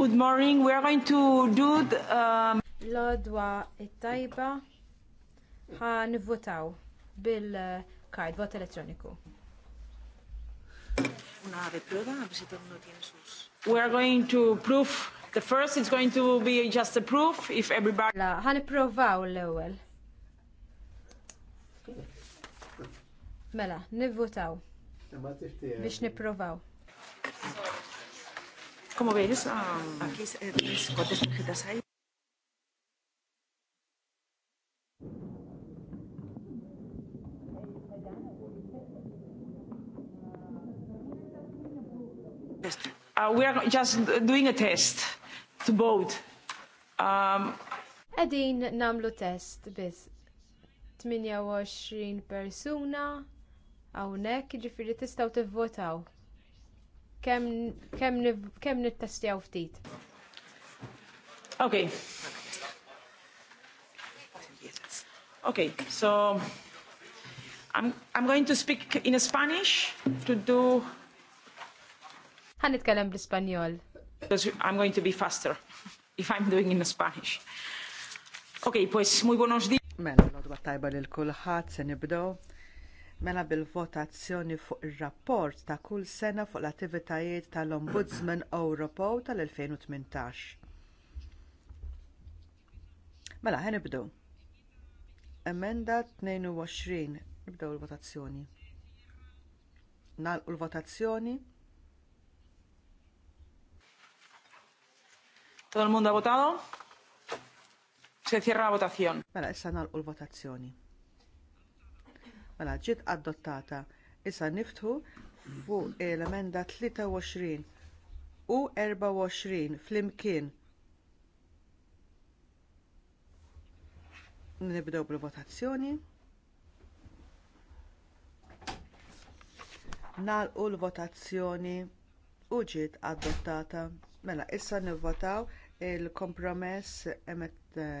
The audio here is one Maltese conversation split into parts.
Good morning, we are going to do the... Um... L-odwa it-tajba ħa nivvotaw bil-kard vot elettroniku. We are going to prove the first it's going to be just a proof if everybody La ħan ipprovaw l-ewwel. Mela, nivvotaw. Biex nipprovaw. Como veis, um... aquí es el se de eh, tarjetas ahí. Uh, we are just doing a test to both. Um, Għedin namlu test biss. 28 persuna għawnek ġifiri tistaw tivvotaw kem nittestjaw ftit. Okay. Okay, so I'm, I'm going to speak in Spanish to do. Għan nitkellem bl spanjol Because I'm going to be faster if I'm doing in Spanish. Okay, pues muy buenos días. Mela, l-għodba tajba l-kulħat, se nibdow mela bil-votazzjoni fuq ir rapport ta' kull sena fuq l-attivitajiet tal-Ombudsman Ewropew tal-2018. Mela, ħen nibdew. Emenda 22. Nibdew il-votazzjoni. Nagħlqu l-votazzjoni. Todo il ha votato? Se cierra la votazione. Mela, issa nagħlqu l-votazzjoni. Mela ġiet adottata. Issa niftħu fuq l-emenda 23 u 24 flimkien. Nibdew bil-votazzjoni. Nalqu l-votazzjoni u ġiet adottata. Mela, issa nivvotaw il-kompromess emet e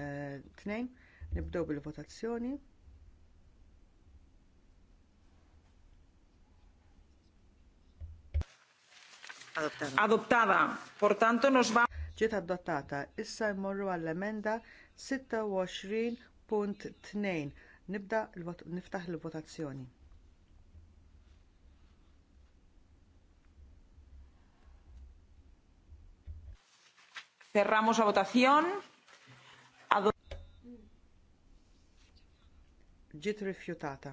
tnejn. Nibdew bil-votazzjoni. Adottata. Portanto nos va. Ġiet adottata. Issa jmorru għall-emenda 26.2. Nibda niftaħ il-votazzjoni. Cerramos la votación. Ġiet rifjutata.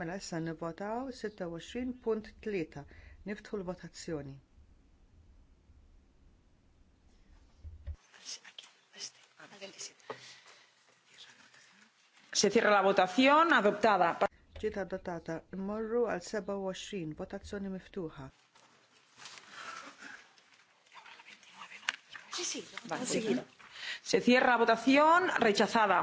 Mela issa nivvotaw 26.3. Niftħu l-votazzjoni. Se cierra la votazione adoptada. Ġiet adottata. Immorru għal 27 votazzjoni miftuħa. Se cierra la votazzjon rechazada.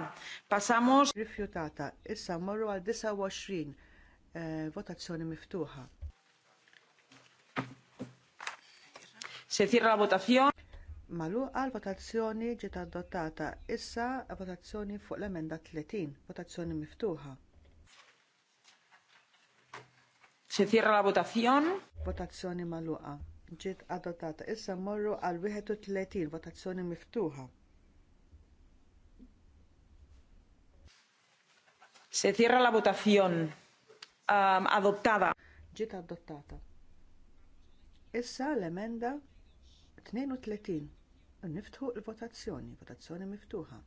Pasamos. Rifjutata. Issa mmorru għal 29 eh, votazzjoni miftuħa. Se cierra la votazzjon. Maluqa l-votazzjoni ġiet adottata. Issa votazzjoni fuq l-emenda 30, votazzjoni miftuħa. Se cierra la votazzjon. Votazzjoni magħluqa. Ġiet adottata. Issa mmorru għal 31, votazzjoni miftuħa. Se cierra la votazzjon. Um, adottada. Ġiet adottata. Issa l-emenda 32. Niftħu l votazzjoni votazzjoni miftuħa.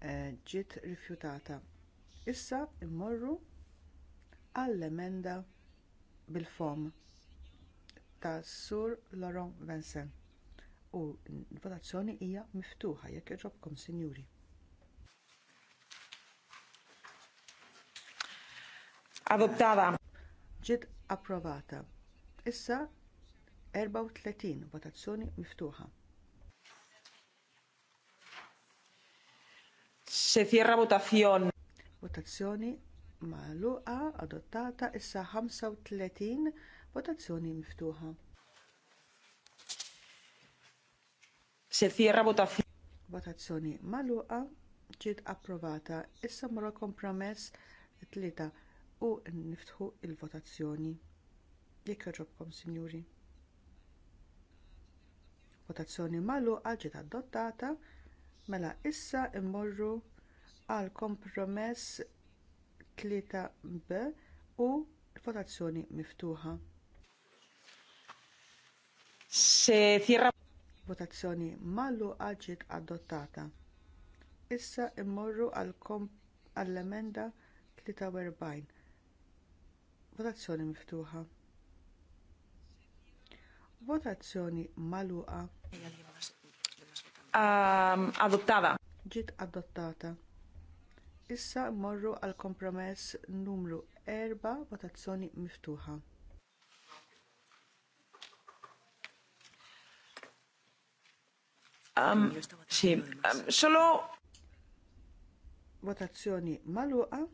Eh, ġiet rifjutata. Issa immorru għall-emenda bil-fom ta' Sur Laurent Vincent u l votazzjoni hija miftuħa jekk iġobkom, sinjuri. Adottata. Ġiet approvata. Issa 34 votazzjoni miftuħa. Se cierra votazzjon. Votazzjoni magħluqa adottata issa 35 votazzjoni miftuħa. Se cierra votazzjon. Votazzjoni maluqa ġiet approvata issa mora kompromess tlieta u niftħu l votazzjoni Jekk joġobkom, sinjuri. Votazzjoni magħluqa ġiet adottata mela issa immorru għal kompromess 3B u votazzjoni miftuħa. Se tira votazzjoni magħluqa għalġit adottata. Issa mmorru għall-emenda 43 Votazzjoni miftuħa. Votazzjoni maluqa. Um, adottata. Ġiet adottata. Issa mmorru għal kompromess numru 4 votazzjoni miftuħa. Um, sì, um, votazzjoni maluqa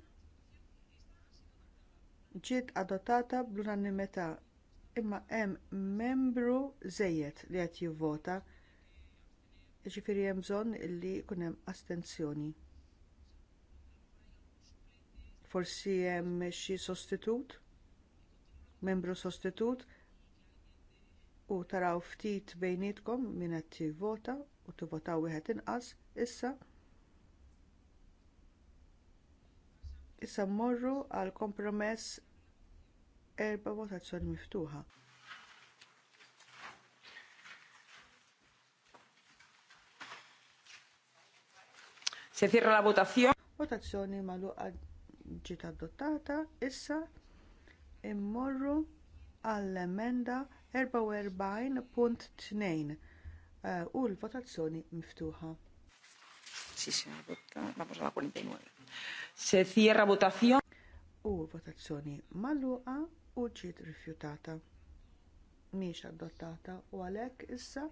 ġiet adottata bl-unanimità imma hemm membru żejjed li qed jivvota jiġifieri hemm bżonn li jkun hemm astenzjoni. Forsi hemm xi sostitut, membru sostitut, u taraw ftit bejnietkom min qed jivvota u tivvotaw wieħed inqas issa Issa mmorru għal kompromess erba votazzjoni miftuħa. Se cierra la votazzjoni. Votazzjoni magħluqa ġiet adottata. Issa immorru għall-emenda 44.2 eh, u l-votazzjoni miftuħa. Si se vota, vamos a la 49. Se cierra votazione. U votazzjoni maluqa u ġiet rifjutata. Mhix adottata u għalhekk issa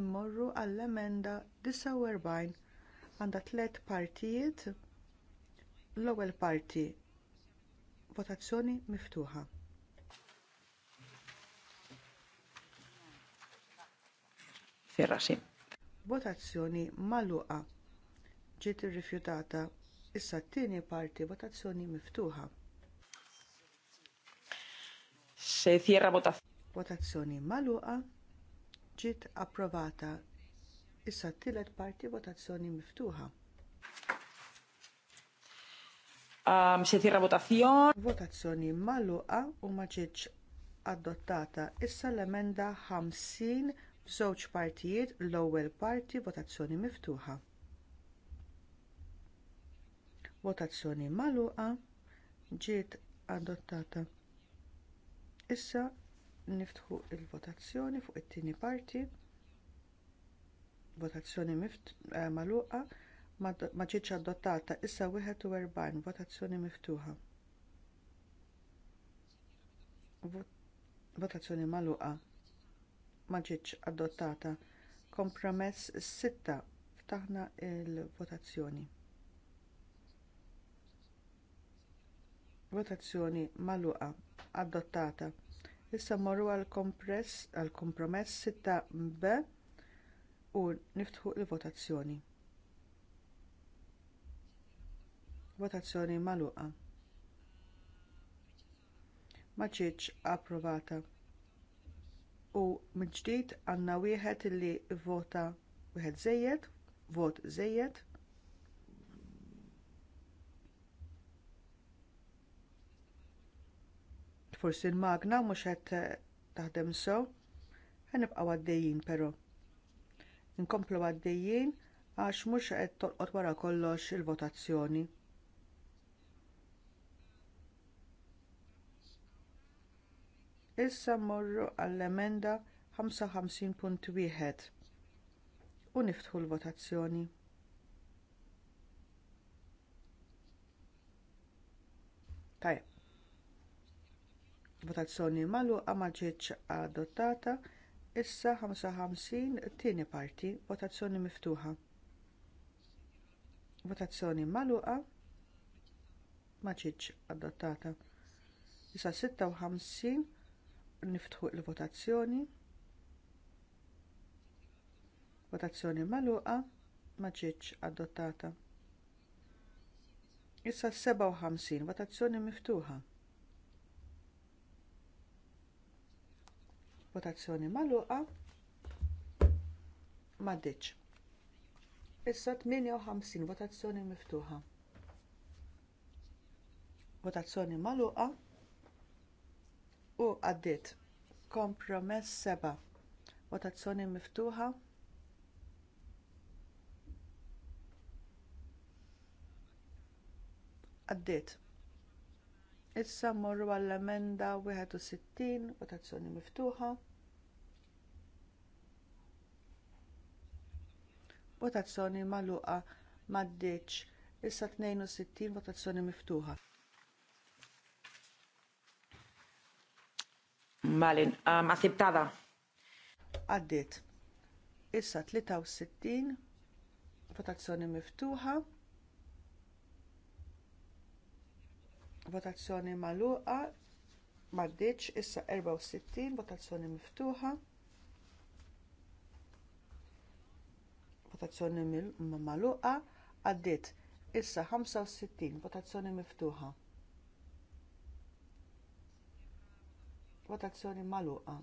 immorru għall-emenda 49 għandha tliet partijiet l-ewwel parti votazzjoni miftuħa. Ferra Votazzjoni maluqa ġiet irrifjutata. Issa t-tieni parti votazzjoni miftuħa. Se tjera votazzjoni magħluqa ġiet approvata. Issa t-tielet parti votazzjoni miftuħa. Um, se tjera votazzjoni. Votazzjoni magħluqa u ma ġietx adottata. Issa l-emenda 50 f'żewġ partijiet l-ewwel parti votazzjoni miftuħa votazzjoni magħluqa ġiet adottata. Issa niftħu l votazzjoni fuq it-tieni parti. Votazzjoni eh, magħluqa maluqa ma ġietx adottata issa 41 votazzjoni miftuħa. Votazzjoni magħluqa ma ġietx adottata. Kompromess sitta ftaħna l votazzjoni votazzjoni magħluqa adottata. Issa mmorru għal kompress kompromess 6 B u niftħu l votazzjoni Votazzjoni magħluqa. Ma ġietx approvata. U mġdid għandna wieħed li vota wieħed żejjed, vot żejjed, forsi l-magna mhux qed eh, taħdem sew, qed għaddejjin però. Inkomplu għaddejjin għax mhux qed tolqot wara kollox il-votazzjoni. Issa mmorru għall-emenda 55.1 u niftħu l-votazzjoni. Tajjeb votazzjoni magħluqa ma ġietx adottata, issa 55 tieni parti, votazzjoni miftuħa. Votazzjoni magħluqa ma ġietx adottata. Issa 56 niftħu il votazzjoni Votazzjoni maluqa ma ġietx adottata. Issa 57 votazzjoni miftuħa. votazzjoni magħluqa m'għaddiċ. Issa 58 votazzjoni miftuħa. Votazzjoni magħluqa u għaddiet. Kompromess seba' votazzjoni miftuħa għaddiet issa mmorru għall-emenda 61 votazzjoni miftuħa votazzjoni magħluqa m'għaddiex. Issa 62 votazzjoni miftuħa. Malin, um, aċċettata. Għaddiet. Issa 63 votazzjoni miftuħa. Votazzjoni magħluqa m'għaddiex. Issa 64 votazzjoni miftuħa. votazzjoni maluqa għaddiet issa 65 votazzjoni miftuħa. Votazzjoni magħluqa.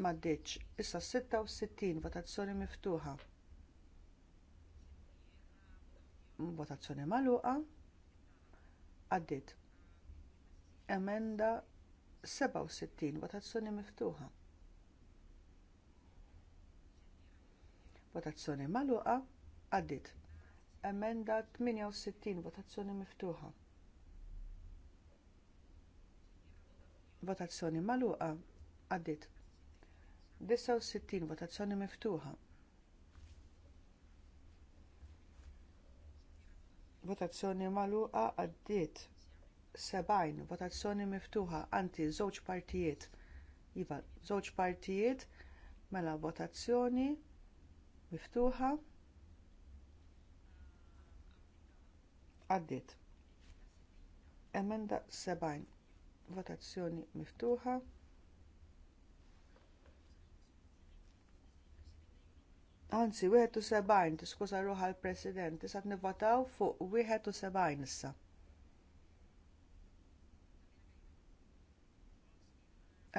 M'għaddietx issa 66 votazzjoni miftuħa. Votazzjoni maluqa? Għaddiet. Emenda 67 votazzjoni miftuħa. votazzjoni magħluqa għaddit. Emenda 68, votazzjoni miftuħa. Votazzjoni magħluqa għaddit. 69, votazzjoni miftuħa. Votazzjoni magħluqa għaddit. 70, votazzjoni miftuħa, anti żewġ partijiet. Iva, żewġ partijiet, mela votazzjoni miftuħa għaddit emenda 70 votazzjoni miftuħa Anzi, 71, tiskuza ruħa l-President, tisat nivotaw fuq 71 issa.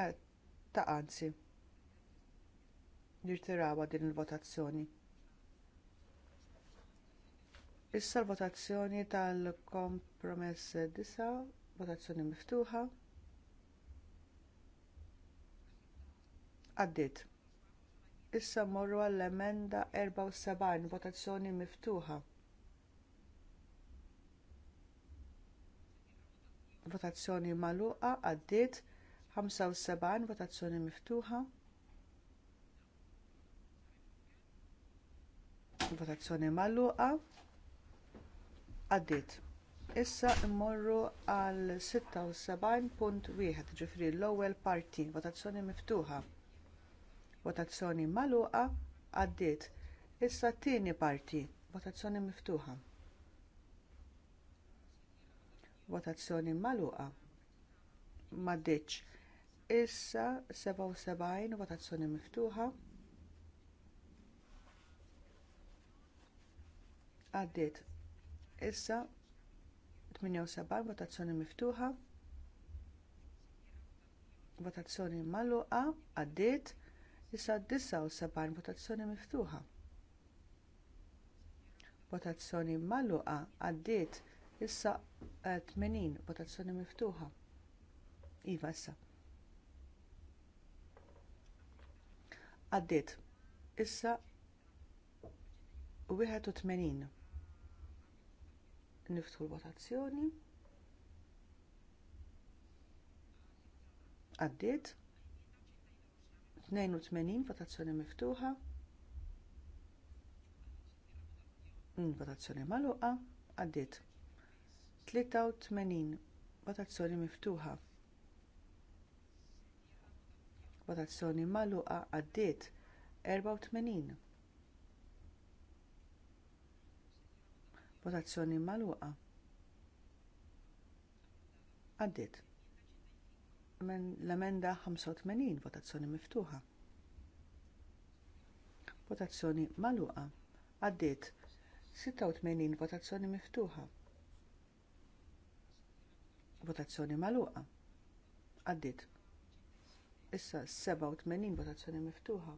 Eh, ta' anzi nirtirawa din il-votazzjoni. Issa l-votazzjoni tal-kompromess disa, votazzjoni miftuħa. Għaddit. Issa mmorru għall-emenda 74, votazzjoni miftuħa. Votazzjoni magħluqa għaddiet 75, votazzjoni miftuħa. votazzjoni magħluqa għaddiet. Issa mmorru għal 76.1 ġifri l-ewwel parti, votazzjoni miftuħa. Votazzjoni magħluqa għaddiet. Issa t tieni parti, votazzjoni miftuħa. Votazzjoni magħluqa. m'għaddietx. Issa 77 votazzjoni miftuħa. Għaddiet. Issa 78 votazzjoni miftuħa. Votazzjoni magħluqa għaddiet. Issa 79 votazzjoni miftuħa. Votazzjoni magħluqa għaddiet. Issa 80 eh, votazzjoni miftuħa. Iva issa. Għaddiet. Issa 81 niftħu l-votazzjoni. Għaddiet. 82 votazzjoni miftuħa. Votazzjoni maluqa. Għaddiet. 83 votazzjoni miftuħa. Votazzjoni maluqa. għaddiet. 84 Votazzjoni magħluqa. Għaddit. L-emenda 85 votazzjoni miftuħa. Votazzjoni magħluqa. Għaddit. 86 votazzjoni miftuħa. Votazzjoni magħluqa. Għaddit. Issa 87 votazzjoni miftuħa.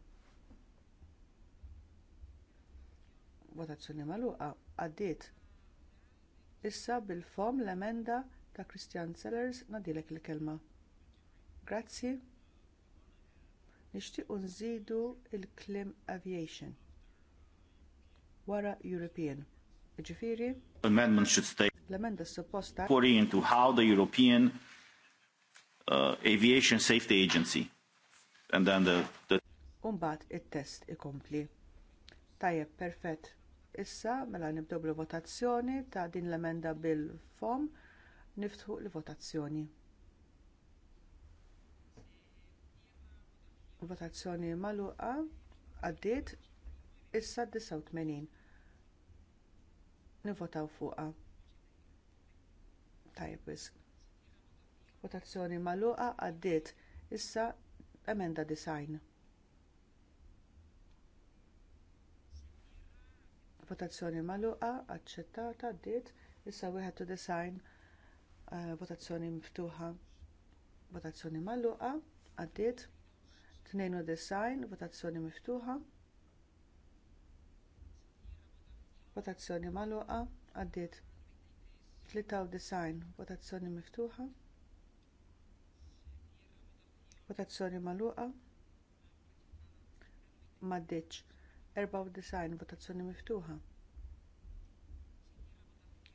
Votazzjoni magħluqa Għaddit. Issa bil-fom l-emenda ta' Christian Sellers nadilek il-kelma. Grazzi. Nixtiequ nżidu l klim aviation wara European. Ġifiri? Amendment should stay. L-emenda supposta. Query into how the European uh, Aviation Safety Agency. And then the... the... Umbat it-test ikompli. Tajjeb, perfett. Issa, mela nibdew votazzjoni ta' din l-emenda bil-fom, niftħu l-votazzjoni. Votazzjoni magħluqa għaddiet issa 89. Nivvotaw fuqha. Tajb Votazzjoni magħluqa għaddiet issa emenda design. votazzjoni magħluqa, aċċettata, ddiet, issa wieħed eh, u design, votazzjoni miftuħa, votazzjoni magħluqa, għaddiet, tnejn u design, votazzjoni miftuħa, votazzjoni magħluqa, għaddiet, tlita u design, votazzjoni miftuħa, votazzjoni magħluqa, maddiċ. 94 votazzjoni miftuħa.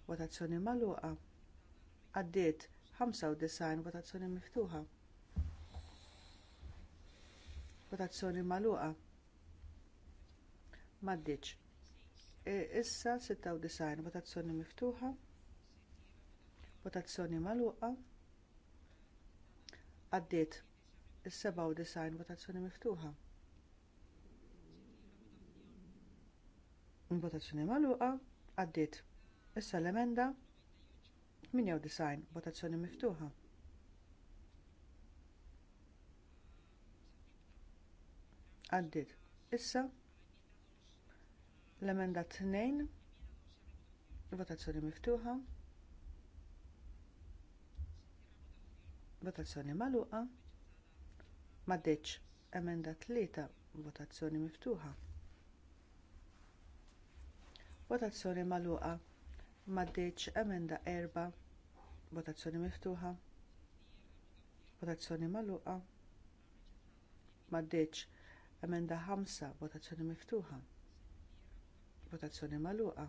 Votazzjoni magħluqa. Għaddiet 95 votazzjoni miftuħa. Votazzjoni magħluqa. Maddiċ. E, issa 96 votazzjoni miftuħa. Votazzjoni magħluqa. Għaddiet is-97 votazzjoni miftuħa. votazzjoni magħluqa għaddiet. Issa l-emenda design votazzjoni miftuħa. Għaddiet. Issa l-emenda 2 votazzjoni miftuħa. Votazzjoni magħluqa. Maddeċ emenda 3 votazzjoni miftuħa votazzjoni magħluqa. Maddiċ emenda erba, votazzjoni miftuħa, votazzjoni magħluqa. Maddiċ emenda ħamsa, votazzjoni miftuħa, votazzjoni magħluqa.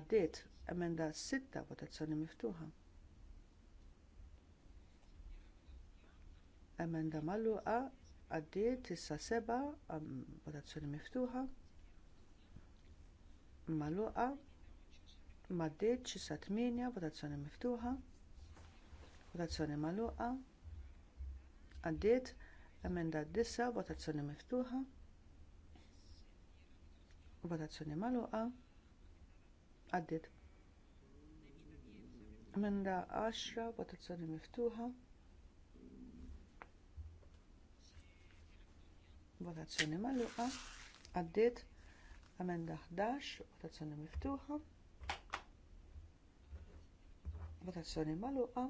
Għaddiet emenda sitta, votazzjoni miftuħa. Emenda magħluqa għaddiet issa seba' votazzjoni miftuħa maluqa maddiċ sa' 8 votazzjoni miftuħa votazzjoni magħluqa. għaddiet emenda d 9 votazzjoni miftuħa votazzjoni magħluqa. għaddiet emenda 10 votazzjoni miftuħa votazzjoni magħluqa. għaddiet Amenda 11, votazzjoni miftuħa. Votazzjoni maluqa,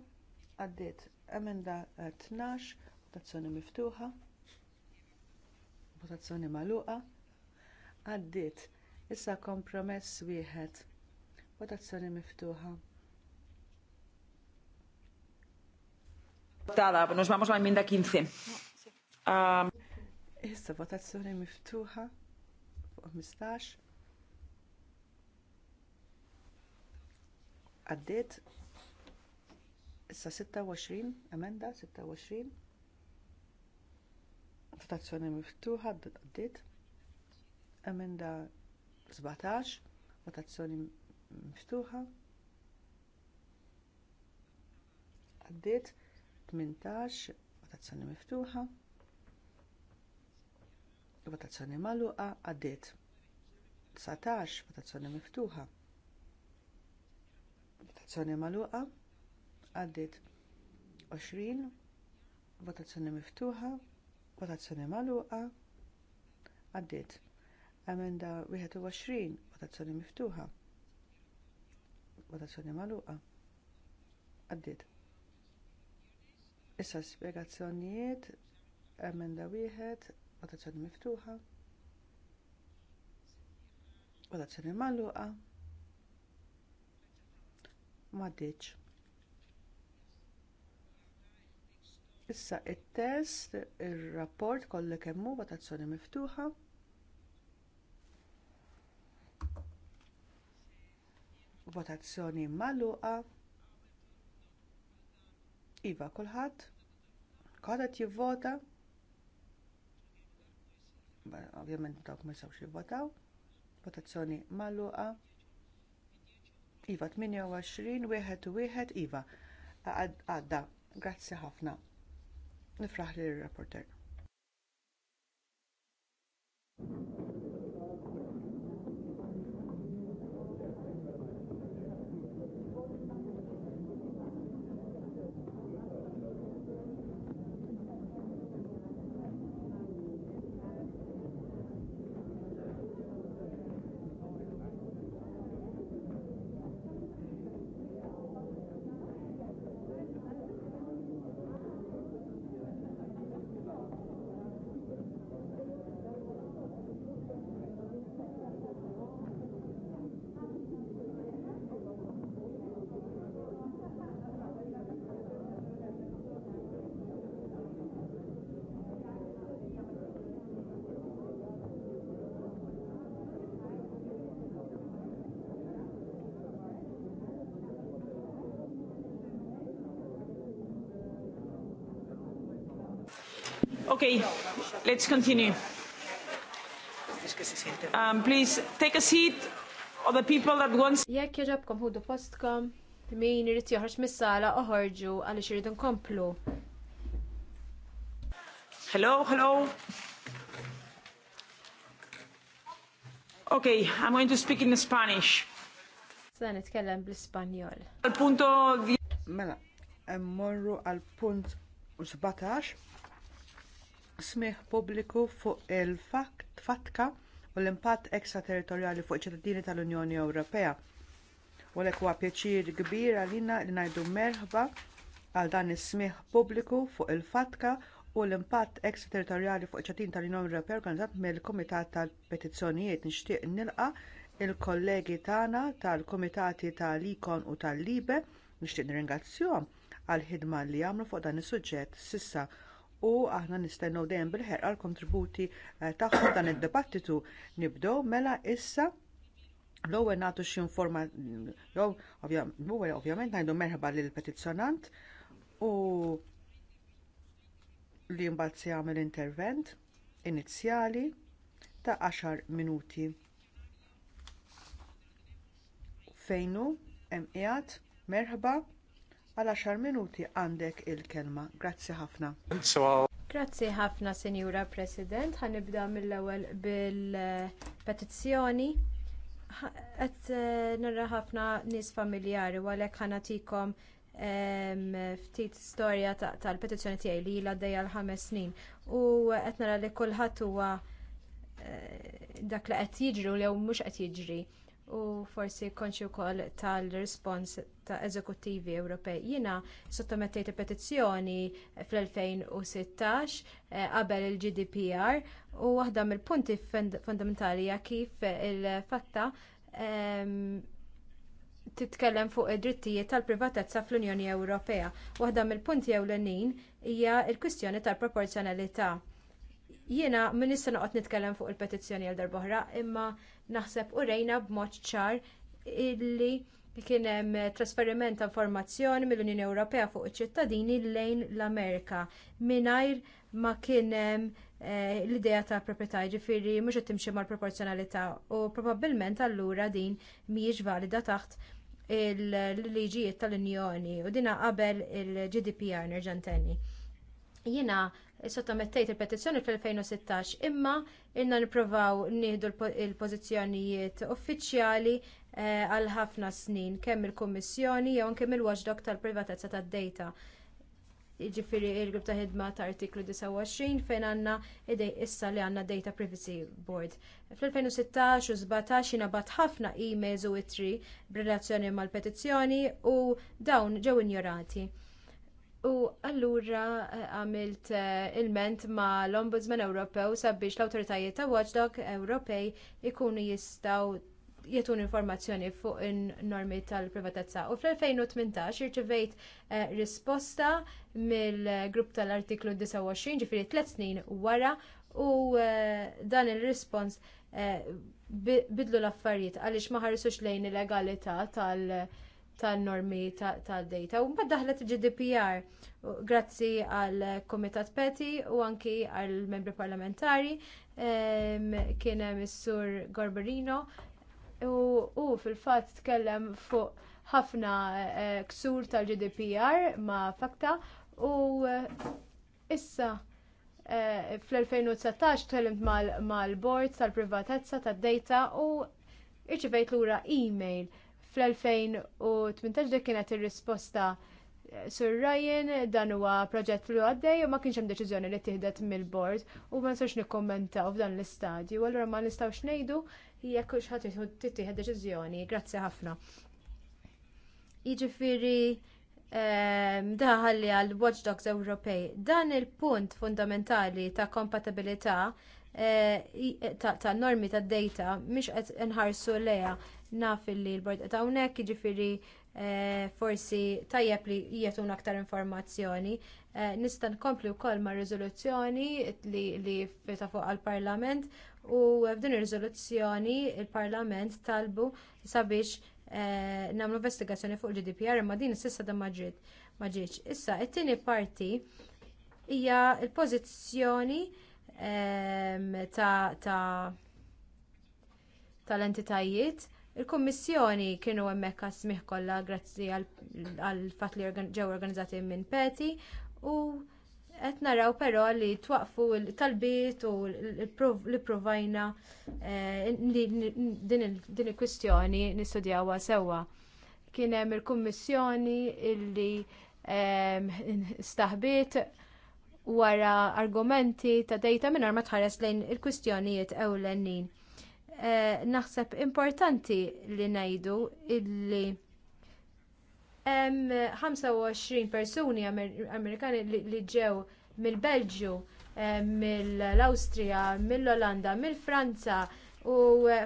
Għaddiet emenda 12, votazzjoni miftuħa. Votazzjoni maluqa, Għaddiet issa kompromess wieħed. Votazzjoni miftuħa. Tala, nos vamos a la enmienda 15. Issa votazzjoni miftuħa fuq 15 għaddiet issa 26 emenda 26 votazzjoni miftuħa għaddiet emenda 17 votazzjoni miftuħa għaddiet 18 votazzjoni miftuħa votazzjoni magħluqa għaddiet. 19 votazzjoni miftuħa. Votazzjoni magħluqa għaddiet. 20 votazzjoni miftuħa, votazzjoni magħluqa għaddiet. Emenda 21 votazzjoni miftuħa. Votazzjoni magħluqa għaddiet. Issa spjegazzjonijiet emenda wieħed votazzjoni miftuħa, votazzjoni magħluqa, m'għaddiċ. Issa it-test, ir-rapport kollek, kemm hu votazzjoni miftuħa. Votazzjoni maluqa Iva kulħadd. Kodat jivvota ovvjament dawk ma jistgħux jivvotaw. Votazzjoni magħluqa. Iva 28, wieħed u wieħed Iva. Għadda, grazzi ħafna. Nifraħ li r Okay, let's continue. Um, please take a seat of the people that wants. Jekk jaġabkom ħudu postkom, min irid joħroġ mis-sala oħorġu għaliex irid nkomplu. Hello, hello. Okay, I'm going to speak in Spanish. Sa nitkellem bl-Ispanjol. Al punto Mela, mmorru għal punt 17 smigħ pubbliku fuq il-fatka u l-impatt ekstraterritorjali fuq iċ-ċittadini tal-Unjoni Ewropea. U l huwa pjaċir kbir għalina li ngħidu merħba għal dan is-smigħ pubbliku fuq il-fatka u l-impatt ekstraterritorjali fuq iċ-ċittadini tal-Unjoni Ewropea organizzat mill-Kumitat tal-Petizzjonijiet nixtieq nilqa il-kollegi tagħna tal-Kumitati tal-Ikon u tal-Libe nixtieq nirringrazzjahom għall ħidma li jagħmlu fuq dan is-suġġett sissa u aħna nistennew dejjem bil-ħerqa l-kontributi eh, tagħhom dan id-dibattitu nibdew mela issa l-ewwel nagħtu xi informa ovvjament ngħidu merħba lill petizzjonant u li mbagħad se jagħmel intervent inizjali ta' 10 minuti fejnu hemm qiegħed merħba għal 10 minuti għandek il-kelma. Grazzi ħafna. Grazzi ħafna, Sinjura President. Ħanibda mill-ewwel bil-petizzjoni. Qed eh, narra ħafna nies familjari għalhekk ħanatikom ehm, ftit storja tal-petizzjoni tiegħi li jila għaddejja l-ħames snin. U qed nara li kulħadd huwa eh, dak li qed jiġri u jew mhux qed jiġri u forsi konxi wkoll tal-respons ta' eżekuttivi Ewropej. Jiena sottomettejt petizzjoni fl-2016 eh, qabel il-GDPR u waħda mill-punti fondamentali hija kif il-fatta ehm, titkellem fuq id-drittijiet tal-privatezza fl-Unjoni Ewropea. Waħda mill-punti ewlenin hija l-kwistjoni tal-proporzjonalità. Jiena min issa noqgħod nitkellem fuq il-petizzjoni għal darbohra, imma naħseb u rejna b'mod ċar illi kien hemm trasferiment ta' informazzjoni mill-Unjoni Ewropea fuq iċ-ċittadini lejn l-Amerika mingħajr ma kien hemm eh, l-idea ta' proprjetà ġifiri mhux qed timxi mal-proporzjonalità u probabbilment allura din mhijiex valida taħt il-liġijiet tal-Unjoni u dina qabel il-GDPR nerġa' ntenni. Jiena sottomettejt il-petizzjoni fl-2016 imma inna nippruvaw nieħdu l-pożizzjonijiet uffiċjali eh, għal ħafna snin kemm il-Kummissjoni jew anke il-Watchdog tal-Privatezza tad-Data. Jiġifieri l grupp ta' ħidma ta' artiklu 29 fejn għandna idej issa li għandna Data Privacy Board. Fl-2016 u 17 inabat ħafna emails u itri b'relazzjoni mal-petizzjoni u dawn ġew injorati. U allura eh, għamilt eh, il-ment ma l-Ombudsman Ewropew sabiex l awtoritajiet ta' Watchdog Ewropej ikunu jistgħu jietun informazzjoni fuq in-normi tal-privatezza. U fl-2018 irċivejt eh, risposta mill-grupp tal-artiklu 29 ġifiri tliet snin wara u dan il rispons bidlu l-affarijiet għaliex ma lejn il-legalità tal- tal-normi tal-data. U mbagħad daħlet il-GDPR grazzi għal Komitat Peti u anki għal membri parlamentari kien hemm is-sur Gorberino u fil-fatt tkellem fuq ħafna eh, eh, ksur tal-GDPR ma' fakta u eh, issa fl-2019 tkellimt mal-board tal-privatezza tad-data u irċivejt lura e-mail. Fl-2018 dik kienet ir-risposta eh, Sur Ryan dan huwa proġett li għaddej u ma kienx hemm deċiżjoni li tieħdet mill-bord u ma nistax nikkommenta f'dan l-istadju, allura ma nistgħux ngħidu jekk x'ħadd tittieħed deċiżjoni. Grazzi ħafna. Jiġifieri ehm, daħalli għal Watchdogs Ewropej. Dan il-punt fundamentali ta' kompatibilità Eh, eh, ta' normi ta' data mhix qed inħarsu leha naf li l-bord qed hawnhekk jiġifieri eh, forsi tajjeb li jagħtuna aktar informazzjoni. Nista' nkompli wkoll ma' riżoluzzjoni li fita fuq għall-Parlament u f'din ir-riżoluzzjoni il-Parlament talbu sabiex nagħmlu investigazzjoni fuq il-GDPR imma din is da ma ġietx. Issa, it-tieni parti hija l-pożizzjoni ta' tal-entitajiet. il kummissjoni kienu hemmhekk għasmiħ kollha grazzi għal fatt li ġew organizzati minn Peti u qed naraw però li twaqfu l-talbiet u li provajna eh, din il-kwistjoni nistudjawha sewwa. Kien hemm il-kummissjoni illi staħbiet wara argumenti ta' dejta minnar ma tħares lejn il-kwistjonijiet ewlenin. Eh, naħseb importanti li ngħidu illi hemm 25 persuni Amerikani li ġew mill-Belġju, eh, mill-Awstrija, mill-Olanda, mill-Franza u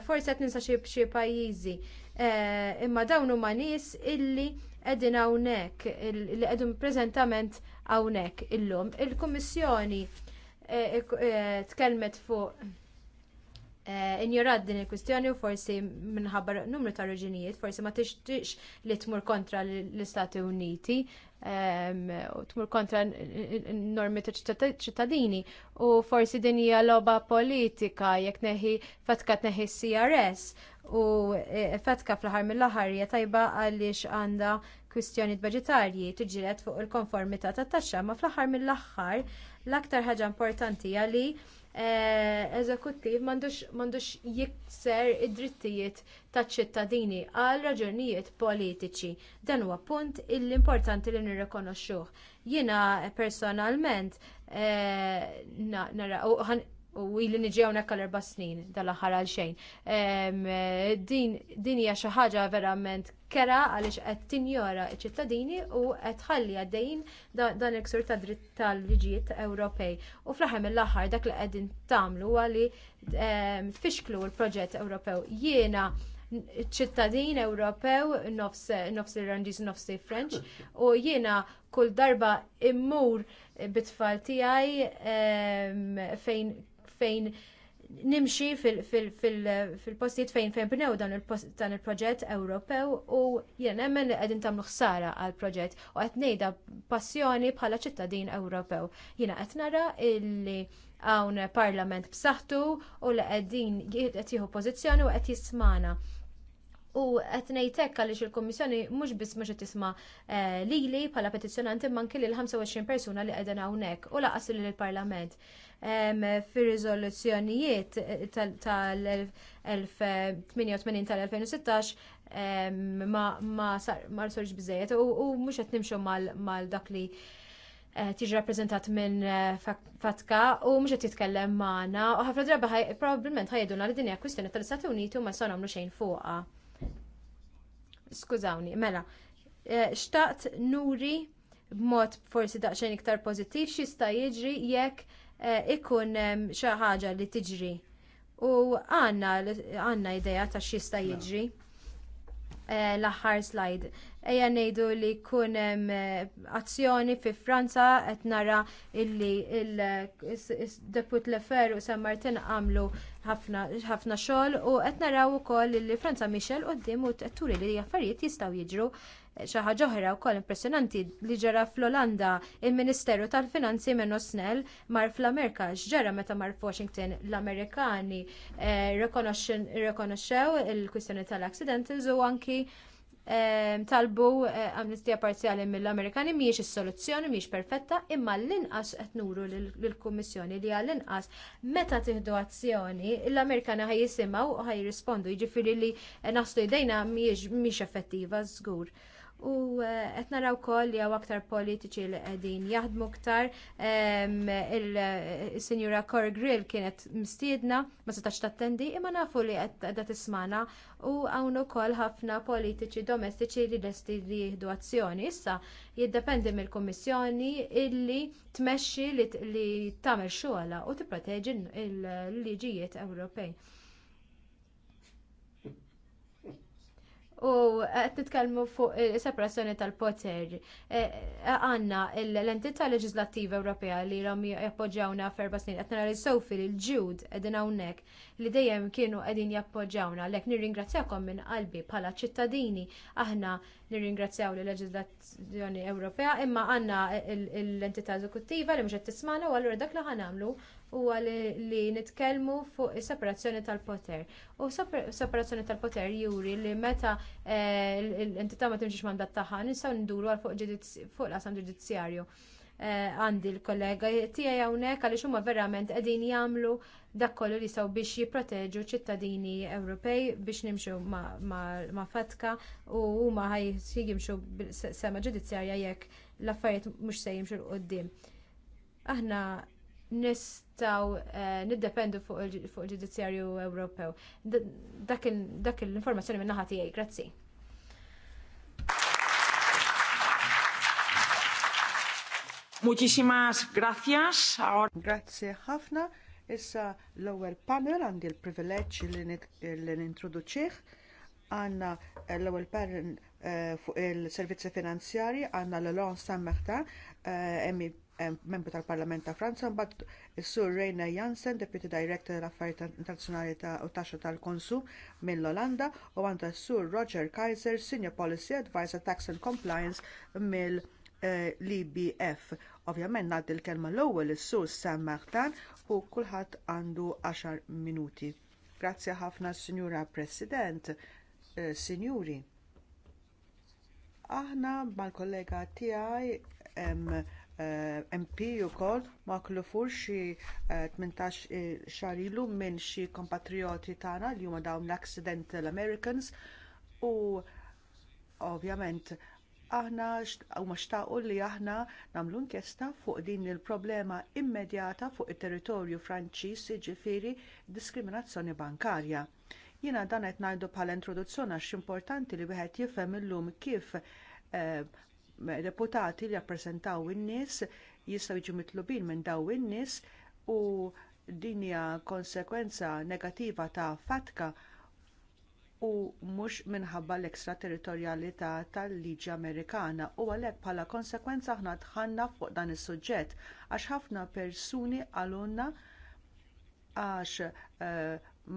forsi qed ninsa xi pajjiżi. Eh, imma dawn huma nies illi qegħdin hawnhekk li qegħdin preżentament hawnhekk illum. Il-Kummissjoni eh, eh, eh, tkellmet fuq injorad din il-kwistjoni u forsi minħabba numru ta' reġinijiet, forsi ma tixtiex li tmur kontra l-Istati Uniti ehm, u tmur kontra normi ta' ċittadini u forsi din hija logħba politika jekk neħi fatka neħi CRS u fatka fl-ħar mill-ħar tajba għaliex għandha kwistjoni budġetarji tiġilet fuq il-konformità tat-taxxa, ma fl-aħħar mill-aħħar l-aktar ħaġa importanti hija li eh, eżekuttiv m'għandux jikser id-drittijiet taċ-ċittadini għal raġunijiet politiċi. Dan huwa punt l-importanti li nirrikonoxxuh. Jiena personalment eh, nara u illi niġi hawnhekk għal erba' snin dal-aħħar għal xejn. Din hija xi ħaġa verament kera għaliex qed tinjora ċ-ċittadini u qed ħalli għaddejjin dan il-ksur ta' dritt tal-liġijiet Ewropej. U fl-aħħar mill-aħħar dak li qegħdin tagħmlu huwa li fixklu l-proġett Ewropew. Jiena ċittadin Ewropew nofs l-Irlandiż nofs French u jiena kull darba immur bit-tfal tiegħi fejn fejn nimxi fil-postijiet fejn fejn bnew dan il-proġett Ewropew u jien nemmen li qegħdin tamlu ħsara għall proġett u qed ngħidha passjoni bħala ċittadin Ewropew. Jiena qed nara illi għawn parlament b'saħħtu u li qegħdin qed jieħu pożizzjoni u qed jismana. U qed ngħid għaliex il-Kummissjoni mhux biss mhux qed tisma' eh, lili bħala petizzjonanti manki lil 25 persuna li qegħdin hawnhekk u laqas lill-Parlament fir-riżoluzzjonijiet tal-1088 tal-2016 ma sarx biżżejjed u mhux qed nimxu mal dak li eh, tiġi rappresentat minn eh, fatka u mhux qed jitkellem magħna u ħafna drabi probabbilment ħajduna li dinja kwistjoni tal-Istati Uniti u ma jistgħu nagħmlu xejn fuqha. Skużawni, mela, eh, xtaqt nuri b'mod forsi daqsxejn iktar pozittiv xista jiġri jekk Eh, ikun xi ħaġa li tiġri. U għandna idea ta' xista mela. jiġri. Eh, l-aħħar slide. Ejja ngħidu li jkun eh, azzjoni fi Franza qed nara illi il-deput Lefer u San Martin għamlu ħafna xogħol u qed naraw ukoll li Franza Michel quddiem u t-turi li affarijiet jistgħu jiġru xi ħaġa oħra wkoll impressjonanti li ġara fl-Olanda il-Ministeru tal-Finanzi minnu snell mar fl-Amerika x'ġara meta mar f'Washington l-Amerikani eh, rikonoxxew il-kwistjoni tal-accidentals u anki eh, talbu eh, amnistija parzjali mill-Amerikani miex is-soluzzjoni miex perfetta imma l-inqas qed nuru lill-Kummissjoni li għall-inqas meta tieħdu azzjoni l-Amerikani ħaj jisimgħu u ħaj jirrispondu jiġifieri li naħslu jdejna miex effettiva żgur. U eh, qed naraw ukoll li hawn aktar politiċi li qegħdin jaħdmu aktar. Il-Sinjura eh, Cor Grill kienet mistiedna ma setax tattendi imma nafu li qed tismana u hawn ukoll ħafna politiċi domestiċi li lesti li jieħdu azzjoni. Issa jiddependi mill-Kummissjoni illi tmexxi li tagħmel xogħla u tipproteġi l-liġijiet Ewropej. u qed titkellmu fuq separazzjoni tal-poter. E, e, għanna l-entità leġislattiva Ewropea li ram jappoġġawna f'erba' snin għetna li sofi l ġud qegħdin hawnhekk li dejjem kienu qegħdin jappoġġawna għalhekk nirringrazzjakom minn qalbi bħala ċittadini aħna nirringrazzjaw li leġislazzjoni Ewropea imma għandna l-entità eżekuttiva li mhux qed tismana u allura dak li ħanamlu huwa li nitkellmu fuq is-separazzjoni tal-poter. U separazzjoni tal-poter juri li meta eh, l-entità ma timxiex mandat tagħha nistgħu nduru għal fuq l-qasam ġudizzjarju. Eh, għandi l-kollega tiegħi hawnhekk għaliex huma verament qegħdin jagħmlu dak kollu li saw biex jipproteġu ċittadini Ewropej biex nimxu ma' fatka u huma ħaj jimxu sema ġudizzjarja jekk l-affarijiet mhux se jimxu l-qoddim. Aħna nis Taw eh, niddependu fuq il-ġudizzjarju Ewropew. Dak l-informazzjoni minn naħa għaj, grazzi. Muchísimas gracias. Grazzi ħafna. Issa l-ewwel panel għandi l privileċ li nintroduċih. Għandna l-ewwel panel eh, fuq il-servizzi finanzjari għandna l-Lon San Mehta MEP membru tal-Parlament ta' Franza, mbagħad is-Sur Reina Jansen, Deputy Director tal-Affarijiet Internazzjonali ta' u Taxxa tal-Konsum mill-Olanda, u għandha s-Sur Roger Kaiser, Senior Policy Advisor Tax and Compliance mill- eh, l-IBF. Ovvjament ngħaddi l-kelma l-ewwel is-Sur Sam Martin u kulħadd għandu 10 minuti. Grazzi ħafna Sinjura President, eh, Sinjuri. Aħna mal-kollega tiegħi MP ukoll ma klufur xi 18 eh, eh, xahar ilu minn xi kompatrioti tagħna li huma dawn l-accidental Americans u ovvjament aħna huma xtaqu li aħna nagħmlu inkjesta fuq din il-problema immedjata fuq it-territorju Franċiż jiġifieri diskriminazzjoni bankarja. Jiena dan qed ngħidu bħala introduzzjoni għax importanti li wieħed jifhem illum kif eh, deputati li jappreżentaw in-nies jistgħu jiġu mitlubin minn daw in-nies u din hija konsegwenza negattiva ta' fatka u mhux minħabba l-ekstraterritorjalità tal-liġi Amerikana u għalhekk bħala konsegwenza aħna tħanna fuq dan is-suġġett għax ħafna persuni għalunna għax uh,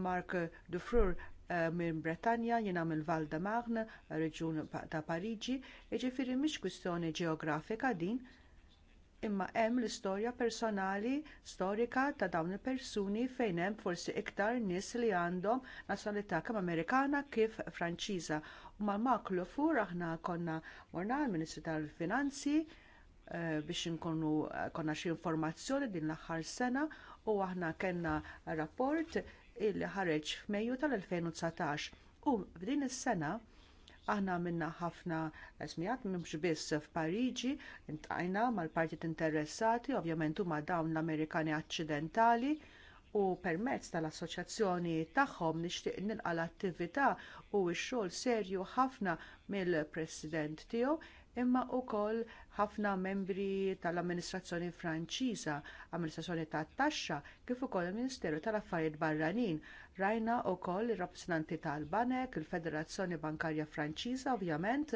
Mark Dufrur Eh, minn Bretanja, jiena mill Val de Marne, reġjun ta' Pariġi, jiġifieri mhix kwistjoni ġeografika din, imma hemm l-istorja personali storika ta' dawn il-persuni fejn hemm forsi iktar nies li għandhom nazzjonalità kemm Amerikana kif Franċiża. U mal-maklu fur aħna konna morna l-Ministru tal-Finanzi eh, biex nkunu eh, konna xi informazzjoni din l-aħħar sena u aħna kellna rapport illi ħareġ f'Mejju tal-2019 u f'din is-sena aħna minna ħafna esmijat mhux biss f'Pariġi intajna mal-partit interessati, ovvjament huma dawn l-Amerikani Aċċidentali u permezz tal-assoċjazzjoni tagħhom nixtieq nilqa l-attività u x-xogħol serju ħafna mill-President tiegħu imma wkoll ħafna membri tal-amministrazzjoni Franċiża, amministrazzjoni tat-taxxa, kif ukoll il-Ministeru tal-Affarijiet Barranin. Rajna wkoll ir-rappresentanti tal-Banek, il-Federazzjoni Bankarja Franċiża ovvjament,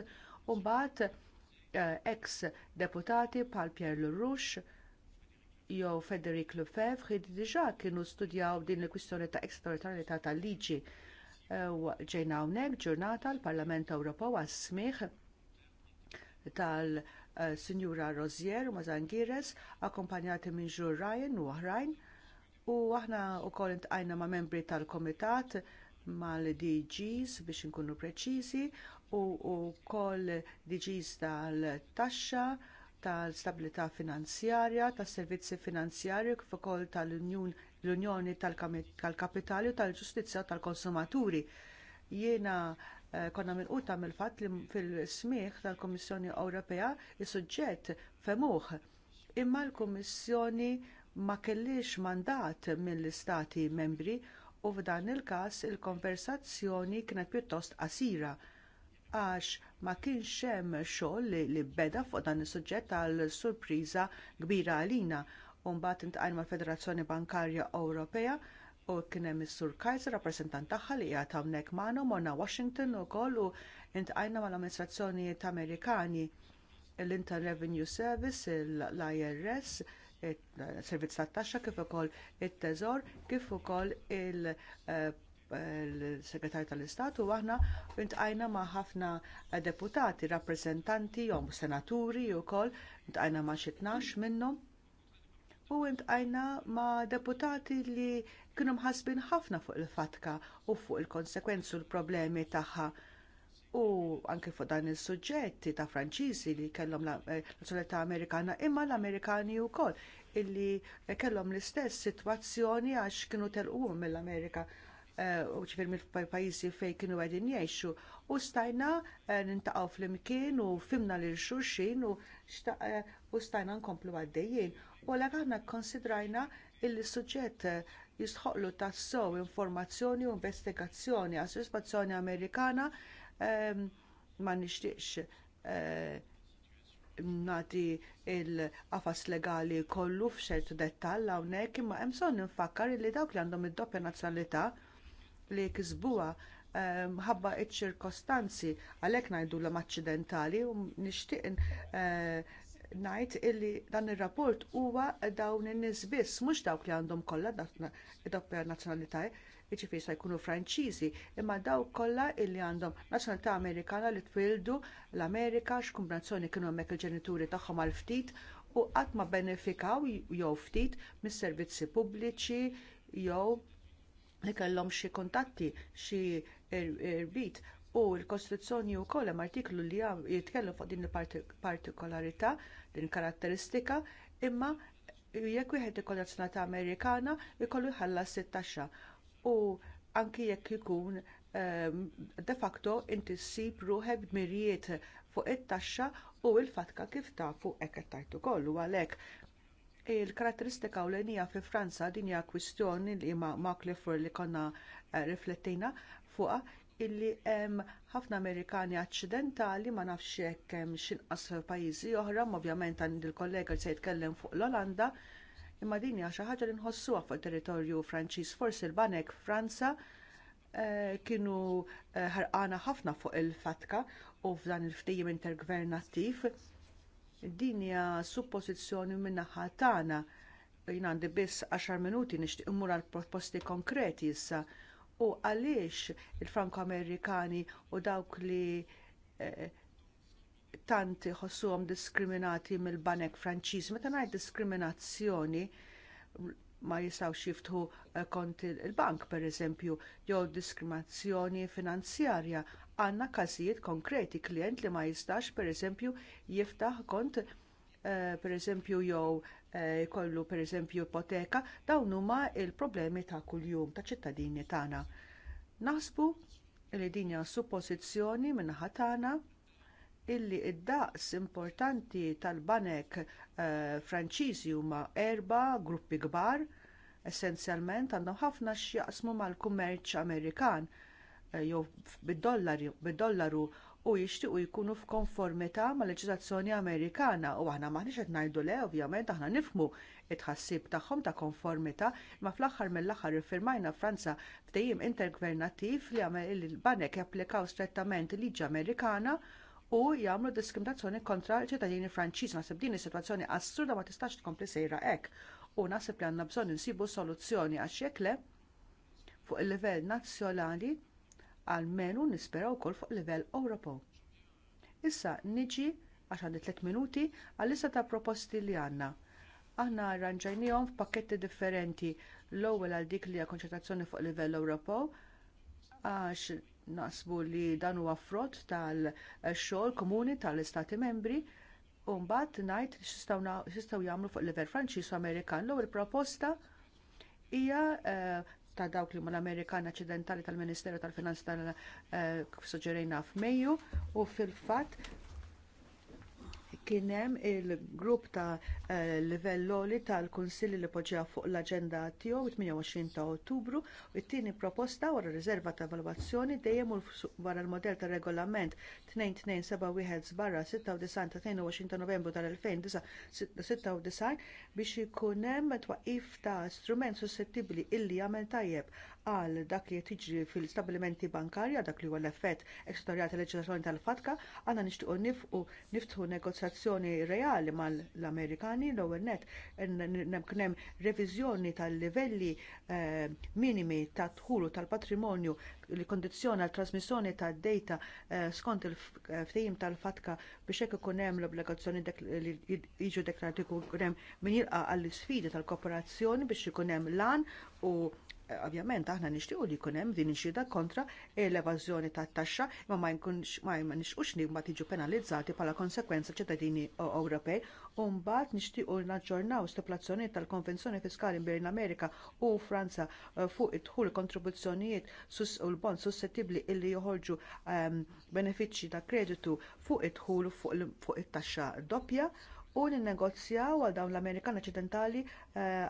u mbagħad eh, ex deputati bħal Pierre Lerouche, jew Federic Lefebvre diġà kienu studjaw din il-kwistjoni ta' ekstraordinarjetà tal-liġi. Eh, ġejna hawnhekk ġurnata l-Parlament Ewropew għas-smigħ tal-Sinjura Rozier u Gires, akkompanjati minn Jur Ryan u oħrajn, u aħna wkoll intqajna ma' membri tal kumitat mal-DGs biex inkunu preċiżi u wkoll DGs tal-taxxa tal-stabilità finanzjarja, tas servizzi Finanzjarju, kif ukoll tal-Unjoni tal-Kapitali u tal-Ġustizzja tal-Konsumaturi. Jiena konna minn quta mill-fatt li fil smiħ tal kummissjoni Ewropea is-suġġett femuh imma l-Kummissjoni ma kellix mandat mill-istati membri u f'dan il-każ il-konversazzjoni kienet pjuttost qasira għax ma kienx hemm xogħol li, beda fuq dan is-suġġett għal surpriża kbira għalina u mbagħad intqajn mal-Federazzjoni Bankarja Ewropea u kien hemm is-Sur Kaiser rappreżentant tagħha li qiegħed hawnhekk magħna morna Washington ukoll u intqajna mal-amministrazzjonijiet Amerikani l-Inter Revenue Service, l-IRS, servizz tat-taxxa kif ukoll it-teżor, kif ukoll il- eh, segretarju tal-Istat u aħna intqajna ma' ħafna deputati, rappreżentanti, jom senaturi wkoll, intqajna ma' xi tnax minnhom u intqajna ma' deputati li kienu mħasbin ħafna fuq il-fatka u fuq il-konsekwenzu l-problemi tagħha. U anke fuq dan is-suġġetti ta' Franċiżi li kellhom l-Nazzjonalità eh, Amerikana imma l-Amerikani wkoll illi kellhom l-istess sitwazzjoni għax kienu telquhom mill-Amerika eh, u ċifir mill-pajjiżi fejn kienu għedin jgħixu u stajna eh, nintaqgħu flimkien u fimna lil xulxin u stajna nkomplu għaddejjin U għalhekk aħna kkonsidrajna illi suġġett jistħoqlu tassew informazzjoni u investigazzjoni għas sitwazzjoni Amerikana ehm, ma nixtieqx ehm, nagħti l qafas legali kollu f'xert dettall hawnhekk imma hemm bżonn nfakkar li dawk li għandhom id-doppja nazzjonalità li jkisbuha minħabba ehm, iċ-ċirkostanzi għalhekk ngħidulhom aċċidentali u nixtieq eh, ngħid illi dan ir-rapport huwa dawn in-nies biss mhux dawk li għandhom kollha doppja nazzjonalità jiġifieri se jkunu Franċiżi, imma dawk kollha illi għandhom nazzjonalità Amerikana li twildu l-Amerika x'kombinazzjoni kienu hemmhekk il-ġenituri tagħhom għal ftit u qatt ma benefikaw jew ftit mis-servizzi pubbliċi jew li kellhom xi kuntatti, xi irbit U l-Kostituzzjoni wkoll hemm artiklu li jitkellem fuq din il-partikolarità, din karatteristika, imma jekk wieħed ikoll nazzjonalità Amerikana jkollu jħallas it-taxxa. U anki jekk ikun ehm, de facto inti ssib ruħek b'mirijiet fuq it-taxxa u l-fatka kif tafu hekk qed tajtu kollu għalhekk il-karatteristika ewlenija fi Franza din hija kwistjoni li ma' Clifford li konna eh, riflettina fuqha illi hemm ħafna Amerikani aċċidentali ma nafx hekk hemm x'inqas pajjiżi oħra, ovvjament għand il-kollega li se jitkellem fuq l-Olanda, imma din hija xi ħaġa li nħossuha fuq territorju Franċiż. Forsi l-Banek Franza eh, kienu eh, ħarqana ħafna fuq il-fatka u f'dan il-ftijim intergvernattiv. Din hija suppożizzjoni min-naħa tagħna jien għandi biss għaxar minuti nixtieq immur għal proposti konkreti issa u għaliex il-Franko-Amerikani u dawk li eh, tant ħossuhom diskriminati mill-banek Franċiż. Meta ngħid diskriminazzjoni ma jistgħux jiftħu eh, konti il-bank pereżempju, jew diskriminazzjoni finanzjarja għandna każijiet konkreti klient li ma jistax pereżempju jiftaħ kont eh, pereżempju jew Eh, jkollu pereżempju ipoteka, dawn huma l problemi ta' kuljum ta' ċittadini tagħna. Naħsbu li din hija suppożizzjoni min-naħa tagħna illi id-daqs importanti tal-banek eh, Franċiżi huma erba' gruppi kbar, essenzjalment għandhom ħafna x'jaqsmu mal-kummerċ Amerikan eh, jew bid-dollaru u jixtiequ jkunu f'konformità mal leġiżlazzjoni Amerikana u aħna maħniex qed ngħidu le ovvjament aħna nifhmu t tħassib tagħhom ta' konformità ma fl-aħħar mill-aħħar iffirmajna Franza ftehim intergvernattiv li għamel il-banek japplikaw strettament liġi Amerikana u jagħmlu diskriminazzjoni kontra l-ċittadini Franċiż naħseb din is-sitwazzjoni assurda ma tistax tkompli sejra hekk u naħseb li għandna bżonn insibu soluzzjoni għax jekk le fuq il-livell nazzjonali Għal menu nisperaw ukoll fuq livell Ewropew. Issa niġi għax għandi tliet minuti għal-lista ta' proposti li għandna. Aħna rranġajnijom f'pakketti differenti l-ewwel għal dik li hija konċentrazzjoni fuq livell Ewropew għax naħsbu li dan huwa frott tal-xogħol komuni tal-Istati Membri u mbagħad ngħid x'istgħu jagħmlu fuq livell Franċiż u Amerikan. L-ewwel proposta hija eh, ta' dawk li mal amerikan Aċċidentali tal-Ministeru tal finanzi eh, tal-Suġġerejna f'Mejju u fil-fatt kien hemm il-grupp ta' eh, livell Loli tal-Kunsilli li poġġew fuq l-aġenda tiegħu 28 ta' Ottubru u t-tieni proposta wara riserva ta' valutazzjoni dejjem wara l-modell ta' regolament 2271 barra 96 ta' 22 ta' Novembru tal-2096 biex ikun hemm twaqqif ta' strument sussettibbli illi jagħmel tajjeb għal dak li tiġri fil-stabilimenti bankarja dak li huwa l-effett ekstratorjali tal-leġislazzjoni tal-fatka għandna nixtiequ nifqu niftħu negozjazzjoni reali mal-Amerikani l-ewwel net kien hemm reviżjoni tal-livelli eh, minimi ta' dħulu tal-patrimonju li kondizzjona l-trasmissjoni tad dejta eh, skont il-ftehim tal-fatka biex hekk ikun hemm l-obbligazzjoni li jiġu deklarati jkun hemm min jilqa għall-isfidi tal-kooperazzjoni biex ikun hemm lan u ovvjament aħna nixtiequ li jkun hemm din ixida kontra l-evażjoni tat-taxxa imma ma jkunx ma nixqux li ma tiġu penalizzati bħala konsegwenza ċittadini Ewropej u mbagħad nixtiequ naġġornaw stipulazzjonijiet tal-Konvenzjoni Fiskali bejn Amerika u Franza eh, fuq id-dħul kontribuzzjonijiet u l-bond sussettibbli illi joħorġu ehm, benefiċċji ta' kreditu fuq id-dħul fuq it-taxxa doppja u ninnegozjaw għal dawn l-Amerikan Aċċidentali eh,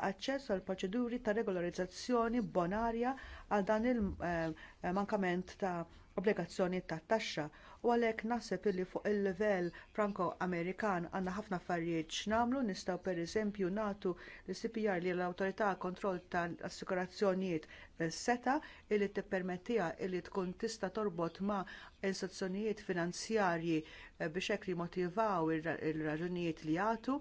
aċċess għal proċeduri ta' regolarizzazzjoni bonarja għal dan il-mankament eh, eh, ta' obbligazzjoni tat taxxa u għalhekk naħseb illi fuq il-livell franko-amerikan għandna ħafna affarijiet x'namlu nistgħu pereżempju nagħtu l-CPR li l-Awtorità Kontroll tal-Assikurazzjonijiet eh, seta illi tippermettiha illi tkun tista' torbot ma' istituzzjonijiet finanzjarji eh, biex hekk jimotivaw ir raġunijiet li jagħtu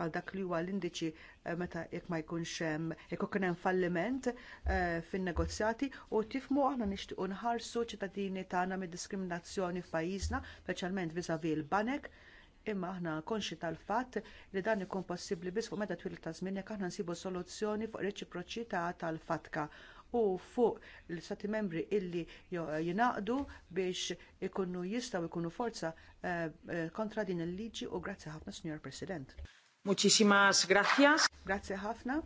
għal dak li huwa l-indiċi eh, meta jekk ma jkunx hemm eh, jekk ikun hemm falliment eh, fin-negozjati u tifmu aħna nixtiequ nħarsu ċittadini tagħna mid-diskriminazzjoni f'pajjiżna, speċjalment viżavi l-banek, imma aħna konxi tal-fatt li dan ikun possibbli biss fuq meta twil ta' żmien jekk aħna nsibu soluzzjoni fuq reċiproċità tal-fatka u fuq l-Stati membri illi jinaqdu biex ikunu jistgħu jkunu forza kontra din il-liġi u grazzi ħafna, Signor President. Muchísimas gracias. Grazie ħafna.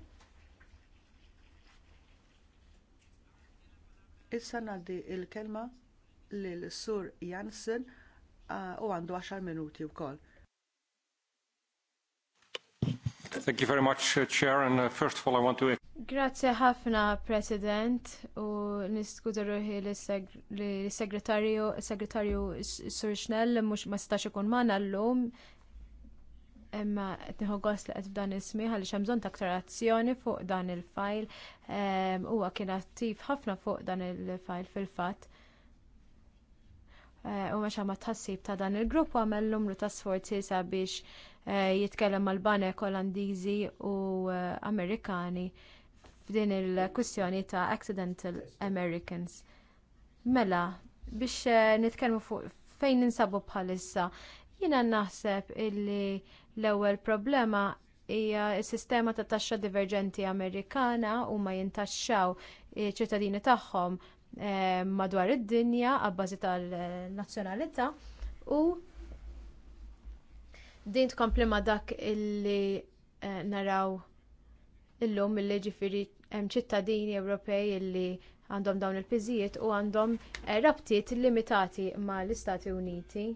Issa ngħaddi l kelma lil Sur Jansen uh, u għandu 10 minuti wkoll. Thank you very much, uh, Chair, and uh, first of all I want to Grazie ħafna, President, u niskuza ruħi l-segretarju, Sur Schnell, mux ma stax ikun maħna l-lum, imma tniħu gost li qed f'dan ismi għaliex hemm bżonn ta' aktar azzjoni fuq dan il-fajl huwa kien attiv ħafna fuq dan il-fajl fil-fatt. Eh, u meċa ma tħassib ta' dan il-grupp għamel l-umru ta' sforzi sabiex eh, jitkellem mal-banek Olandiżi u eh, Amerikani f'din il-kwistjoni ta' Accidental Americans. Mela, biex nitkellmu fuq fejn ninsabu bħalissa, jina naħseb illi L-ewwel problema hija s-sistema ta' taxxa diverġenti Amerikana huma jintaxxaw ċittadini tagħhom eh, madwar id-dinja għabbażi tal-nazzjonalità u din tkompli ma' dak illi eh, naraw illum illi ġifiri hemm ċittadini Ewropej illi għandhom dawn il-piżijiet u għandhom eh, rabtiet limitati mal istati Uniti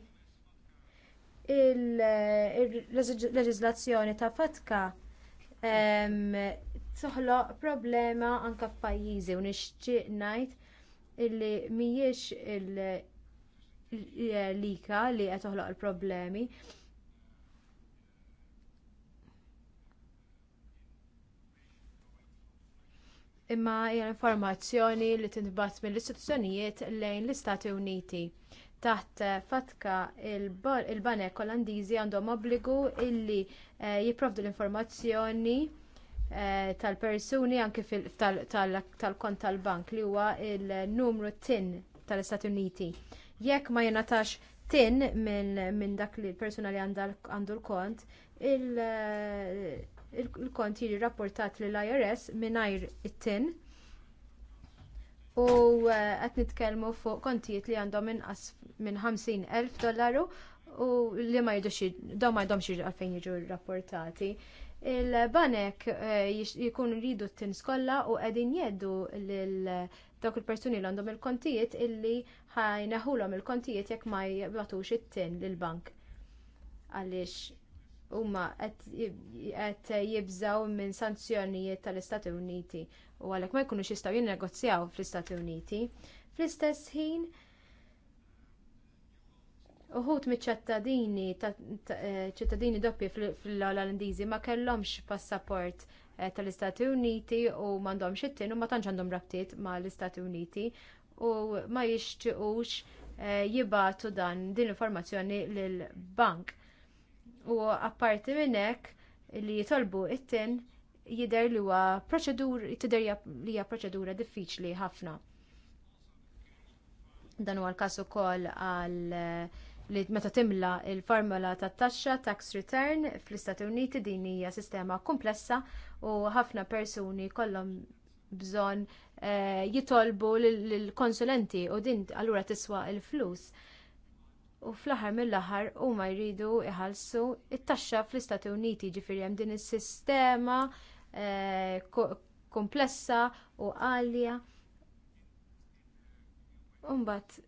il-leġizlazzjoni ta' fatka toħloq problema anke f'pajjiżi u nixtieq ngħid illi mhijiex il-lika li qed toħloq il-problemi. Imma hija informazzjoni li tintbatt mill-istituzzjonijiet lejn l-Istati Uniti taħt eh, fatka il-banek olandiżi għandhom obbligu illi eh, jipprovdu l-informazzjoni eh, tal-persuni anke tal-kont tal-bank li huwa l numru tin tal-Istati Uniti. Jekk ma jingħatax tin minn dak li persuna li għandu l-kont, il-kont jiġi rapportat lill irs mingħajr it-tin u eh, qed nitkellmu fuq kontijiet li għandhom inqas minn 50,000 dollaru u li ma jidux dawn ma jdomx għalfejn jiġu rrapportati. Il-banek eh, jkunu rridu t-tins u qegħdin jeddu l dawk il-persuni li għandhom il-kontijiet illi ħajneħulhom il-kontijiet jekk ma jibgħatux it-tin lill-bank. Għaliex huma qed jibżgħu minn sanzjonijiet tal-Istati Uniti u għalhekk ma jkunux jistgħu jinnegozjaw fl-Istati Uniti. Fl-istess ħin, uħut miċ eh, ċittadini doppi fl-Olandiżi ma kellhomx passaport eh, tal-Istati Uniti u m'għandhomx xittin u ma tantx għandhom rabtiet mal istati Uniti u ma jixtiequx eh, jibatu dan din l-informazzjoni lill bank U apparti minn hekk li jitolbu it-tin jidher li huwa proċedur tidher li hija proċedura diffiċli ħafna. Dan huwa l-każ ukoll għal eh, li meta timla l formula tat taxxa tax return fl-Istati Uniti din hija sistema komplessa u ħafna persuni kollhom bżonn eh, jitolbu lill-konsulenti u din allura tiswa l flus U fl-aħħar mill-aħħar huma jridu iħallsu t taxxa fl-Istati Uniti ġifieri hemm din is-sistema Eh, komplessa u għalja. Umbat,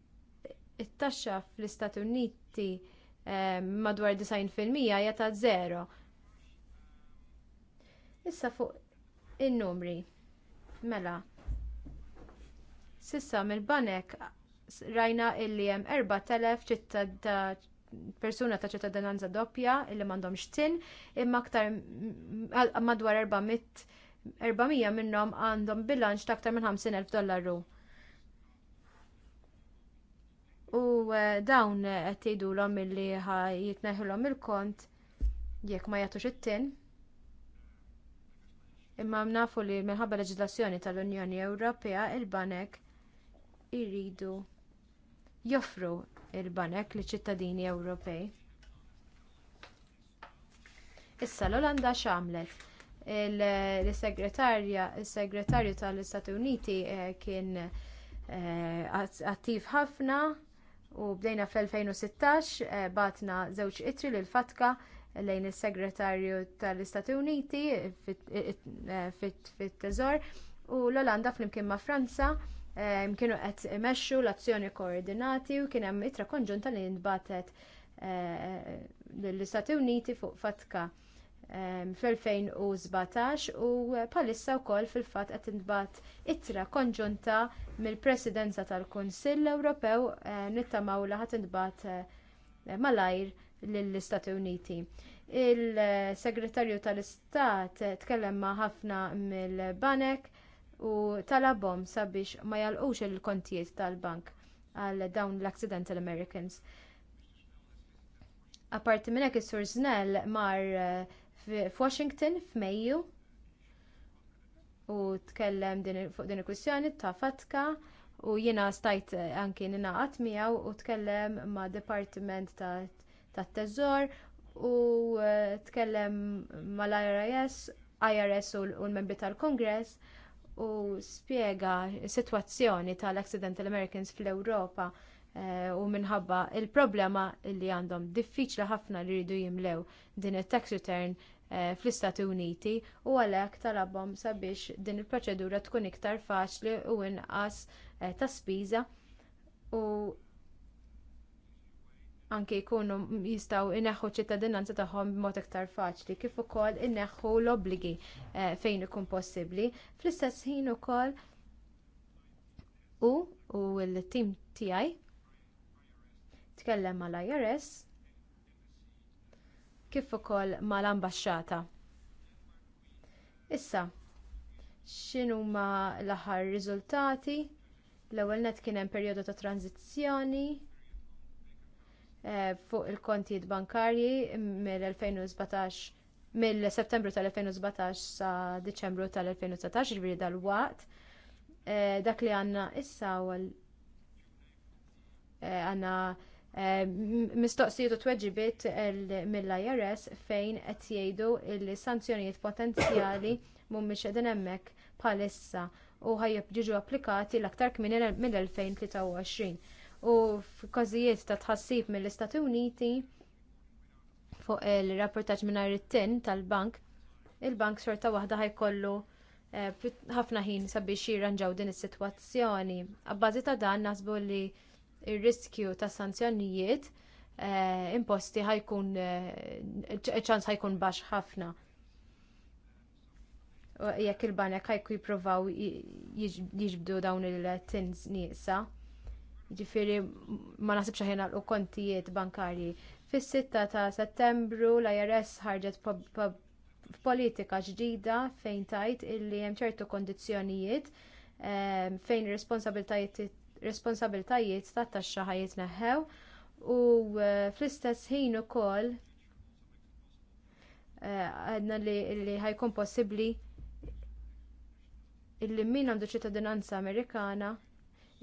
it-taxxa fl-Istati Uniti eh, madwar 90% hija ta' zero. Issa fuq in-numri. Mela. Sissa mill-banek rajna illi hemm 4000 ċittadini persuna ta' ċittadinanza doppja illi m'għandhomx tin imma aktar madwar 400 400 minnhom għandhom bilanċ ta' aktar minn 50,000 dollaru. U eh, dawn qed tgħidulhom milli jitneħħulhom il-kont jekk ma jagħtux it-tin. Imma nafu li minħabba leġislazzjoni tal-Unjoni Ewropea il-banek iridu joffru il banek liċ ċittadini Ewropej. Issa l-Olanda x'għamlet? Il-segretarju tal-Istati Uniti eh, kien eh, attiv ħafna u bdejna fl-2016 eh, batna żewġ itri lil fatka lejn is segretarju tal-Istati Uniti fit-teżor u l-Olanda flimkien ma' Franza Eh, kienu qed imexxu l-azzjoni koordinati u kien hemm itra konġunta li nbatet eh, l-Istati Uniti fuq fatka eh, fl-2017 u bħalissa wkoll fil fatt qed inbat ittra konġunta mill-Presidenza tal-Kunsill Ewropew nittamaw li ħadd inbat malajr lill-Istati Uniti. Il-Segretarju tal-Istat tkellem ma' ħafna mill-Banek u talabhom sabiex ma jalqux il-kontijiet tal-bank għal dawn l-Accidental Americans. Apparti minn hekk is-Sur Znell mar eh, f'Washington f'Mejju u tkellem fuq din il-kwistjoni ta' fatka u jiena stajt eh, anki ninaqat miegħu u tkellem ma' Departiment ta' Teżor u eh, tkellem mal-IRS, IRS u l-membri tal-Kongress u spiega s-sitwazzjoni tal-Accidental Americans fl-Ewropa eh, u minħabba l problema li għandhom diffiċli ħafna li jridu jimlew din it-tax return eh, fl-Istati Uniti u għalhekk talabhom sabiex din il-proċedura tkun iktar faċli u inqas eh, ta' spiża u anke jkunu jistgħu ineħħu ċittadinanza tagħhom b'mod iktar faċli, kif ukoll ineħħu l-obbligi eh, fejn ikun possibbli. Fl-istess ħin ukoll u u l-tim tiegħi tkellem mal-IRS kif ukoll mal-ambaxxata. Issa, x'inhuma l-aħħar riżultati? L-ewwel net kien hemm perjodu ta' tranzizzjoni fuq il-kontijiet bankarji mill-2017 mill-Settembru tal-2017 sa Diċembru tal 2017 ġviri dal-waqt. Dak li għandna issa għanna mistoqsijiet u tweġibiet mill-IRS fejn qed jgħidu li sanzjonijiet potenzjali mhumiex qegħdin hemmhekk bħalissa u ħajjeb ġiġu applikati l-aktar kmieni mill-2023 u f'każijiet ta' tħassib mill-Istati Uniti fuq il-rapportaġġ mingħajr it-tin tal-bank, il-bank sorta waħda ħajkollu eh, ħafna ħin sabiex jirranġaw din is-sitwazzjoni. Abbażi ta' dan nasbu li r riskju ta' sanzjonijiet eh, imposti ħajkun eh, ċans ħajkun baxx ħafna. Jekk il-banek ħajku jipruvaw jiġbdu dawn il-tins nisa. Ġifiri ma nasib xaħjena u kontijiet bankarji. Fis-6 ta' Settembru l-IRS ħarġet politika ġdida fejn tajt illi hemm ċertu kondizzjonijiet ehm, fejn responsabiltajiet ta' taxxa ħajitneħħew u eh, fl-istess ħin ukoll eh, għadna li ħajkun possibbli illi min għandu ċittadinanza Amerikana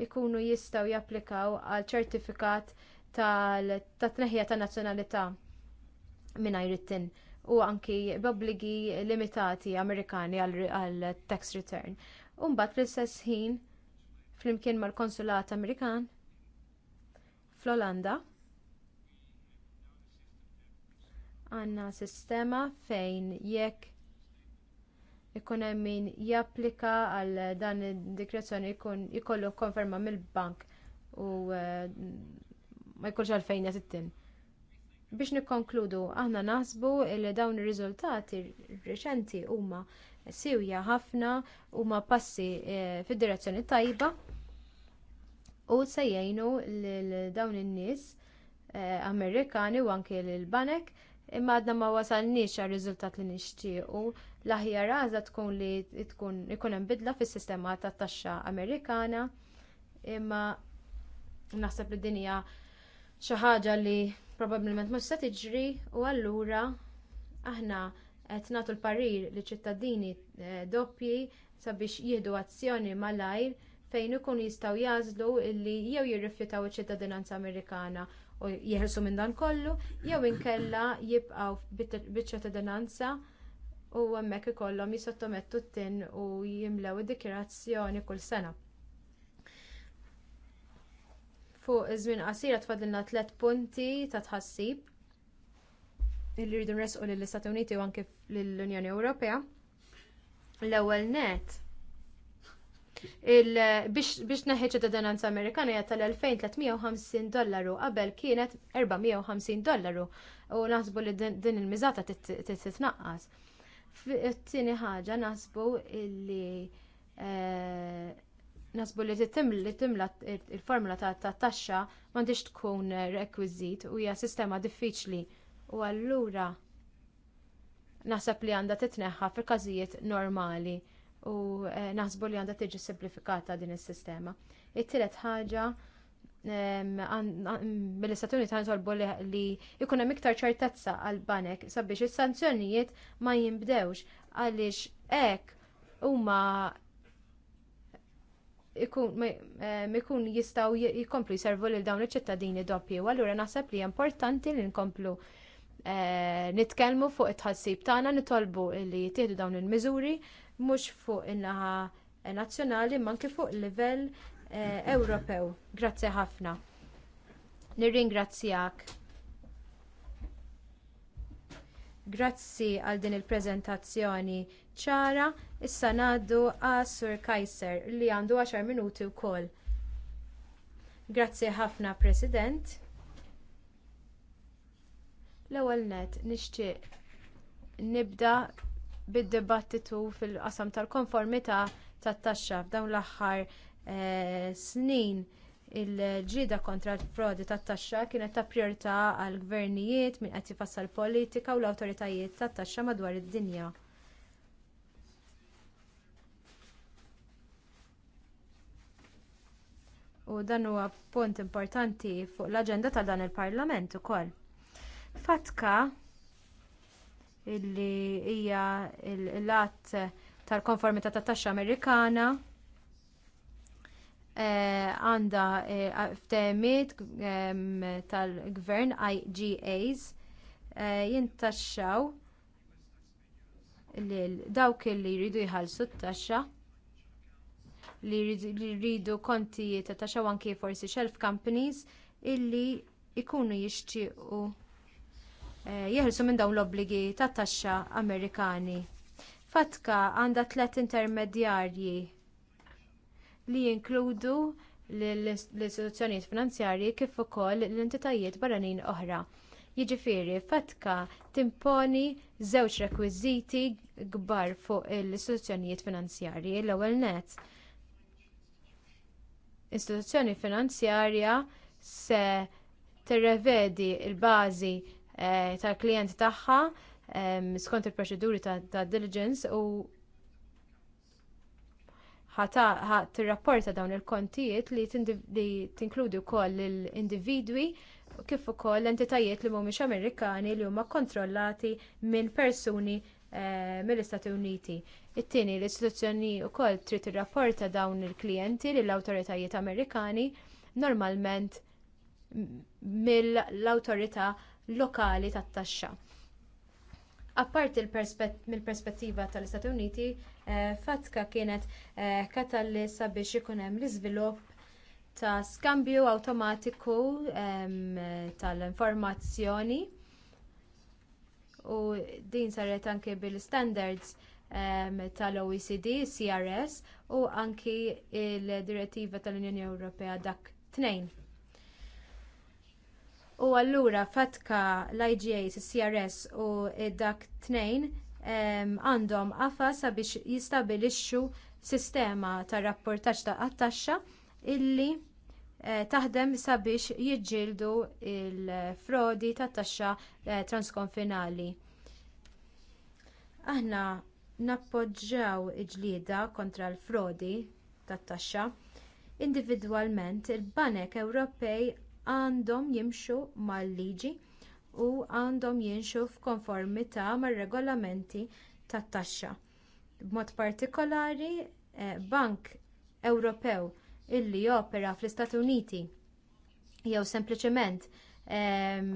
ikunu jistgħu japplikaw għal ċertifikat tat-tneħħija ta' nazzjonalità minn it-tin u anki b'obbligi limitati Amerikani għal tax return. Umbat fl-istess ħin flimkien mal-Konsulat Amerikan fl-Olanda għandna sistema fejn jekk ikun hemm min japplika għal dan id-dikrezzjoni jkun ikollu konferma mill-bank u eh, ma jkunx għalfejn jatittin. Biex nikkonkludu, aħna naħsbu li dawn ir-riżultati reċenti huma siwja ħafna huma passi eh, fid-direzzjoni tajba u se jgħinu lil dawn in-nies eh, Amerikani u anke lil banek imma għadna ma wasalniex għal riżultat li nixtiequ L-aħjar għażla tkun li tkun ikun hemm bidla fis-sistema tat-taxxa Amerikana imma naħseb li din hija xi ħaġa li probabbilment mhux se tiġri u allura aħna qed nagħtu l-parir li ċittadini eh, doppji sabiex jieħdu azzjoni malajr fejn ikun jistgħu jażlu li jew jirrifjutaw iċ-ċittadinanza Amerikana u jeħilsu minn dan kollu jew inkella jibqgħu biċ-ċittadinanza u hemmhekk ikollhom jisottomettu t-tin u jimlew id-dikirazzjoni kull sena. Fuq iż-żmien qasira tfadilna tliet punti ta' tħassib li rridu nresqu lill-Istati Uniti u anke lill-Unjoni Ewropea. L-ewwel net biex neħħi ċittadinanza Amerikana hija tal-2350 dollaru qabel kienet 450 dollaru u naħsbu li din il-miżata titnaqqas. Tieni ħaġa nasbu illi eh, nasbu li timla il-formula ta' taxxa m'għandix tkun rekwiżit u hija sistema diffiċli u allura naħseb li għandha titneħħa fil każijiet normali u eh, naħsbu li għandha tiġi simplifikata din is-sistema. It-tielet ħaġa mill istat Uniti għanżolbu li jkun hemm iktar ċertezza għal banek sabiex is-sanzjonijiet ma jinbdewx għaliex hekk huma ikun jistgħu jkomplu jservu lil dawn iċ-ċittadini doppju. allura naħseb li importanti li nkomplu e, nitkellmu fuq it-tħassib tagħna nitolbu li jittieħdu dawn il-miżuri mhux fuq in-naħa nazzjonali ma anke fuq livell Eh, Ewropew. Grazzi ħafna. Nirringrazzjak. Grazzi għal din il-prezentazzjoni ċara. Issa naddu għasur Sur Kaiser li għandu 10 minuti wkoll. Grazzi ħafna, President. L-ewwel nett nixtieq nibda bid-dibattitu fil-qasam tal-konformità tat-taxxa f'dawn l-aħħar Eh, snin il-ġida kontra l-frodi tat-taxxa kienet ta' priorità għall gvernijiet minn qed jifassal politika u l-awtoritajiet tat-taxxa madwar id-dinja. U dan huwa punt importanti fuq l-aġenda ta' dan il-Parlament ukoll. Fatka illi hija l-att tal-konformità tat-taxxa Amerikana Eh, għandha eh, ftemiet tal-gvern IGAs eh, jintaxxaw lil dawk li jridu jħallsu t-taxxa li jridu kontijiet ta' taxxa anke forsi shelf companies illi jkunu jixtiequ jeħilsu minn dawn l obbligi tat taxxa Amerikani. Fatka għandha tliet intermedjarji li jinkludu l-istituzzjonijiet finanzjarji kif ukoll l-entitajiet barranin oħra. Jiġifieri fatka timponi żewġ rekwiżiti kbar fuq l-istituzzjonijiet finanzjarji l-ewwel nett. Istituzzjoni finanzjarja se tirrevedi l bażi eh, tal klijenti tagħha skont il-proċeduri ta' diligence u ħat rapporta dawn il-kontijiet li tinkludi wkoll l-individwi kif ukoll l-entitajiet li mhumiex Amerikani li huma kontrollati minn persuni eh, mill-Istati Uniti. It-tieni l-istituzzjoni wkoll trid tirrapporta dawn il-klijenti lill-awtoritajiet Amerikani normalment mill-awtorità lokali tat-taxxa. Apparti mill-perspettiva tal-Istati Uniti, Eh, fatka kienet eh, katalissa biex ikun hemm l-iżvilupp ta' skambju awtomatiku tal-informazzjoni u din saret anke bil istandards tal-OECD, CRS u anki l direttiva tal-Unjoni Ewropea dak tnejn. U allura fatka l-IGA, CRS u dak tnejn għandhom għafa sabiex jistabilixxu sistema ta' rapportaġġ ta' għattaxxa illi eh, taħdem sabiex jiġġieldu l frodi tat taxxa eh, transkonfinali. Aħna nappoġġjaw ġlieda kontra l-frodi tat taxxa. Individwalment, il-Banek Ewropej għandhom jimxu mal-liġi u għandhom jinxu f'konformità mar-regolamenti tat-taxxa. B'mod partikolari eh, Bank Ewropew illi opera fl-Istati Uniti jew sempliċement ehm,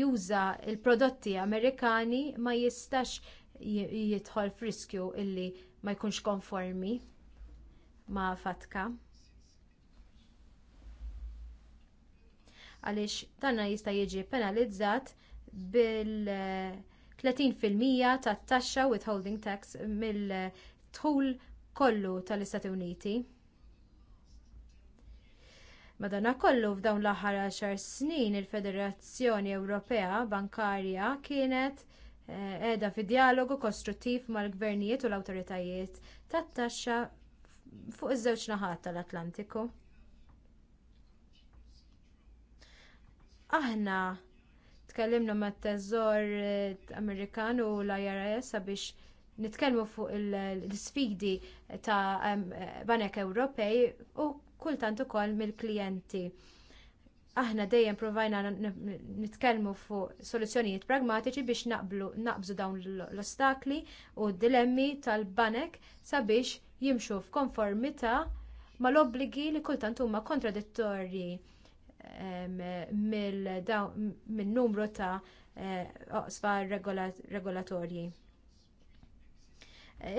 juża l prodotti Amerikani ma jistax jidħol f'riskju illi ma jkunx konformi ma' fatka. għaliex tanna jista' jiġi penalizzat bil 30% tat-taxxa withholding tax mill-dħul kollu tal-Istati Uniti. Madankollu f'dawn l-aħħar għaxar snin il-Federazzjoni Ewropea Bankarja kienet qiegħda eh, fi dijalogu kostruttiv mal-gvernijiet u l-awtoritajiet tat-taxxa fuq iż-żewġ naħat tal-Atlantiku. Aħna tkellimna ma' teżor eh, Amerikan u l-IRS sabiex nitkellmu fuq l isfidi ta' eh, Banek Ewropej u kultant ukoll mill-klijenti aħna dejjem provajna nitkellmu fuq soluzzjonijiet pragmatiċi biex naqblu naqbżu dawn l-ostakli u d-dilemmi tal-banek sabiex jimxu f'konformità mal obbligi li kultant huma kontradittorji minn numru ta' eh, oqsfa regolatorji.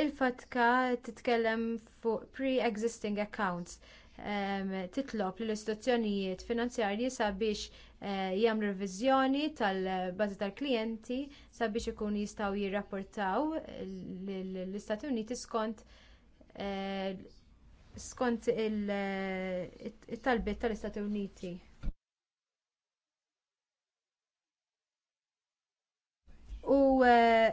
Il-fatka titkellem fuq pre-existing accounts titlob lill istituzzjonijiet finanzjarji sabiex eh, jagħmlu reviżjoni tal-bażi tal-klijenti sabiex ikun jistgħu jirrapportaw l-Istati Uniti skont eh, skont il talbiet tal-Istati Uniti. u eh,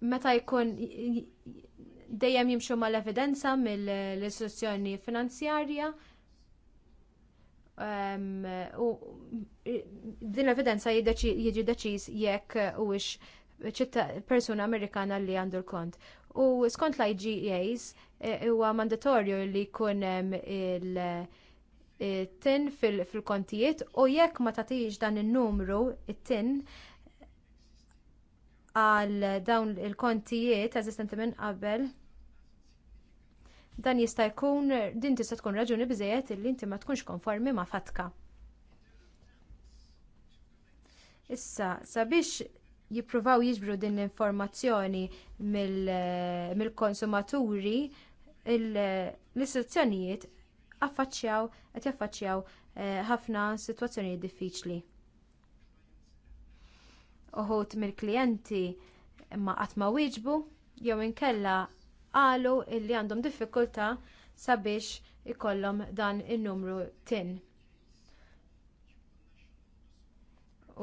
meta jkun dejjem jimxu mal-evidenza mill-istituzzjoni finanzjarja u din l-evidenza jiġi deċiż jekk huwiex persuna Amerikana li għandu l-kont. U skont l-IGAs eh, huwa mandatorju li jkun il- uh, Eh, tin fil-kontijiet u jekk ma tagħtix dan in-numru it-tin għal dawn il-kontijiet eżistenti minn qabel dan jista' jkun din tista' tkun raġuni biżejjed li inti ma tkunx konformi ma' fatka. Issa, sabiex jippruvaw jiġbru din l-informazzjoni eh, mill-konsumaturi, mil l-istituzzjonijiet affaċċjaw qed jaffaċċjaw eh, ħafna sitwazzjonijiet diffiċli. Uħud mill-klijenti imma qatt ma wieġbu jew inkella qalu li għandhom diffikultà sabiex ikollhom dan in-numru tin.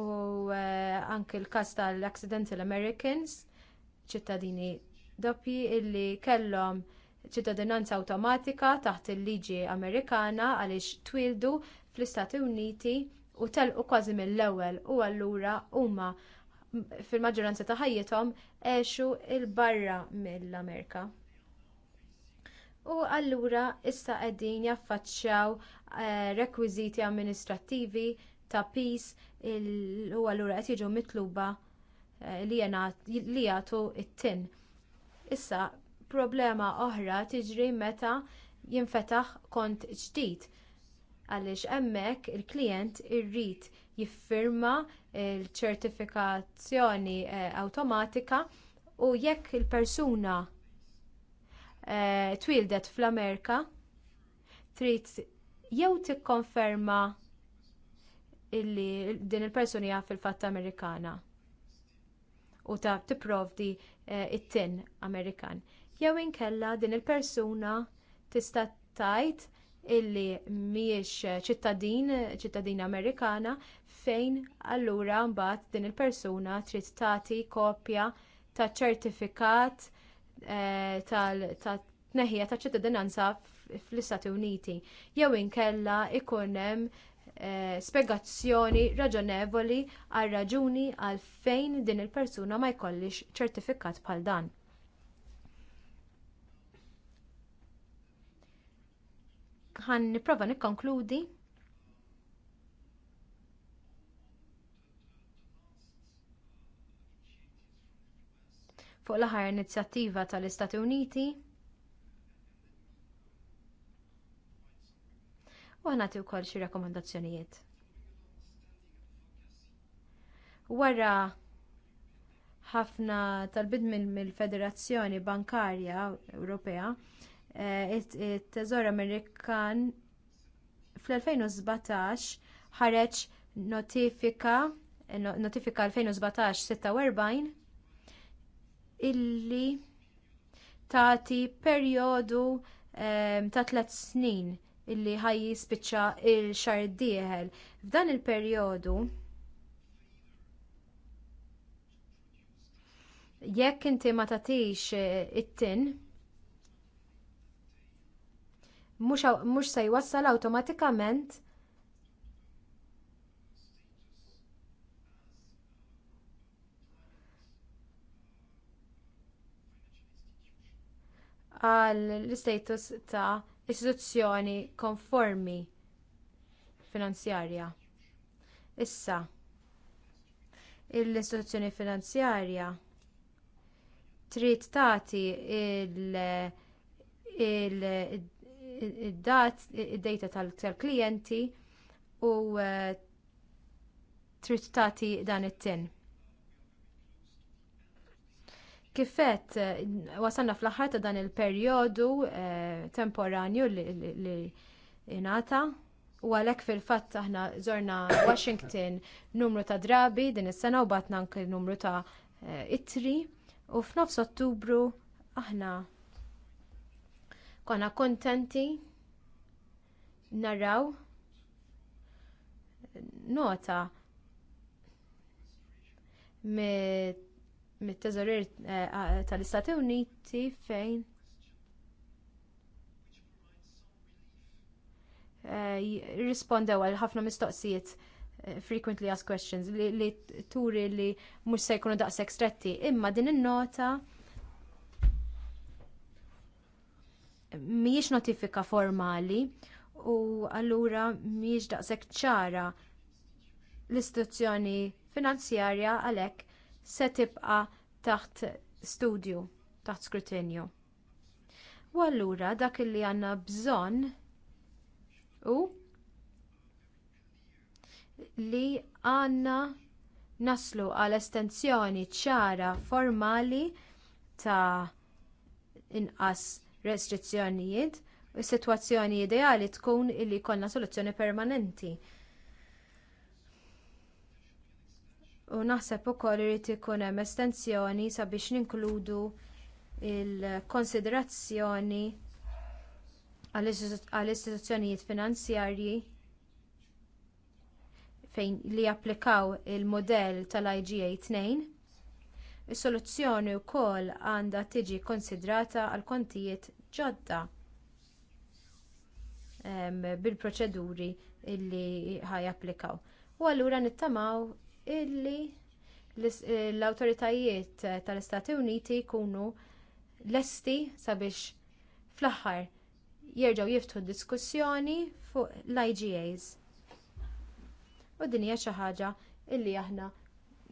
U eh, anke l-każ tal-Accidental Americans, ċittadini doppji illi kellhom ċittadinanza awtomatika taħt il-liġi Amerikana għaliex twildu fl-Istati Uniti u telqu kważi mill-ewwel u allura huma fil-maġġoranza ta' ħajjithom għexu il-barra mill-Amerika. U allura issa qegħdin jaffaċċjaw eh, rekwiżiti amministrattivi ta' pis u allura qed jiġu mitluba eh, li jagħtu t-tin. Issa Problema oħra tiġri meta jinfetaħ kont ġdid għaliex hemmhekk il-klient irrid jiffirma l ċertifikazzjoni eh, awtomatika u jekk il-persuna eh, twildet fl-Amerika trid jew tikkonferma illi din il-persuni hija fil-fatt Amerikana u ta' tipprovdi eh, t tin Amerikan jew inkella din il-persuna tista' tgħid illi mhijiex ċittadin, ċittadina Amerikana fejn allura mbagħad din il-persuna trid tagħti kopja taċ ċertifikat tat eh, tal-tneħħija ta' ċittadinanza fl-Istati Uniti. Jew inkella ikun hemm eh, spjegazzjoni raġonevoli għal raġuni għalfejn din il-persuna ma jkollix ċertifikat bħal dan. ħan nipprova nikkonkludi. Fuq l-aħħar inizjattiva tal-Istati Uniti. U ħanati wkoll xi rakkomandazzjonijiet. Wara ħafna tal-bid mill-Federazzjoni Bankarja Ewropea Eh, it-Teżor Amerikan fl-2017 ħareġ notifika eh, notifika 2017-46 illi tagħti perjodu ehm, ta' tliet snin illi ħaj jispiċċa il xahar dieħel. F'dan il-perjodu jekk inti ma tagħtix eh, it-tin mhux se jwassal awtomatikament għal l-istatus ta' istituzzjoni konformi finanzjarja. Issa, l-istituzzjoni finanzjarja trid tagħti il-, il id-dat, id-data tal-klijenti u eh, trid tagħti dan it-tin. Kifet, eh, wasanna fl-aħħar ta' dan il-perjodu eh, temporanju li ingħata u għalhekk fil-fatt aħna żorna Washington numru ta' drabi din is-sena u batna anke numru ta' ittri u f'nofs Ottubru aħna kona kontenti naraw nota mit-teżorir eh, tal-Istati Uniti fejn eh, rispondew għal ħafna mistoqsijiet eh, frequently asked questions li turi li mhux se jkunu daqshekk stretti imma din in-nota mhijiex notifika formali u allura mhijiex daqshekk ċara l-istituzzjoni finanzjarja għalhekk se tibqa' taħt studju, taħt skrutinju. U allura dak li għandna bżonn u li għandna naslu għal estensjoni ċara formali ta' inqas restrizzjonijiet, is-sitwazzjoni ideali tkun illi jkollna soluzzjoni permanenti. U naħseb ukoll irid ikun hemm estensjoni sabiex ninkludu l konsiderazzjoni għall-istituzzjonijiet finanzjarji fejn li japplikaw il-modell tal-IGA 2 Is-soluzzjoni wkoll għandha tiġi konsidrata għal kontijiet ġodda bil-proċeduri illi ħajapplikaw. U allura nittamaw illi l awtoritajiet tal-Istati Uniti jkunu lesti sabiex fl-aħħar jerġgħu jiftħu d diskussjoni fuq l-IGAs. U din hija xi ħaġa illi aħna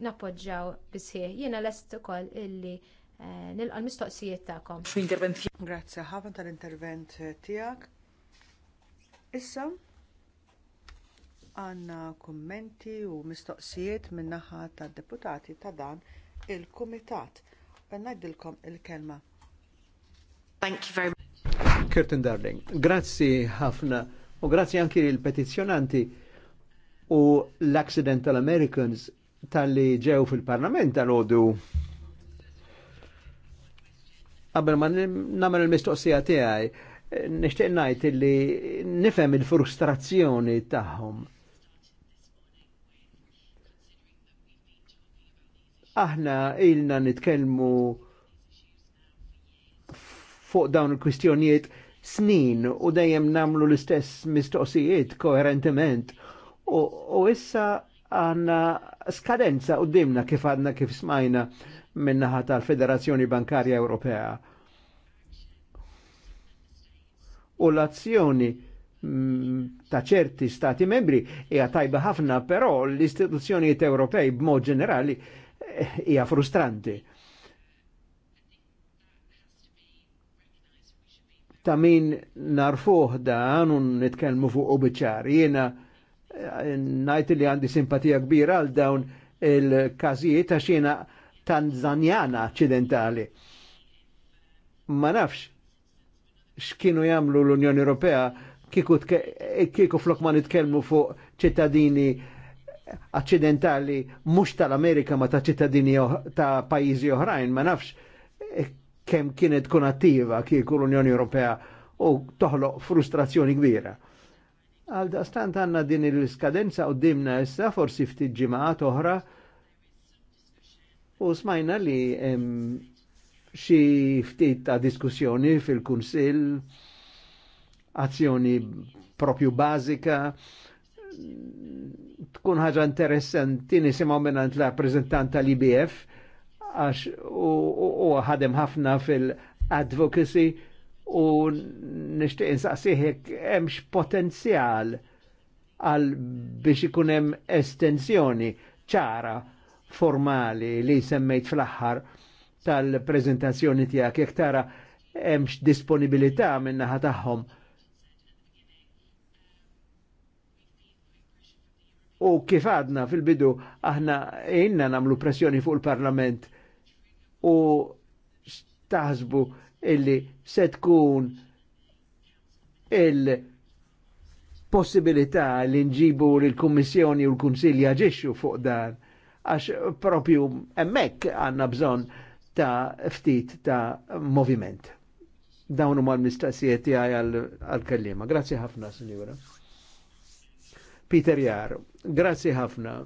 nappoġġaw bisħieħ. Jiena lest ukoll illi eh, nilqa' mistoqsijiet tagħkom. Grazzi ħafna tal-intervent tiegħek. Issa għandna kummenti u mistoqsijiet min-naħa tad-deputati ta' dan il-kumitat. Najdilkom il-kelma. Thank you very much. Kirtin Darling, grazzi ħafna u grazzi anki il-petizjonanti u l-Accidental Americans tal-li ġew fil-parlament tal-ħodu. Qabel ma namel il-mistoqsija tiegħi, nixtieq ngħid li nifhem il-frustrazzjoni tagħhom. Aħna ilna nitkellmu fuq dawn il-kwistjonijiet snin u dejjem namlu l-istess mistoqsijiet koherentement u, issa għanna skadenza u dimna kif għadna kif smajna minnaħa tal-Federazzjoni Bankarja Ewropea. U l-azzjoni mm, ta' ċerti stati membri hija tajba ħafna, però l-istituzzjonijiet Ewropej b'mod ġenerali eh, hija frustranti. Ta' min narfuħ da' għanun nitkelmu fuq u bċar. Jena najt li għandi simpatija kbira għal dawn il-kazijiet ta' xina tanzanjana ċidentali. Ma nafx x'kienu jagħmlu l-Unjoni Ewropea kieku, kieku flok ma nitkellmu fuq ċittadini aċċidentali mhux tal-Amerika ma ta' ċittadini ta' pajjiżi oħrajn, ma nafx kemm kienet tkun attiva kieku l-Unjoni Ewropea u toħloq frustrazzjoni kbira. Għal daqstant għanna din il-skadenza u dimna issa forsi ftit ġimgħat oħra u smajna li xi ftit ta' diskussjoni fil-Kunsill azzjoni propju bażika tkun ħaġa interessanti nisimgħu minnant la rappreżentant tal-IBF għax u ħadem ħafna fil-advocacy u nishtiq insaqsiħek hemmx potenzjal għal biex ikun hemm estensjoni ċara formali li semmejt fl-aħħar tal-prezentazzjoni tiegħek jekk tara hemmx disponibilità min-naħa tagħhom. U kif għadna fil-bidu aħna inna namlu pressjoni fuq il-Parlament u taħsbu illi se tkun il-possibilità li nġibu l-Kummissjoni u l-Kunsilja ġixxu fuq dan, għax propju emmek għanna bżon ta' ftit ta' moviment. Dawnu ma' l-mistaqsijiet tiegħi għal-kellima. Grazzi ħafna, Sinjura. Peter Jar, grazie ħafna.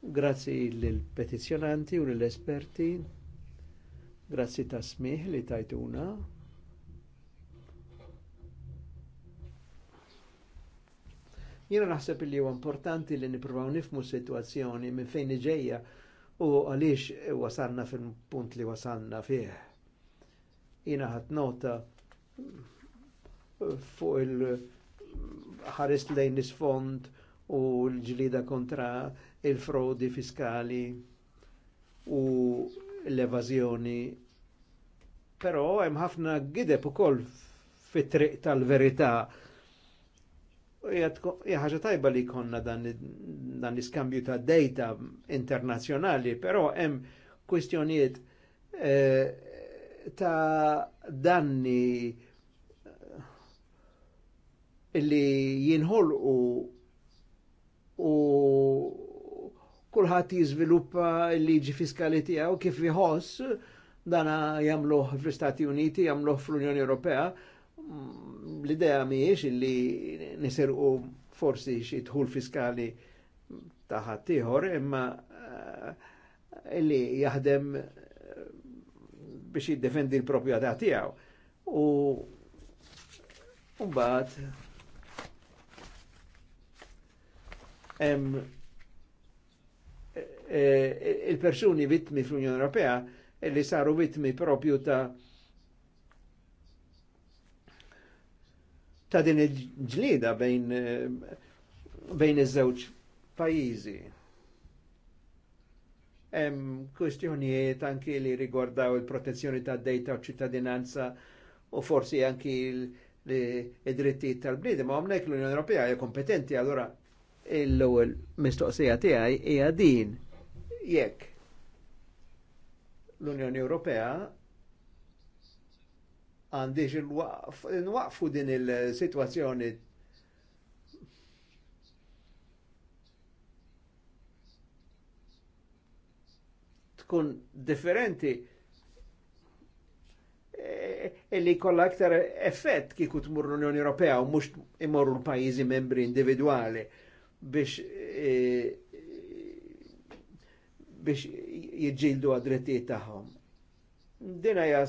Grazzi l-petizjonanti u l-esperti, grazzi ta' smih li tajtuna. Jiena naħseb li huwa importanti li nippruvaw nifmu situazzjoni minn fejn ġejja u għaliex wasalna fil-punt li wasalna fih. Jiena ħat nota fuq il-ħarist lejn isfond u l-ġlida kontra il-frodi fiskali u l-evażjoni. Però hemm ħafna gideb ukoll fit-triq tal-verità. Jaħġa tajba li konna dan, l-iskambju ta' data internazjonali, però hemm kwistjonijiet eh, ta' danni eh, li jinħolqu u kulħadd jiżviluppa l-liġi fiskali tiegħu kif jħoss dana jagħmluh fl-Istati Uniti, jagħmluh fl-Unjoni Ewropea. Mm, l-idea mhijiex li niserqu forsi xi dħul fiskali ta' ħaddieħor, imma eh, li jaħdem eh, biex jiddefendi l-propjata tiegħu. U mbagħad Eh, il-persuni vittmi fl-Unjoni Ewropea li saru vittmi propju ta' ta' din il-ġlida bejn eh, bejn iż-żewġ pajjiżi. Hemm kwestjonijiet anki li rigordaw il-protezzjoni ta' dejta u ċittadinanza u forsi anki id-drittijiet tal bliedi ma hawnhekk l-Unjoni Ewropea hija kompetenti allora l-ewwel mistoqsija tiegħi hija din jekk l-Unjoni Ewropea għandix il-waqfu din il-situazzjoni tkun differenti illi e, e, e kolla aktar effett kiku tmur l-Unjoni Ewropea u mux imorru l-pajizi membri individuali biex e biex jġildu għadrettijiet taħħom. Dina hija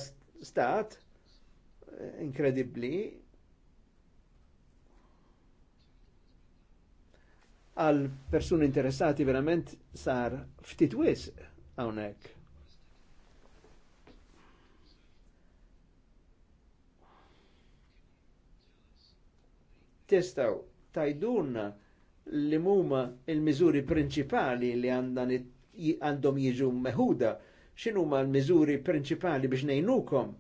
stat eh, inkredibbli għal persuni interessati verament sar ftit wis għonek. Testaw tajdurna li muma il mizuri principali li għandan it għandhom jiġu meħuda, xinu ma l-miżuri prinċipali biex ngħinukom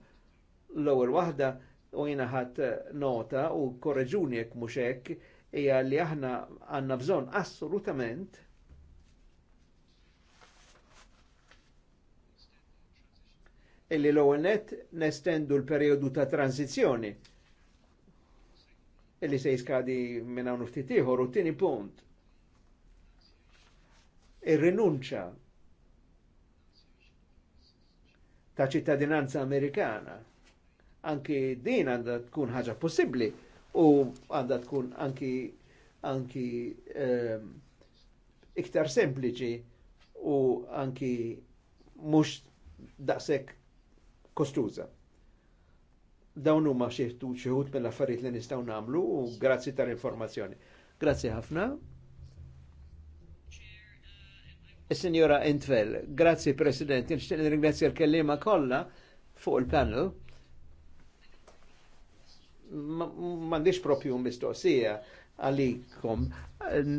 l-ewwel waħda u jina ħadd eh, nota u korreġuni jekk mhux hekk hija li aħna għandna bżonn assolutament illi l-ewwel net nestendu l-perjodu ta' tranzizzjoni illi se jiskadi minn hawn ftit ieħor u tieni punt ir-rinunċa ta' ċittadinanza Amerikana. Anki din għandha tkun ħaġa possibbli u għandha tkun anki anki um, iktar sempliċi u anki mhux daqshekk kostuża. Dawn huma xi ħut mill-affarijiet li nistgħu nagħmlu u grazzi tal-informazzjoni. Grazzi ħafna. Signora Entvel, grazie President, nixtieq nirringrazzja l-kellima kollha fuq il-panel. M'għandix propju mistoqsija għalikom.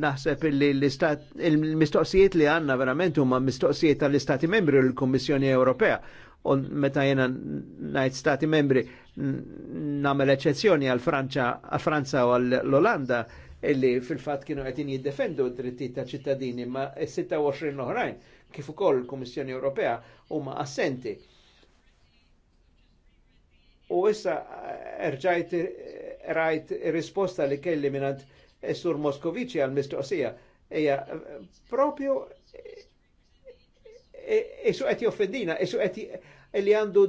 Naħseb li l-mistoqsijiet li għanna verament huma mistoqsijiet tal-Istati Membri u l-Kommissjoni Ewropea. U meta jena najt Stati Membri namel eċezzjoni għal Franza u għall-Olanda, illi fil-fat kienu għetin jiddefendu drittijiet ta' ċittadini ma' 26 oħrajn kif ukoll il-Kummissjoni Ewropea huma assenti. U issa erġajt rajt risposta li kelli minant Sur Moskovici għal-mistoqsija hija propju isu qed joffendina, isu qed li għandu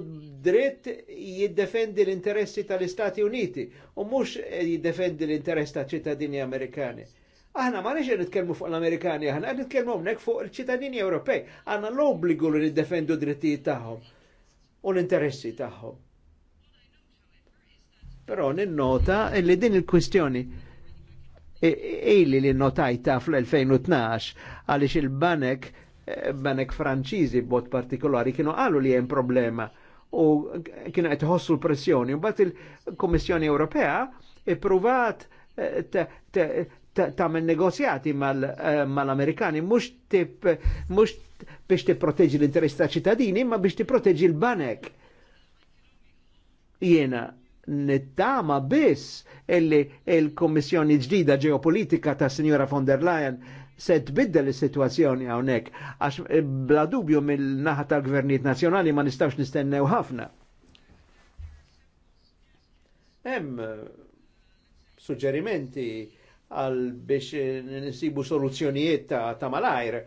dritt jiddefendi l-interessi tal-Istati Uniti u mhux jiddefendi l interessi tal ċittadini Amerikani. Aħna ma nix nitkellmu fuq l-Amerikani, aħna qed nitkellmu fuq il-ċittadini Ewropej. Aħna l-obbligu li niddefendu drittijiet tagħhom u l-interessi tagħhom. Però ninnota li din il-kwistjoni ili e- e- li notajta fl-2012 għalix il-banek banek franċiżi bot partikolari kienu għalu li jen problema u kienu għet iħossu l-pressjoni. Mbagħad il komissjoni Ewropea i ippruvat eh, tagħmel negozjati eh, mal-Amerikani mhux mhux biex proteġi l-interess ta' ċittadini, ma biex ti proteġi l-banek. Jena nittama biss illi il komissjoni ġdida ġeopolitika ta' Sinjora von der Leyen se tbiddel is-sitwazzjoni hawnhekk għax eh, bla dubju mill-naħa tal-gvernijiet nazzjonali ma nistgħux nistennew ħafna. Hemm eh, suġġerimenti għal biex eh, nisibu soluzzjonijiet ta, ta malajr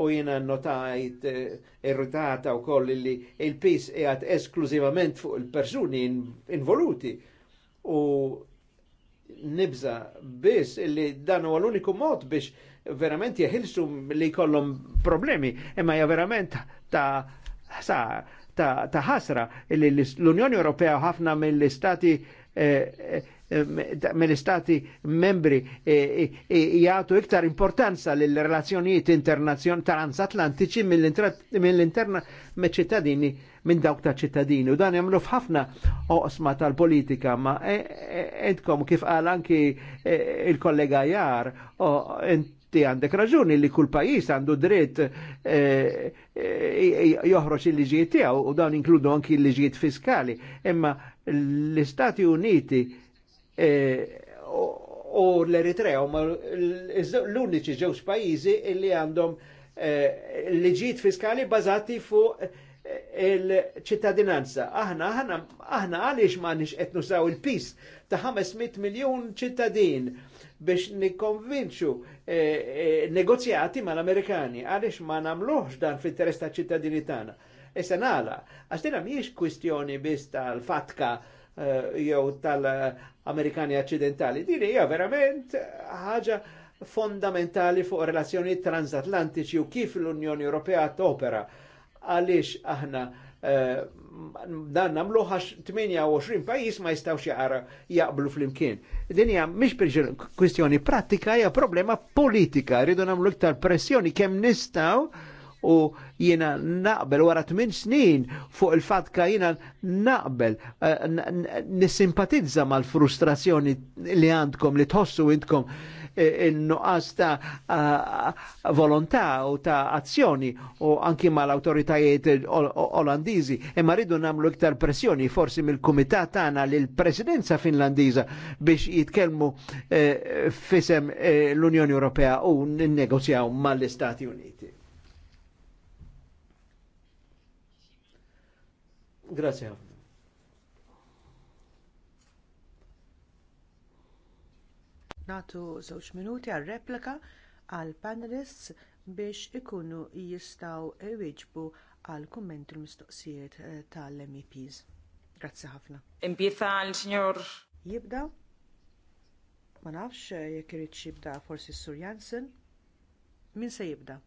u jena notajt irritata u koll li il-pis jgħat esklużivament fuq il-persuni involuti u nibza biss illi dan huwa l-uniku mod biex verament jeħilsu li kollom problemi, imma ja verament ta' sa, ta', ta ħasra li l-Unjoni Ewropea ħafna mill-istati eh, eh, mill-istati membri eh, jgħatu iktar importanza l relazzjonijiet internazzjonali transatlantiċi mill-ċittadini interna minn dawk ta' ċittadini. U dan jagħmlu f'ħafna oqsma tal-politika, ma edkom kif qal anki il-kollega Jar, ti għandek raġuni li kull pajis għandu dritt eh, eh, joħroġ il-liġijiet tiegħu u dawn inkludu anki l-liġijiet fiskali. Imma l-Istati Uniti u eh, l-Eritrea huma l-uniċi ġewx pajjiżi li għandhom liġijiet fiskali bażati fuq il-ċittadinanza. Aħna, aħna, aħna għaliex ma nix nusaw il-pis ta' 500 miljon ċittadin biex nikonvinċu eh, eh, negozjati mal-Amerikani għaliex ma namluħx dan fl-interess ta' ċittadini tagħna. Issa nagħla, għax dinha mhijiex kwistjoni biss tal-fatka eh, jew tal-Amerikani Occidentali. Dini hija verament ħaġa fondamentali fuq relazzjoni transatlantiċi u kif l-Unjoni Ewropea topera għaliex aħna Eh, dan namlu għax 28 pajis ma jistawx jaqra jaqblu fl-imkien. Din hija mhix kwestjoni pratika, hija problema politika. Rridu namlu iktar pressjoni kemm nistaw u jiena naqbel wara 8 snin fuq il ka jiena naqbel eh, nissimpatizza mal-frustrazzjoni li għandkom li tħossu intkom in-nuqqas ta' volontà u ta' azzjoni u anki mal-autoritajiet olandizi. Imma rridu namlu iktar pressjoni forsi mill-kumitat tagħna lil presidenza Finlandiża biex jitkellmu eh, fisem eh, l-Unjoni Ewropea u nnegozjaw mal-Istati Uniti. Grazie. nagħtu żewġ minuti għal replika għall panelists biex ikunu jistgħu jwieġbu għal kummenti l-mistoqsijiet eh, tal-MEPs. Grazzi ħafna. Imbieta l-Sinjor. Jibda? Ma nafx eh, jekk irid jibda forsi Sur Jansen. Min se jibda?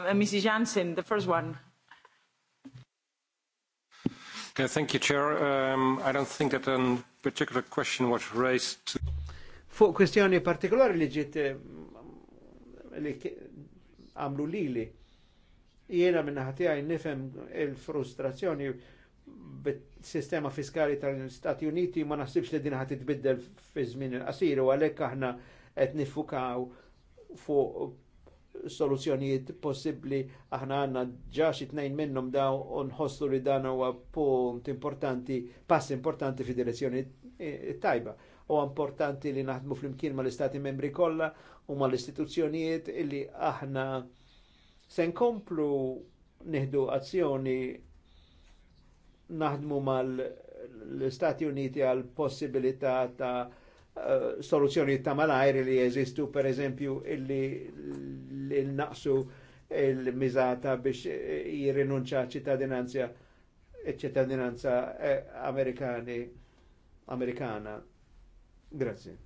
Uh, Mrs. Jansen, the first one thank you, Chair. Um, I don't think that a particular question was raised. Fuq kwestjoni partikolari li ġiet eh, li għamlu lili, jiena minna ħatijaj nifem il-frustrazzjoni bit-sistema fiskali tal-Stati Uniti ma nasibx li din ħat tbiddel fi żmien il-qasir u għalhekk aħna qed nifukaw fuq soluzzjonijiet possibbli aħna għanna ġax it-nejn minnum daw unħossu li dan huwa punt importanti, pass importanti fi direzzjoni e, e, tajba. U importanti li naħdmu fl-imkien ma l-istati membri kollha u ma l-istituzzjonijiet illi aħna se nkomplu neħdu azzjoni naħdmu mal l-Stati Uniti għal possibilità ta' eh, soluzzjoni ta' malajr li jeżistu per eżempju illi li naqsu il-mizata biex jirrinunċa ċittadinanza ċittadinanza eh, amerikani amerikana. Grazie.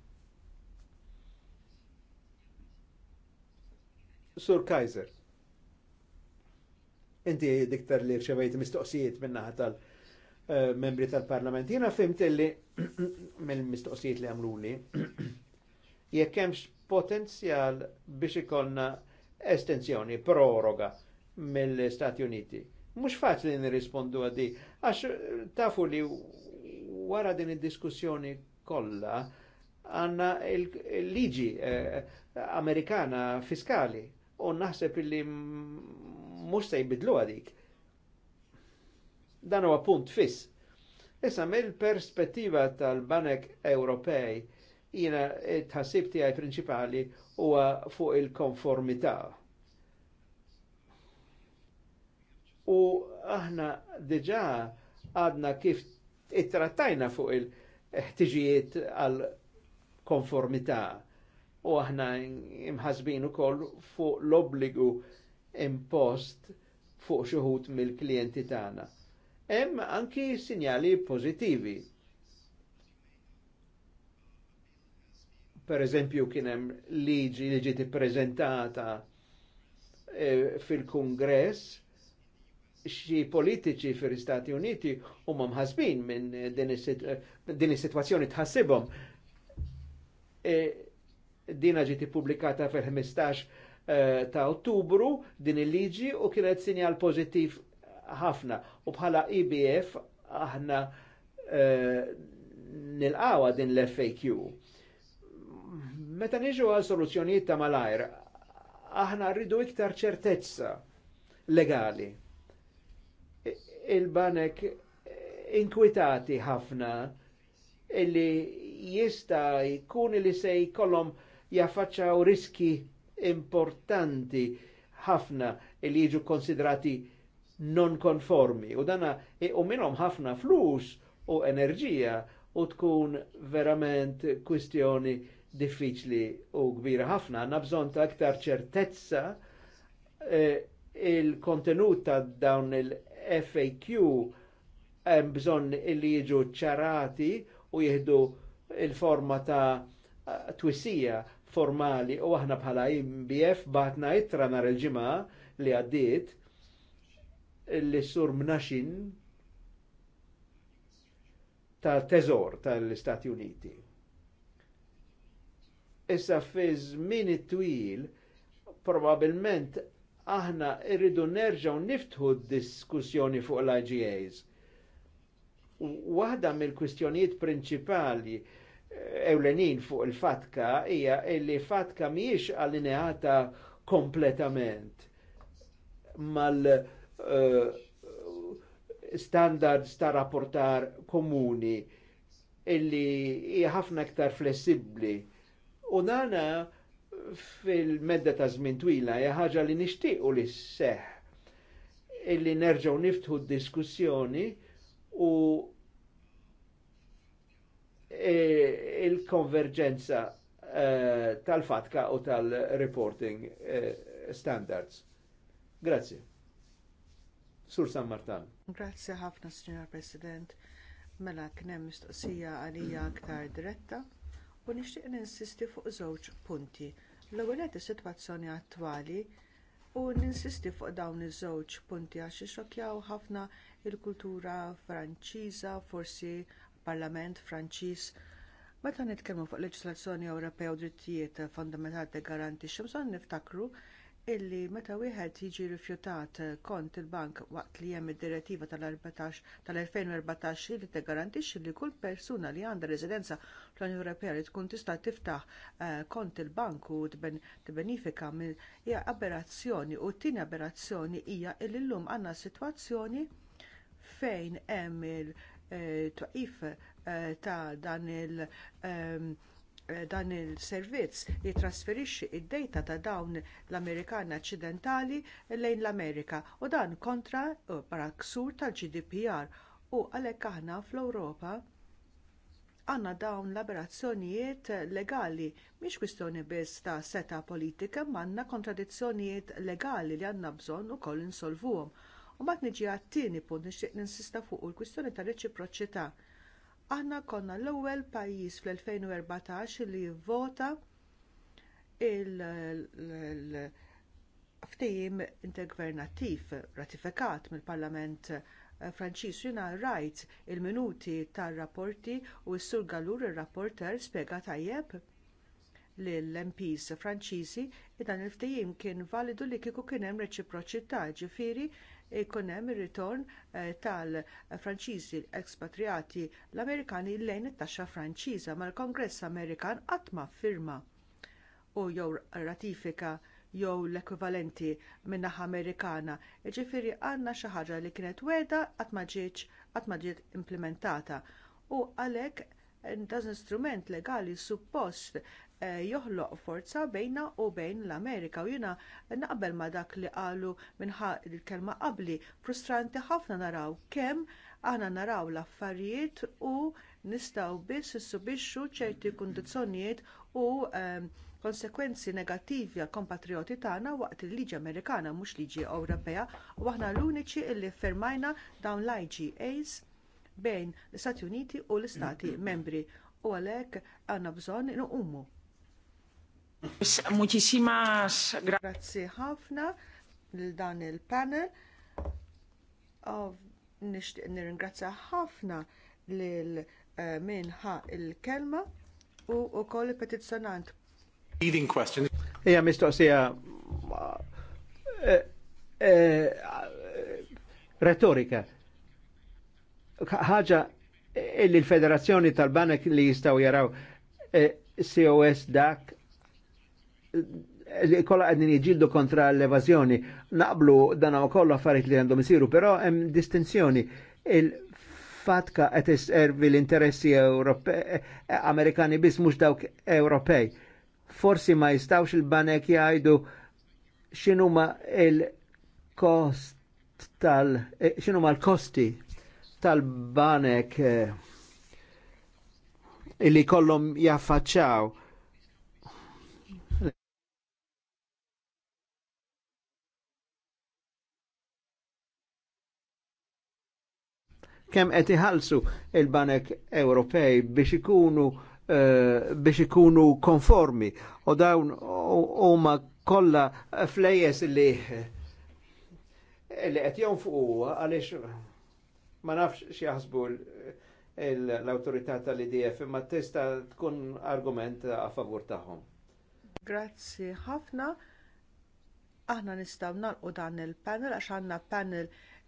Sur Kaiser, inti diktar li rċevajt mistoqsijiet minna tal-membri eh, tal-parlament. Jena fimt li mill-mistoqsijiet li għamluli, jekk hemmx potenzjal biex ikonna estensjoni, proroga mill-Stati Uniti. Mux faċli nirrispondu għaddi, għax eh, tafu li wara din id-diskussjoni kollha għanna il-liġi eh, amerikana fiskali u naħseb li mux se jibidlu għadik. Dan huwa punt fis. Issa mill-perspettiva tal-Banek Ewropej Jina eh, tħassib tijaj prinċipali huwa fuq il-konformità. U aħna diġà għadna kif it-trattajna fuq il-ħtiġijiet għal konformità u aħna imħasbin ukoll fuq l-obbligu impost fuq xuħut mill-klijenti tagħna. Hemm anki sinjali pożittivi Per eżempju, hemm liġi li ġiet prezentata e, eh, fil kungress xi politiċi fil istati Uniti huma mħasbin minn eh, eh, din is-sitwazzjoni tħassibhom. E, dina ġiti pubblikata fil-15 ta' Ottubru din il-liġi u kienet sinjal pożittiv ħafna. U bħala IBF e aħna nil-qawa din l-FAQ meta niġu għal soluzzjonijiet ta' malajr, aħna rridu iktar ċertezza legali. Il-banek inkwitati ħafna illi jista jkun li se jkollhom jaffaċċaw riski importanti ħafna illi jiġu konsidrati non konformi u dana u minnhom ħafna flus u enerġija u tkun verament kwistjoni diffiċli u kbira ħafna, għanna bżon ta' aktar ċertezza eh, il-kontenut ta' dawn il-FAQ hemm bżon li jiġu ċarati u jihdu il-forma ta' twissija formali u aħna bħala MBF batna ittra nar il-ġimgħa li għaddiet li sur mnaxin ta' teżor tal-Istati Uniti Issa fi żmien twil probabilment aħna irridu nerġgħu niftħu diskussjoni fuq l-IGAs. Waħda mill-kwistjonijiet prinċipali eh, ewlenin fuq il-fatka hija li fatka mhijiex allineata kompletament mal eh, standards ta' rapportar komuni illi hija ħafna iktar flessibbli U nana fil-medda ta' żmien twila hija ħaġa li nixtiequ li seħ illi nerġgħu niftħu d-diskussjoni u e, il-konverġenza e, tal-fatka u tal-reporting e, standards. Grazie. Sur San Martan. Grazie ħafna, Signor President. Mela kien hemm mistoqsija għalija aktar diretta u nixtieq ninsisti fuq żewġ punti. L-ewwel qed is-sitwazzjoni attwali u ninsisti fuq dawn iż-żewġ punti għax ixokjaw ħafna l kultura Franċiża, forsi Parlament Franċiż. Meta nitkellmu fuq leġislazzjoni Ewropea u drittijiet fondamentali garantixxi bżonn niftakru illi meta wieħed jiġi rifjutat kont il-bank waqt li hemm id-direttiva tal-2014 li tiggarantixxi li kull persuna li għandha residenza fl-Unjoni Ewropea li tkun tista' tiftaħ eh, kont il-bank u tibbenifika minn hija aberrazzjoni u t-tieni aberrazzjoni hija li llum għandna sitwazzjoni fejn hemm il-twaqif eh, eh, ta' dan il- ehm, Eh, dan il-servizz jitrasferixxi d dejta ta' dawn l-Amerikani Aċċidentali lejn l-Amerika u dan kontra eh, para ksur tal-GDPR u għalhekk aħna fl-Ewropa għandna dawn l-aberazzjonijiet legali mhix kwistjoni biss ta' seta' politika imma għandna kontradizzjonijiet legali li għandna bżonn ukoll insolvuhom. U mat niġi għat-tieni punt nixtieq ninsista fuq il-kwistjoni tar reċiproċità Aħna konna l-ewwel pajjiż fl-2014 li vvota il-ftehim intergvernattiv ratifikat mill-Parlament eh, Franċis jina rajt il-minuti tar rapporti u s-sur Galur ir rapporter spjega tajjeb lill mps Franċiżi li dan il-ftehim kien validu li kieku kien hemm reċiproċità ġifieri jkun hemm ir-ritorn eh, tal-Franċiżi ekspatriati l-Amerikani lejn it-taxxa Franċiża mal-Kongress Amerikan qatt ma ffirma u jew ratifika jew l-ekwivalenti min-naħa Amerikana. Jiġifieri għandna xi ħaġa li kienet wegħda qatt ma ġiet implementata u għalhekk dan l-istrument legali suppost Eh, joħloq forza bejna u bejn l-Amerika u jiena naqbel ma dak li qalu minħa il-kelma qabbli frustranti ħafna naraw kemm aħna naraw l-affarijiet u nistgħu biss issubixxu ċerti kundizzjonijiet u ehm, konsegwenzi negattivi għal kompatrioti tagħna waqt il-liġi Amerikana mhux liġi Ewropea u aħna l-uniċi li fermajna dawn l-IGAs bejn l-Istati Uniti u l-Istati Membri u għalhekk għandna bżonn inqumu Muchísimas grazie ħafna lil dan il-panel. Nixtieq nirringrazzja ħafna lil eh, minħa il-kelma u wkoll il-petizzjonant. Leading question. Hija mistoqsija eh, eh, retorika. Ħaġa illi l-Federazzjoni tal-Banek li jistaw jaraw COS dak Eh, kolla għedni jġildu kontra l-evazjoni. Naqblu dana u kollu affarijiet li għandhom isiru, però hemm distinzjoni. Il-fatka qed iservi l-interessi eh, Amerikani biss mhux dawk Ewropej. Forsi ma jistawx il-banek jgħidu x'inhuma il-kost tal eh, x'inhuma l-kosti tal-banek illi kollhom jaffaċċaw kemm qed iħallsu il-Banek Ewropej biex ikunu uh, biex ikunu konformi u dawn huma kollha flejjes li li qed jonfqu għaliex ma nafx xi jaħsbu l awtorità tal-IDF imma tista tkun argument a favur tagħhom. Grazzi ħafna. Aħna nistgħu nagħlqu dan il-panel għax għandna panel,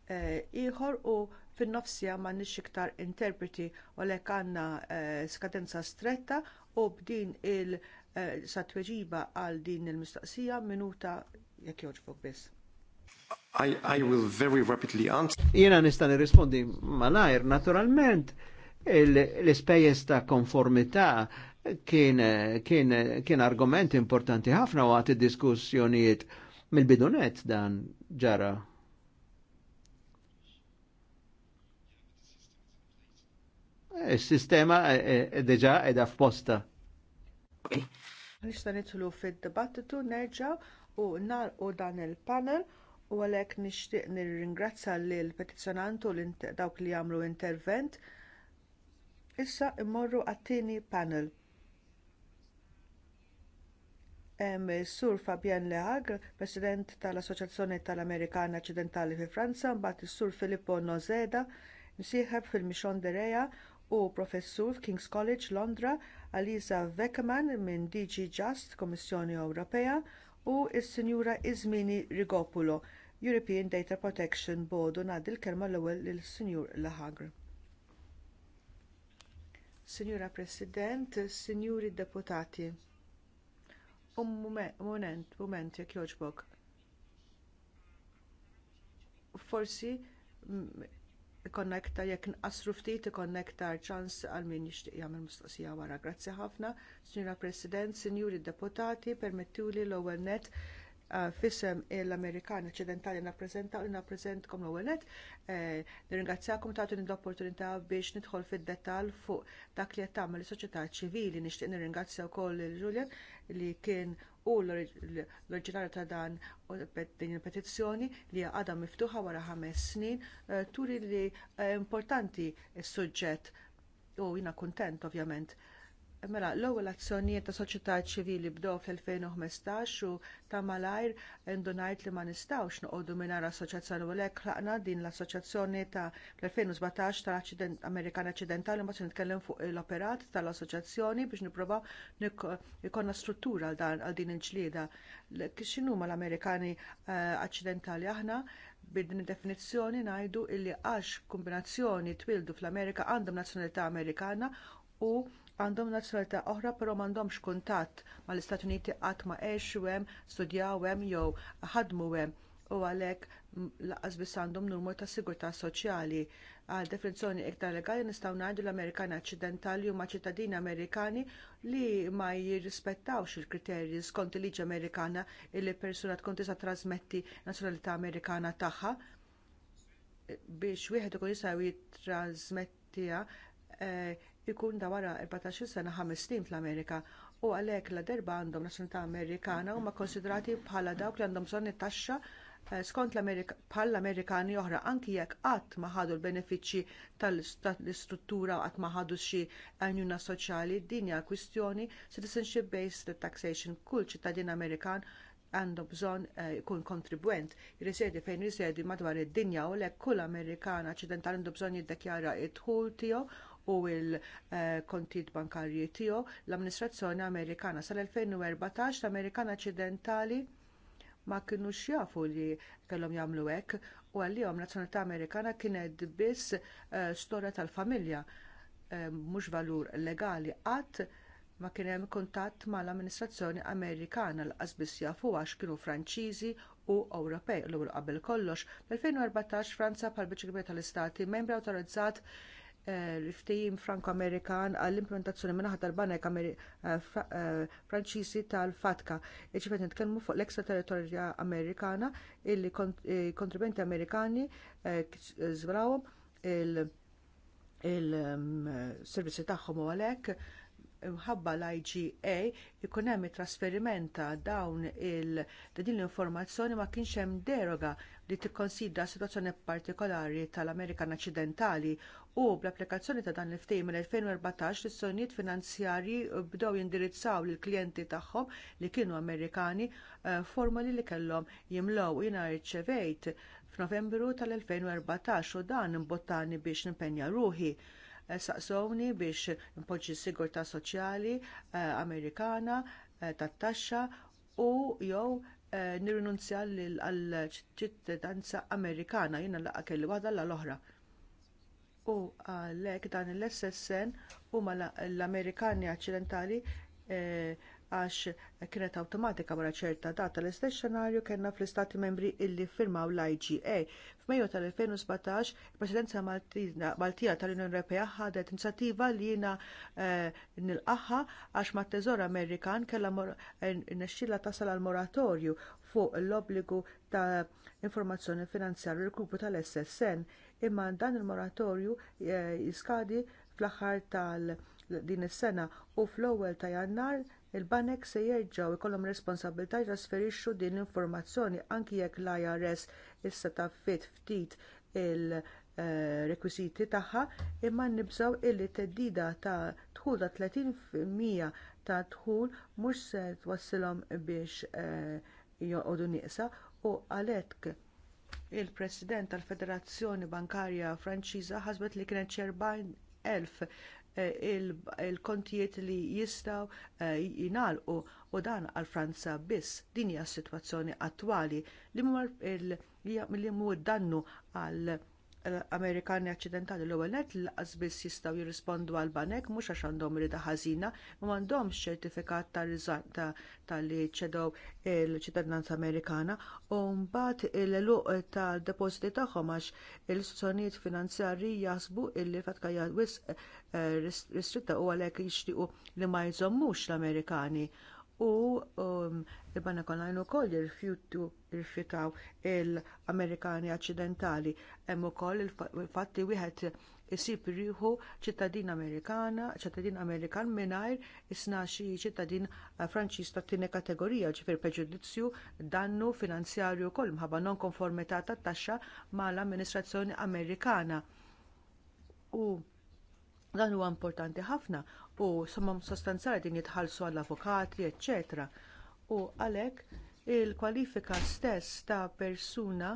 Eh, ieħor u fin-nofsija m'għandniex iktar interpreti u lek għandna eh, skadenza stretta u b'din il eh, satweġiba għal din il-mistoqsija minuta jekk jogħġbok biss. I, I will very rapidly answer. Jena nista' nirrispondi malajr, naturalment l-ispejjeż ta' konformità kien, kien, kien argument importanti ħafna waqt id-diskussjonijiet mill-bidunet dan ġara. il-sistema e, e, e, deġa edha f'posta. Nista nitlu fil-dibattitu nerġa u nar u dan il-panel u għalek nishtiq nir-ringrazza l-petizjonantu dawk li għamlu intervent. Issa immorru għattini panel. sur Fabien Lehag, President tal-Assoċjazzjoni tal-Amerikana Occidentali fi Franza, mbagħad is-Sur Filippo Nozeda, msieħeb fil-Mixon Dereja u professur f'King's College Londra Alisa Veckeman minn DG Just, Kommissjoni Ewropea, u s-Sinjura Izmini Rigopulo, European Data Protection Board, u ngħaddi l-kelma l-ewwel lill-Sinjur Lahagr. Sinjura President, Sinjuri Deputati, un moment, moment, jek joġbok. Forsi, ikonna jekk nqasru ftit ikonna iktar ċans għal min jixtieq jagħmel mistoqsija wara. Grazzi ħafna, Sinjura President, Sinjuri Deputati, permettuli l-ewwel net uh, fisem l-Amerikan Occidentali nappreżentaw li nappreżentkom l-ewwel net. Eh, nirringrazzjakom tagħtuni l-opportunità biex nidħol fid-dettall fuq dak li qed tagħmel is-soċjetà ċivili. Nixtieq nirringrazzja wkoll lil Julian li kien u l-oriġinarju ta' dan din il-petizzjoni li għadha miftuħa wara ħames snin eh, turi li eh, importanti s-suġġett u jiena kuntent ovvjament Mela, l-ewwel azzjonijiet ta' soċjetà ċivili bdew fl-2015 u ta' malajr ngħid li ma nistgħux noqogħdu mingħajr assoċjazzjoni u lek ħlaqna din l-assoċjazzjoni ta' fl-2017 tal-Amerikan Aċċidentali ma se nitkellem fuq l-operat tal-assoċjazzjoni biex nipprova jkollna struttura għal din il-ġlieda. X'inhuma l-Amerikani eh, Aċċidentali aħna id definizzjoni ngħidu li għax kombinazzjoni twildu fl-Amerika għandhom nazzjonalità Amerikana u għandhom nazzjonalità oħra però m'għandhomx kuntatt mal-Istati Uniti qatt ma għexu hemm, studjaw hemm jew ħadmu hemm u għalhekk lanqas biss għandhom numru ta' sigurtà soċjali. Għal definizzjoni iktar legali nistgħu ngħidu l-Amerikani Aċċidentali huma ċittadini Amerikani li ma jirrispettawx il-kriterji skont il-liġi Amerikana li persuna tkun tista' trasmetti nazzjonalità Amerikana tagħha biex wieħed ikun jista' jitrażmettiha eh, ikun da wara 14 sena 5 snin fl-Amerika u għalhekk la derba għandhom nazzjonalità Amerikana huma konsidrati bħala dawk li għandhom bżonn it-taxxa eh, skont bħal Amerikani oħra anki jekk qatt ma ħadu l-benefiċċji tal-istruttura qatt ma ħadu xi għajnuna soċjali din hija kwistjoni citizenship based taxation kull ċittadin Amerikan għandu bżonn ikun eh, kontribwent jirrisedi fejn jirrisedi madwar id-dinja u lek kull Amerikan aċċidental għandu bżonn jiddekjara d dħul tiegħu u l-kontit eh, bankarji tiegħu l-amministrazzjoni Amerikana sal-2014 l-Amerikana Aċċidentali ma kinux jafu li kellhom jagħmlu hekk u għalihom nazzjonalità Amerikana kienet biss eh, storja tal-familja eh, mhux valur legali qatt ma kien hemm kuntatt mal-amministrazzjoni Amerikana l qasbis jafu għax kienu Franċiżi u Ewropej l qabel kollox. Fl-2014 Franza bħal biċ tal-Istati membri awtorizzat l-ftijim franco-amerikan għall-implementazzjoni minnaħat tal-banek eh, eh, franċiżi tal-fatka. Iġifet nitkellmu fuq l-ekstraterritorja amerikana illi eh, kontribenti amerikani żbrawhom il-servizzi mm, tagħhom u għalhekk mħabba l-IGA ikun hemm it trasferiment ta' dawn il din l-informazzjoni ma kienx hemm deroga li tikkonsidra sitwazzjoni partikolari tal-Amerikan Aċċidentali u bl-applikazzjoni ta' dan il-ftehim mill-2014 l-izzjonijiet finanzjarji bdew jindirizzaw lill klijenti tagħhom li kienu Amerikani eh, formali li kellhom jimlew jiena rċevejt f'Novembru tal-2014 u dan imbottani biex nimpenja ruħi Eh, saqsowni biex impoġġi sigurtà soċjali eh, Amerikana eh, tat-taxxa u jew nirrinunzja għall-ċittadinanza Amerikana jiena laqgħa kelli waħda l oħra. U għalhekk dan l-SSN huma l-Amerikani aċċidentali għax kienet awtomatika wara ċerta data l-istess xenarju kellna fl-istati membri illi firmaw l-IGA. F'Mejju tal-2017, il-Presidenza Maltija tal-Unjoni Ewropea ħadet inizjattiva li jiena eh, nilqaħħa għax mat teżor Amerikan kellha eh, nexxilla tasal għal moratorju fuq l-obbligu ta' informazzjoni finanzjarju l-kupu tal-SSN imma dan il-moratorju eh, jiskadi fl-aħħar tal- din is-sena u fl-ewwel ta' Jannar il-banek se jerġgħu jkollhom responsabilità jtrasferixxu din l-informazzjoni anki jekk l-IRS issa taffit ftit il-rekwiżiti tagħha imma nibżgħu illi theddida ta' dħul ta' 30% ta' dħul mhux se twassilhom biex eh, joqogħdu nieqsa u għalhekk il-President tal-Federazzjoni Bankarja Franċiża ħasbet li kienet elf il-kontijiet li jistgħu eh, jingħalqu u dan għal Franza biss din hija s-sitwazzjoni attwali li mur il dannu għal Amerikani Aċċidentali l-ewwel nett laqas biss jistgħu jirrispondu għal banek mhux għax għandhom rida ħażina, ma m'għandhomx ċertifikat tal-li ċedew il-ċittadinanza Amerikana u mbagħad il-luq tal-depożiti tagħhom għax l-istituzzjonijiet finanzjarji jaħsbu li fatkajja wisq eh, ristritta u għalhekk jixtiequ li ma jżommux l-Amerikani u il-Banna Konajn ukoll jirrifjutaw il-Amerikani Aċċidentali hemm ukoll il fatti wieħed isib riħu ċittadin Amerikana, ċittadin Amerikan mingħajr isna xi ċittadin Franċiż ta' tieni kategorija ġifir preġudizzju dannu finanzjarju wkoll mħabba non konformità tat-taxxa mal-amministrazzjoni Amerikana. U dan huwa importanti ħafna u somma sostanzjali din jitħallsu għall avukati eċċetera u għalhekk il-kwalifika stess ta' persuna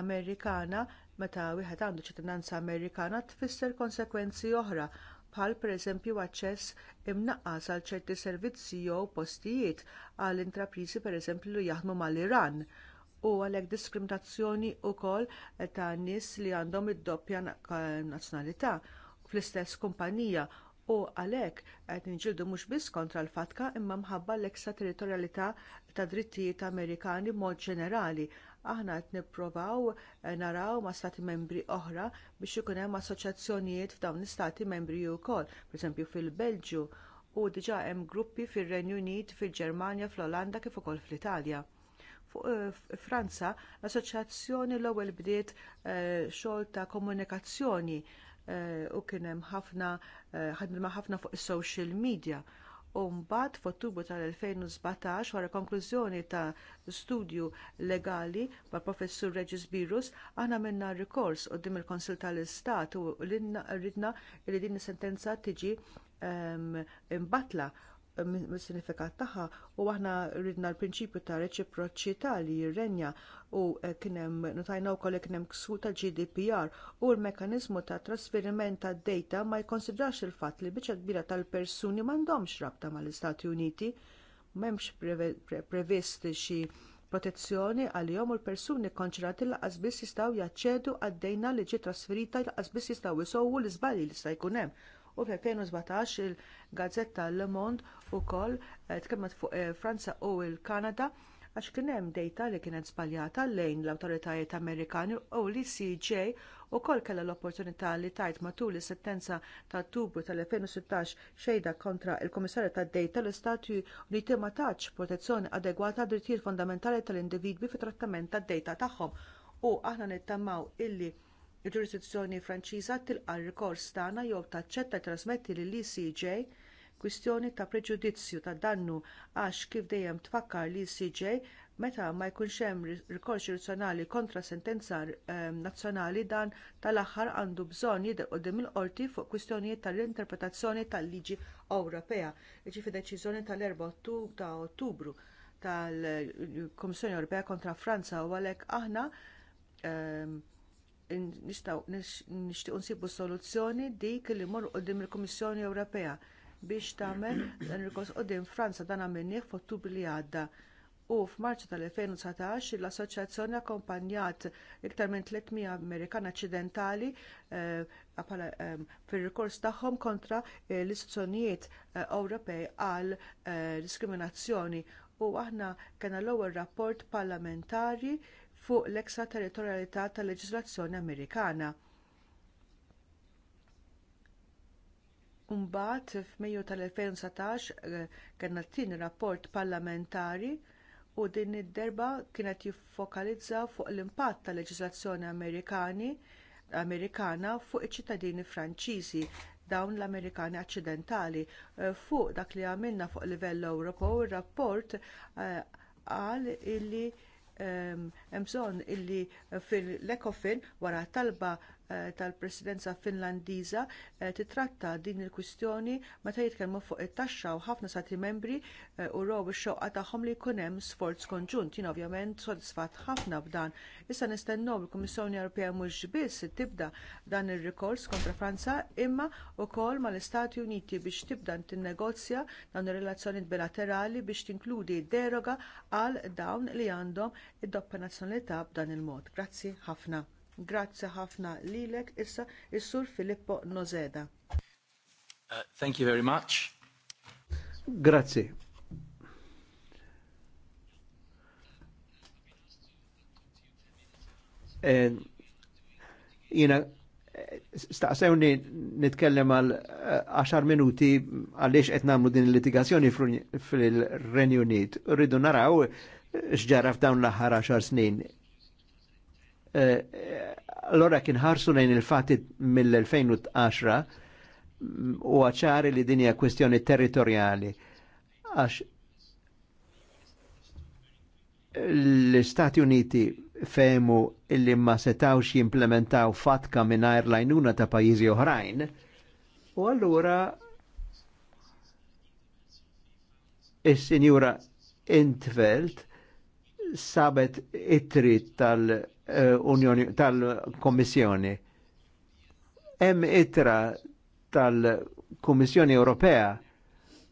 Amerikana meta wieħed għandu ċittadinanza Amerikana tfisser konsegwenzi oħra bħal pereżempju aċċess imnaqqas għal ċerti servizzi jew postijiet għal intrapriżi pereżempju li jaħdmu mal-Iran u għalhekk diskriminazzjoni wkoll ta' nies li għandhom id-doppja nazzjonalità fl-istess kumpanija u għalhekk qed niġġieldu mhux biss kontra l-fatka imma mħabba l-ekstraterritorjalità ta' drittijiet Amerikani b'mod ġenerali. Aħna qed nippruvaw eh, naraw ma' stati membri oħra biex ikun hemm assoċjazzjonijiet f'dawn l-istati membri wkoll, pereżempju fil-Belġju u diġà hemm gruppi fir-Renju Unit, fil-Ġermanja, fl-Olanda kif ukoll fl-Italja. Eh, Franza, l-assoċjazzjoni l-ewwel bdiet eh, xogħol ta' komunikazzjoni Eh, u kien hemm ħafna eh, ma ħafna fuq is-social media. U mbagħad f'Ottubru tal-2017 wara konklużjoni ta' studju legali ma' professur Regis Birus aħna minna rikors quddiem il-Konsil tal-Istat u ridna li din is-sentenza tiġi ehm, imbatla mis-sinifikat tagħha u aħna ridna l-prinċipju ta' reċiproċità li jirrenja u eh, kien hemm notajna wkoll kien hemm ksur tal-GDPR u l-mekkaniżmu ta' trasferiment tad dejta ma jkonsidrax il-fatt li biċċa kbira tal-persuni m'għandhomx rabta mal-Istati Uniti m'hemmx previst xi protezzjoni għalihom u l-persuni konċerati laqas biss jistgħu jaċċedu għad-dejna li ġie trasferita laqas biss jistgħu jsowu l-iżbalji li jista' jkun hemm U fl-2017 il-Gazzetta Le Monde ukoll eh, tkellmet fuq eh, Franza u l-Kanada għax kien hemm dejta li kienet żbaljata lejn l-awtoritajiet Amerikani u li CJ ukoll kellha l-opportunità li tajt matul is-sentenza ta' Ottubru tal-2016 xejda kontra l komissarju tad-Dejta l-Istati Uniti ma tatx protezzjoni adegwata għad drittijiet fondamentali tal-individwi fit trattament tad-dejta tagħhom u aħna nittamaw illi il-ġurisdizzjoni Franċiża tilqa' rikors tagħna jew taċċetta trasmetti lill ECJ kwistjoni ta' preġudizzju ta' dannu għax kif dejjem tfakkar li e CJ meta ma jkunx hemm rikors jurisdizzjonali kontra sentenza ehm, nazzjonali dan tal-aħħar għandu bżonn jidher il-qorti fuq kwistjonijiet tal-interpretazzjoni tal-liġi Ewropea, jiġifieri deċiżjoni tal-4 ta' Ottubru tal-Kummissjoni Ewropea kontra Franza u għalhekk aħna ehm, Nistgħu nixtiequ nsibu soluzzjoni dik li mmorru quddiem il-Kummissjoni Ewropea biex tagħmel dan il-kors qudiem Franza dan għamilnieh f'Ottubru li għadda. U f'Marzu tal-2019 l-Assoċjazzjoni akkompanjat iktar minn 300 Amerikan Aċċidentali eh, eh, fir-rikors tagħhom kontra eh, l-istituzzjonijiet Ewropej għal diskriminazzjoni u aħna kena l-ewwel rapport parlamentari fuq l-eksa tal-leġiżlazzjoni Amerikana. Umbat f'Mejju tal-2017 eh, kellna t-tieni rapport parlamentari u din id-derba kienet jiffokalizza fuq l-impatt tal-leġiżlazzjoni Amerikani Amerikana fuq iċ-ċittadini Franċiżi dawn l-Amerikani Aċċidentali eh, fuq dak li għamilna fuq livell Ewropew ir-rapport eh, qal illi hemm illi fil-Lekofin wara talba Eh, tal-presidenza Finlandiża eh, titratta din il-kwistjoni meta jitkellmu fuq it-taxxa u ħafna stati membri eh, u row ix-xoqqa tagħhom li jkun hemm sforz konġunt. Jien ovvjament sodisfatt ħafna b'dan. Issa nistennew l kummissjoni Ewropea mhux biss tibda dan ir-rikors kontra Franza imma wkoll mal-Istati Uniti biex tibda tinnegozja dawn ir-relazzjonijiet bilaterali biex tinkludi deroga għal dawn li għandhom id-doppja nazzjonalità b'dan il-mod. Grazzi ħafna. Grazzi ħafna lilek issa is-Sur Filippo Nozeda. Uh, thank you very much. Grazzi. Eh, jina eh, staqsewni nitkellem għal 10 eh, minuti għaliex qed nagħmlu din il-litigazzjoni fil-Renju Unit. Rridu naraw x'ġara f'dawn l-aħħar 10 snin. Eh, allora kien ħarsu lejn il-fatti mill-2010 mm, u għaċari li dinja kwestjoni territoriali. Għax l-Stati Uniti femu illi ma setawx jimplementaw fatka minn lajnuna ta' pajizi oħrajn, u allura il sinjura Intveld sabet it-trit tal- tal-Unjoni eh, tal-Kommissjoni. Hemm ittra tal-Kummissjoni Ewropea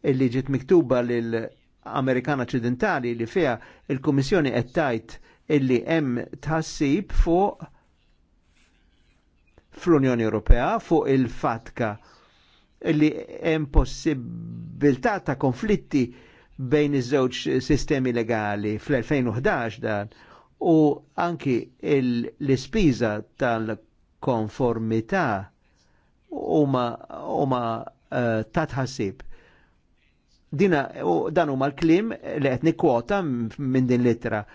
illi ġiet miktuba lil Amerikana Ċidentali li fiha il-Kummissjoni qed tajt illi hemm tħassib fuq fl-Unjoni Ewropea fuq il-fatka illi hemm possibilità ta' konflitti bejn iż-żewġ sistemi legali fl-2011 dan u anki l-ispiża tal-konformità huma uh, eh, tatħasib. Dina u dan huma l-klim li qed nikkwota minn din l-ittra.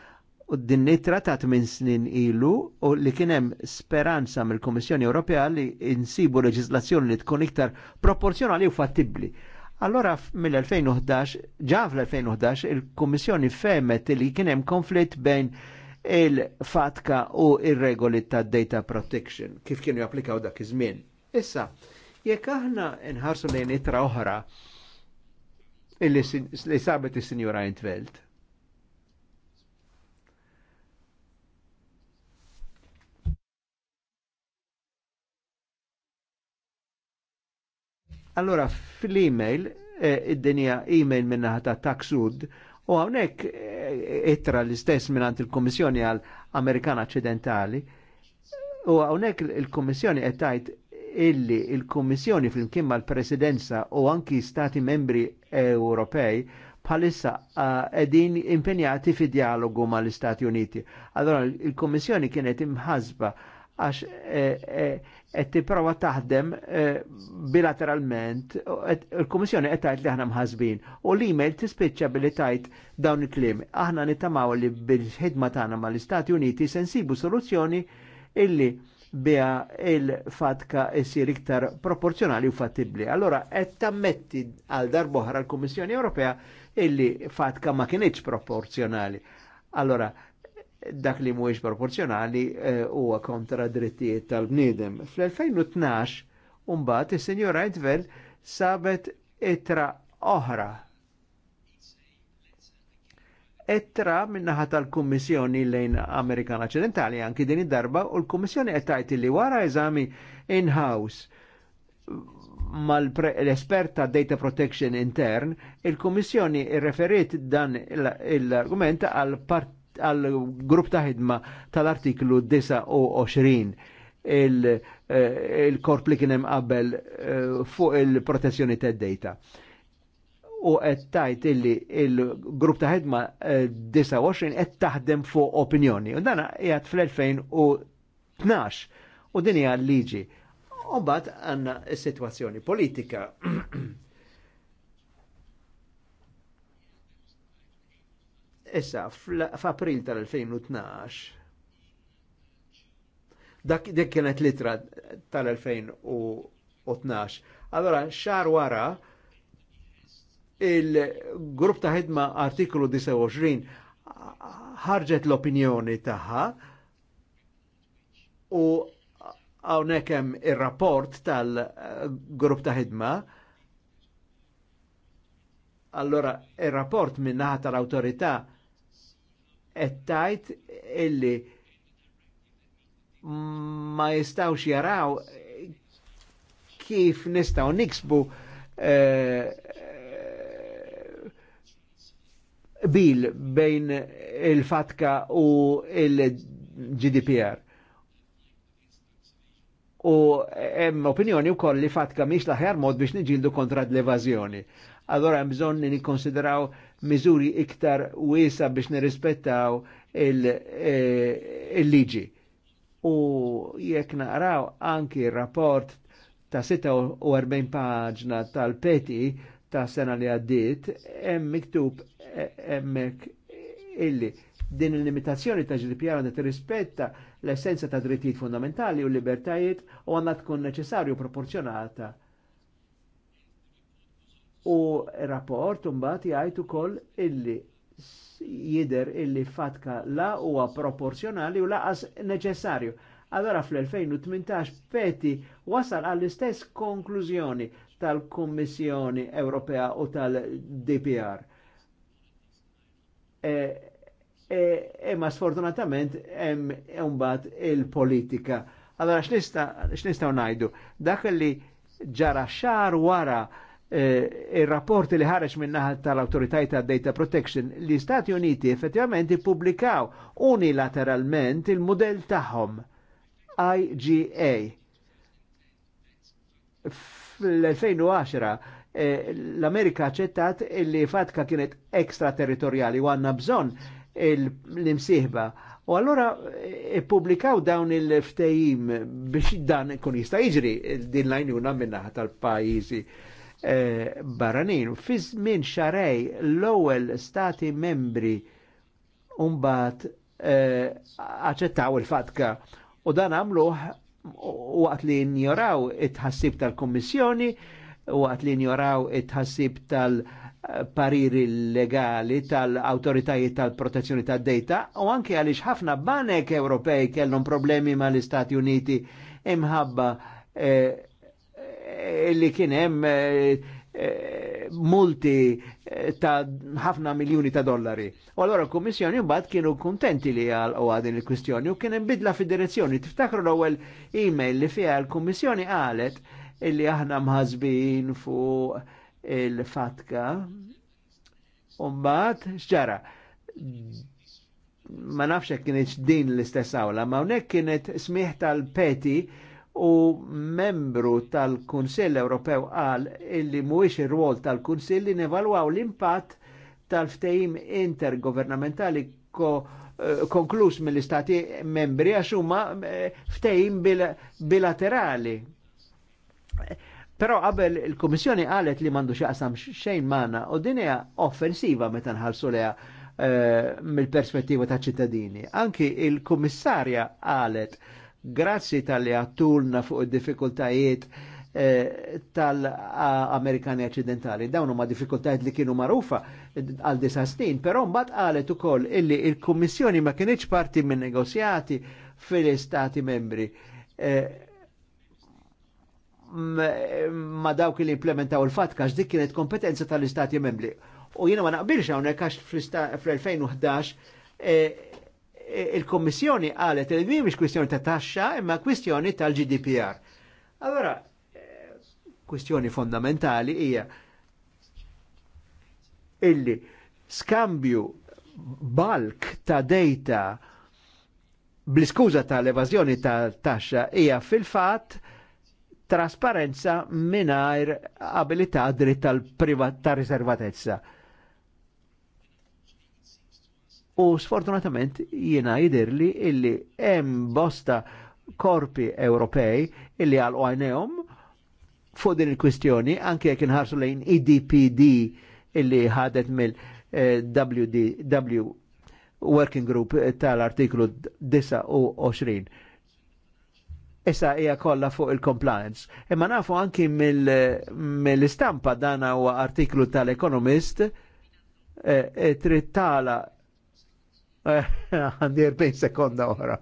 U din ittra ta' minn snin ilu u li kien hemm speranza mill-Kummissjoni Ewropea li insibu leġislazzjoni li tkun iktar proporzjonali u fattibbli. Allora mill-2011, ġa fl-2011, il-Kummissjoni femet li kien hemm konflitt bejn il-fatka u il regoli ta' data protection kif kienu japplikaw dak iż-żmien. Issa, jekk aħna nħarsu lejn itra oħra li sabet is-Sinjura Intveld. Allora, fil-email, eh, id-dinja email minna ta' taksud, U hawnhekk eh, ittra l-istess minnant il komissjoni għal Amerikana Aċċidentali. U hawnhekk il komissjoni qed tgħid illi il fil flimkien mal-Presidenza u anki Stati membri Ewropej bħalissa eh, qegħdin impenjati fi dialogu mal-Istati Uniti. Allora il komissjoni kienet imħasba għax eh, qed tipprova taħdem eh, bilateralment, il-Kummissjoni qed tgħid li aħna mħasbin. U l-email tispiċċa billi tajt dawn it-tlim. Aħna nittamaw li bil-ħidma tagħna mal-Istati Uniti sensibu soluzzjoni illi bija il-fatka issir iktar proporzjonali u fattibbli. Allora qed tammetti għal darboħra l-Kummissjoni Ewropea illi fatka ma kienieċ proporzjonali. Allora, dak li mhuwiex proporzjonali eh, huwa kontra drittijiet tal-bniedem. Fl-2012 mbagħad is senjora Edveld sabet etra oħra. Etra minnaħa tal-Kummissjoni lejn Amerikana Occidentali anki din id-darba u l-Kummissjoni qed tajti li wara eżami in-house mal-espert ta' data protection intern, il-Kummissjoni referit dan l-argument għal part għal grupp ta' ħidma tal-artiklu 29 eh, il-korp li kienem qabel eh, fuq il-protezzjoni ta' data. U qed tajt illi il-grupp ta' ħidma 29 eh, qed taħdem fuq opinjoni. U dana qiegħed fl-2012 u din hija liġi. U bat għandna s-sitwazzjoni politika Issa, f'April tal-2012, dak dik kienet litra tal-2012. Allora, xar wara, il-grupp ta' ħidma artiklu 29 ħarġet l-opinjoni tagħha u hawnhekk hemm ir-rapport tal-grupp ta' ħidma Allora, il-rapport minnaħa tal-autorità ettajt illi ma jistawx jaraw kif nistaw niksbu eh, bil bejn il-fatka u il-GDPR. U hemm opinjoni wkoll li fatka miex l-aħjar mod biex niġildu kontra l-evażjoni. Allora hemm bżonn nikkonsidraw konsideraw miżuri iktar wiesa biex nirrispettaw e, il-liġi. U jekk naqraw anki rapport ta' 46 paġna tal-peti ta' sena li għaddit, hemm miktub e, hemmhekk illi din il-limitazzjoni ta' GDPR għandha tirrispetta l-essenza ta' drittijiet fundamentali u libertajiet u għandha tkun neċessarju proporzjonata U rapport mbagħad jgħid ukoll illi jider illi fatka la huwa proporzjonali u laqas neċessarju. Allora fl-2018 Peti wasal għall-istess konklużjoni tal-Kommissjoni Ewropea u tal-DPR. E, e, e ma sfortunatament hemm e mbagħad il-politika. Allora x'nista' x'nistgħu ngħidu? Dak li ġara xar wara Eh, il-rapporti li ħareġ minnaħat tal-autoritajt ta' data protection li Stati Uniti effettivament publikaw unilateralment il-modell tagħhom IGA. Fl-2010 eh, l-Amerika ċettat li fatka kienet ekstraterritorjali u għanna bżon l-imsieħba. U allora eh, publikaw dawn il-ftejim biex dan kun jista' jiġri din lajnuna minnaħat tal-pajizi baranin. Eh, barranin. Fi żmien xarej l-ewwel stati membri mbagħad eh, aċċettaw il-fatka u dan għamluh waqt li njoraw it-ħassib tal-Kommissjoni, waqt li njoraw it-ħassib tal-pariri legali tal-autoritajiet tal-protezzjoni tad-dejta u anke għaliex ħafna banek Ewropej kellhom problemi mal-Istati Uniti imħabba eh, li kien hemm eh, eh, multi eh, ta' ħafna miljoni ta' dollari. U allora l-Kommissjoni mbagħad kienu kuntenti li għalqu din il-kwistjoni u kien hemm bidla fid-direzzjoni. Tiftakru l-ewwel email li fiha l-Kummissjoni qalet illi aħna mħazbin fuq il-fatka. u mbagħad xġara, ma nafx kienet din l-istess awla, ma hawnhekk kienet smieħ tal-peti u membru tal-Kunsill Ewropew qal illi mhuwiex ir-rwol tal-Kunsill li nevalwaw l-impatt tal-ftehim intergovernamentali ko eh, konkluż mill-istati membri għax huma eh, ftehim bil bilaterali. Però qabel il-Kummissjoni qalet li m'għandu xaqsam xejn magħna u din hija offensiva meta nħallsu leha eh, mill-perspettiva ta' ċittadini. Anki il-Kummissarja qalet Grazzi tal-li għattulna fuq il-difikultajiet eh, tal-Amerikani Occidentali. Dawn huma diffikultajiet li kienu marufa għal disastin, snin, però mbagħad qalet ukoll illi il-Kummissjoni ma kienieċ parti minn negozjati fil-Stati membri. Eh, ma dawk li implementaw il-fatka dik kienet kompetenza tal-istati membri. U jiena ma naqbilx hawnhekk għax fl-2011 eh, il-Kommissjoni għalet li mhix kwistjoni ta' taxxa imma kwistjoni tal-GDPR. Allora, kwistjoni fondamentali hija illi skambju balk ta' data bl ta' tal evazjoni ta' taxxa hija fil-fatt trasparenza mingħajr abilità dritt tal-riservatezza. tal riservatezza U sfortunatament jiena jidirli illi hemm bosta korpi Ewropej illi għal għajnejhom fuq din il-kwistjoni anke jekk inħarsu lejn IDPD e illi ħadet mill-WDW eh, Working Group tal-artiklu 29. Issa hija kollha fuq il-compliance. Imma nafu anki mill-istampa dana dan huwa artiklu tal-Economist eh, eh trittala Għandir 40 sekonda oħra,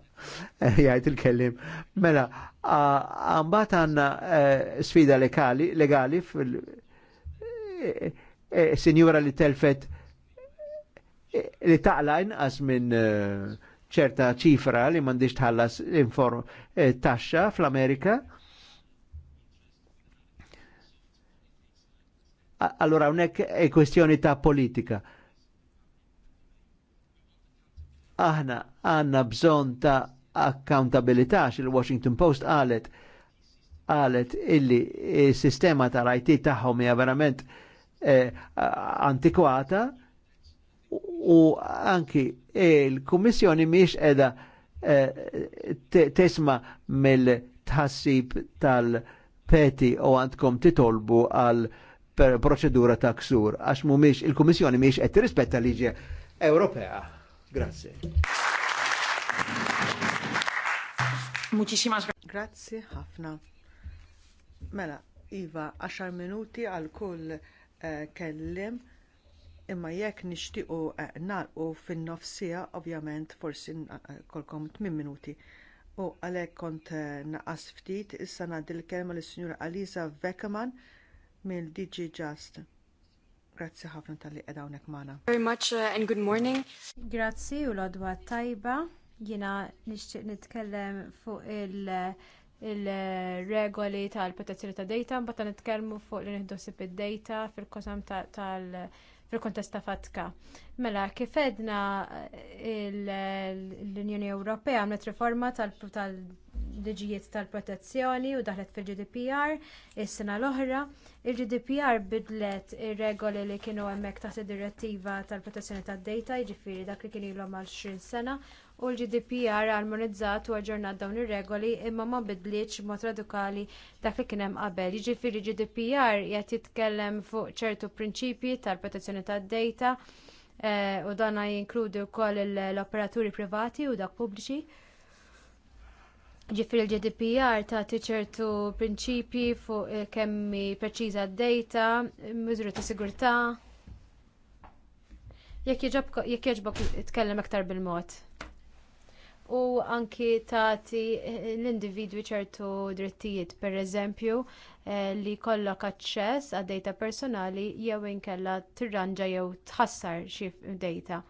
eh, jgħajt il-kellim. Mela, għambat għanna eh, sfida legali, fil-sinjura eh, li telfet li taqla inqas minn ċerta ċifra li mandiġ tħallas inform taxxa fl-Amerika. Allora, unek e kwestjoni ta' politika aħna għanna bżon ta' accountabilità xil-Washington Post għalet għalet illi il-sistema tal-IT tagħhom hija verament eh, antikwata u anki il-Kummissjoni miex edha eh, mill-tħassib tal-peti u għandkom titolbu għal proċedura ta' ksur għax mumiex il-Kummissjoni miex qed tirrispetta liġi Ewropea. Grazie. Muċiximax. Grazie ħafna. Mela, Iva, 10 minuti għal kull eh, kellim imma jekk nixtiequ eh, narqu fin-nofsija, ovvjament forsi eh, kolkom 8 minuti. U għalhekk kont naqas ftit, issa ngħaddi l-kelma lis sinjura Aliza Vekaman mill-DG Just. Grazzi ħafna tal-li edha unek mana. Very much uh, and good morning. Grazzi u l-odwa tajba. Jina nishtiq nitkellem fuq il- il-regoli tal-protezzjoni ta' data, bata nitkellmu fuq li nieħdu id-data fil-kosam tal-, tal, tal fil-kontest ta' fatka. Mela, kif edna eh, l-Unjoni Ewropea għamlet riforma tal-liġijiet tal-protezzjoni u daħlet fil-GDPR is-sena l-oħra. Il-GDPR bidlet ir-regoli li kienu hemmhekk taħt id-direttiva tal-protezzjoni tad-data, jiġifieri dak li kien ilhom għal 20 sena u l-GDPR armonizzat u aġġornat dawn ir-regoli imma ma bidlitx mod radikali dak li kien hemm qabel. Jiġifieri GDPR qed jitkellem fuq ċertu prinċipji tal-protezzjoni tad-data eh, u dan jinkludi wkoll l-operaturi privati u dak pubbliċi. Ġifir il-GDPR ta' ċertu prinċipji fuq eh, kemmi preċiża d-data, miżuri ta' sigurtà. Jekk jogħġbok jitkellem aktar bil-mod u anki tagħti l-individwi ċertu drittijiet, pereżempju eh, li jkollok aċċess għad dejta personali jew inkella tirranġa jew tħassar xi data.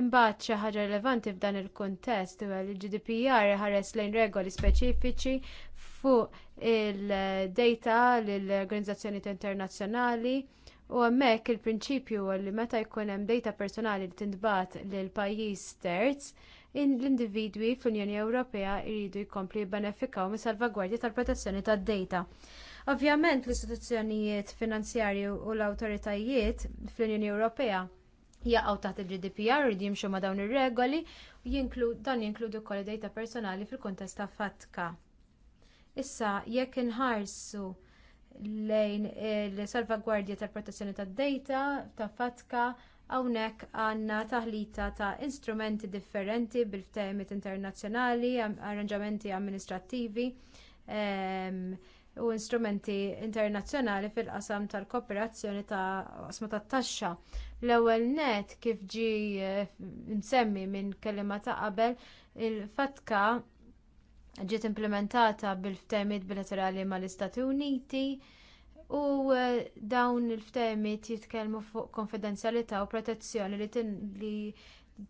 Imbagħad xi ħaġa rilevanti f'dan il-kuntest huwa li l-GDPR ħares lejn regoli speċifiċi fuq il-data lill-organizzazzjoni internazzjonali u hemmhekk il-prinċipju li meta jkun hemm data personali li tintbagħat lil pajjiż terz l-individwi fl-Unjoni Ewropea jridu jkompli jibbenefikaw mis salvagwardja tal-protezzjoni tad-data. Ovvjament l-istituzzjonijiet finanzjarji u l-awtoritajiet fl-Unjoni Ewropea jaqgħu taħt il-GDPR u jimxu ma' dawn ir-regoli u dan jinkludu wkoll data personali fil-kuntest ta' fatka. Issa jekk inħarsu lejn il-salvagwardja tal-protezzjoni tad-data ta' fatka Hawnhekk għandna taħlita ta' instrumenti differenti bil ftehmiet internazzjonali, arranġamenti amministrattivi ehm, u instrumenti internazzjonali fil-qasam tal-kooperazzjoni ta' qasma ta' taxxa. L-ewwel net kif ġi nsemmi eh, minn kelliema ta' qabel il-fatka ġiet implementata bil-ftehimiet bilaterali mal-Istati Uniti u eh, dawn il-ftemiet jitkellmu fuq konfidenzjalità u protezzjoni li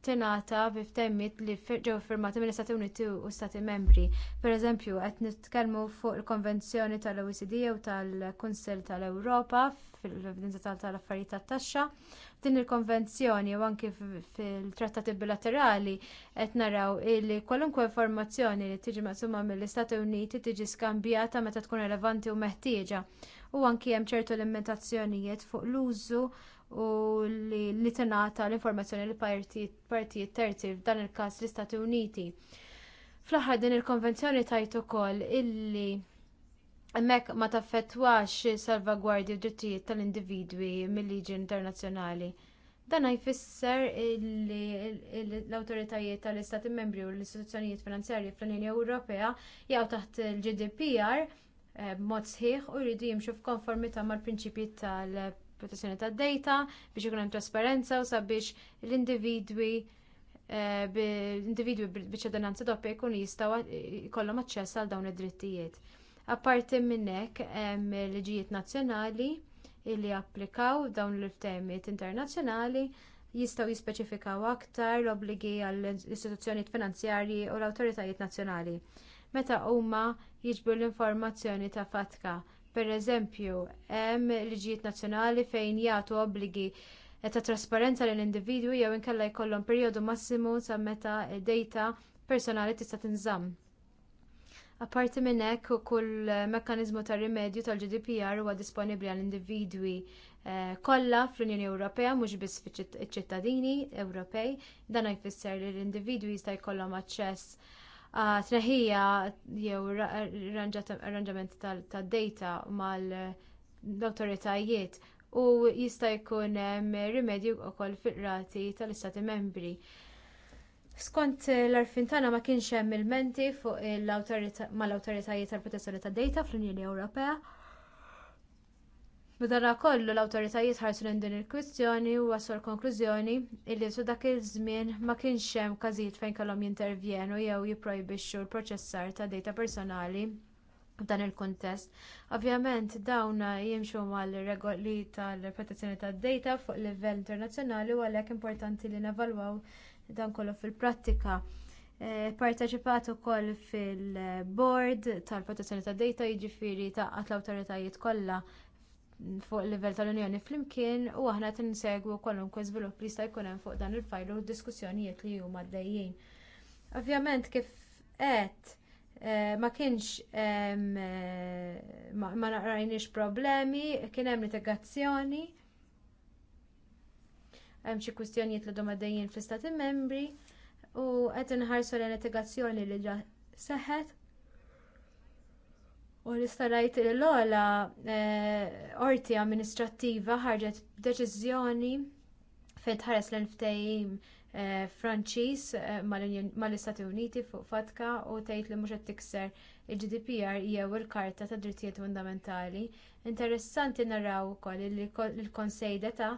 tingħata bi ftemiet li ġew firmati mill istati Uniti u Stati Membri. Pereżempju qed nitkellmu fuq il-Konvenzjoni tal-OECD u tal-Kunsill tal-Ewropa fil-evidenza tal-affarijiet tat-taxxa. Din il-konvenzjoni u anki fil-trattati bilaterali qed naraw li kwalunkwe informazzjoni li tiġi maqsuma mill-Istati Uniti tiġi skambjata meta tkun relevanti u meħtieġa u anki hemm ċertu limitazzjonijiet fuq l-użu u li, tingħata l-informazzjoni li partijiet terzi f'dan il-każ l-Istati Uniti. Fl-aħħar din il-konvenzjoni tajt ukoll illi hemmhekk ma taffettwax salvagwardji u drittijiet tal-individwi mill-liġi internazzjonali. Dan jfisser li l-autoritajiet tal-Istati membri u l-istituzzjonijiet finanzjarji fl-Unjoni Ewropea jgħu taħt il-GDPR Eh, mod sħiħ u jridu jimxu f'konformità mal-prinċipji tal-protezzjoni tad-dejta biex ikun hemm trasparenza u sabiex l-individwi eh, l-individwi biċ-ċedonanza doppja jkunu jistgħu jkollhom aċċess għal dawn id-drittijiet. Apparti minn hekk hemm liġijiet nazzjonali li applikaw dawn l-ftehmiet internazzjonali jistgħu jispeċifikaw aktar l obbligi għall istituzzjonijiet finanzjarji u l-awtoritajiet nazzjonali. Meta huma jiġbru l-informazzjoni ta' fatka. Pereżempju, hemm liġijiet nazzjonali fejn jagħtu obbligi ta' trasparenza lill individwi jew inkella jkollhom perjodu massimu sa' meta dejta personali tista' tinżamm. Apparti minn hekk kull mekkaniżmu ta' rimedju tal-GDPR huwa disponibbli għall individwi eh, kollha fl-Unjoni Ewropea mhux biss fiċ-ċittadini Ewropej, dan jfisser li l-individwi jista' jkollhom aċċess traħija jew arranġament tad-data mal-awtoritajiet eh, u jista' jkun hemm eh, rimedju wkoll fil-rati tal-Istati Membri. Skont eh, l-arfin tagħna ma kienx hemm il-menti fuq mal-awtoritajiet tal-protezzjoni tad-data fl-Unjoni Ewropea Bidara kollu l-autoritajiet ħarsu lejn din il-kwistjoni u waslu l-konklużjoni illi su dak iż-żmien ma kienx hemm każijiet fejn kellhom jintervjenu jew jipprojbixxu l-proċessar ta' data personali f'dan il-kuntest. Ovvjament dawn jimxu mal-regoli tal-protezzjoni tad-data fuq livell internazzjonali u għalhekk importanti li nevalwaw dan kollu fil-prattika. E, parteċipat ukoll fil-board tal-protezzjoni tad-data jiġifieri taqqat l-awtoritajiet kollha fuq il-livell tal-Unjoni flimkien u aħna insegwu kwalunkwe żvilupp li jista' jkun hemm fuq dan il-fajl u diskussjonijiet li huma għaddejjin. Ovvjament kif qed eh, ma kienx eh, ma naqrajniex problemi, kien hemm litigazzjoni. Hemm xi kwistjonijiet li huma għaddejjin fl-istati membri u qed inħarsu l-litigazzjoni li ġa seħet. U nistarajt l-ola eh, orti amministrattiva ħarġet deċiżjoni fejn tħares l-ftehim eh, Franċiż eh, mal-Istati Uniti fuq fatka u tgħid li mhux qed tikser il-GDPR jew il-Karta tad Drittijiet Fundamentali. Interessanti naraw ukoll li l-Konsej deta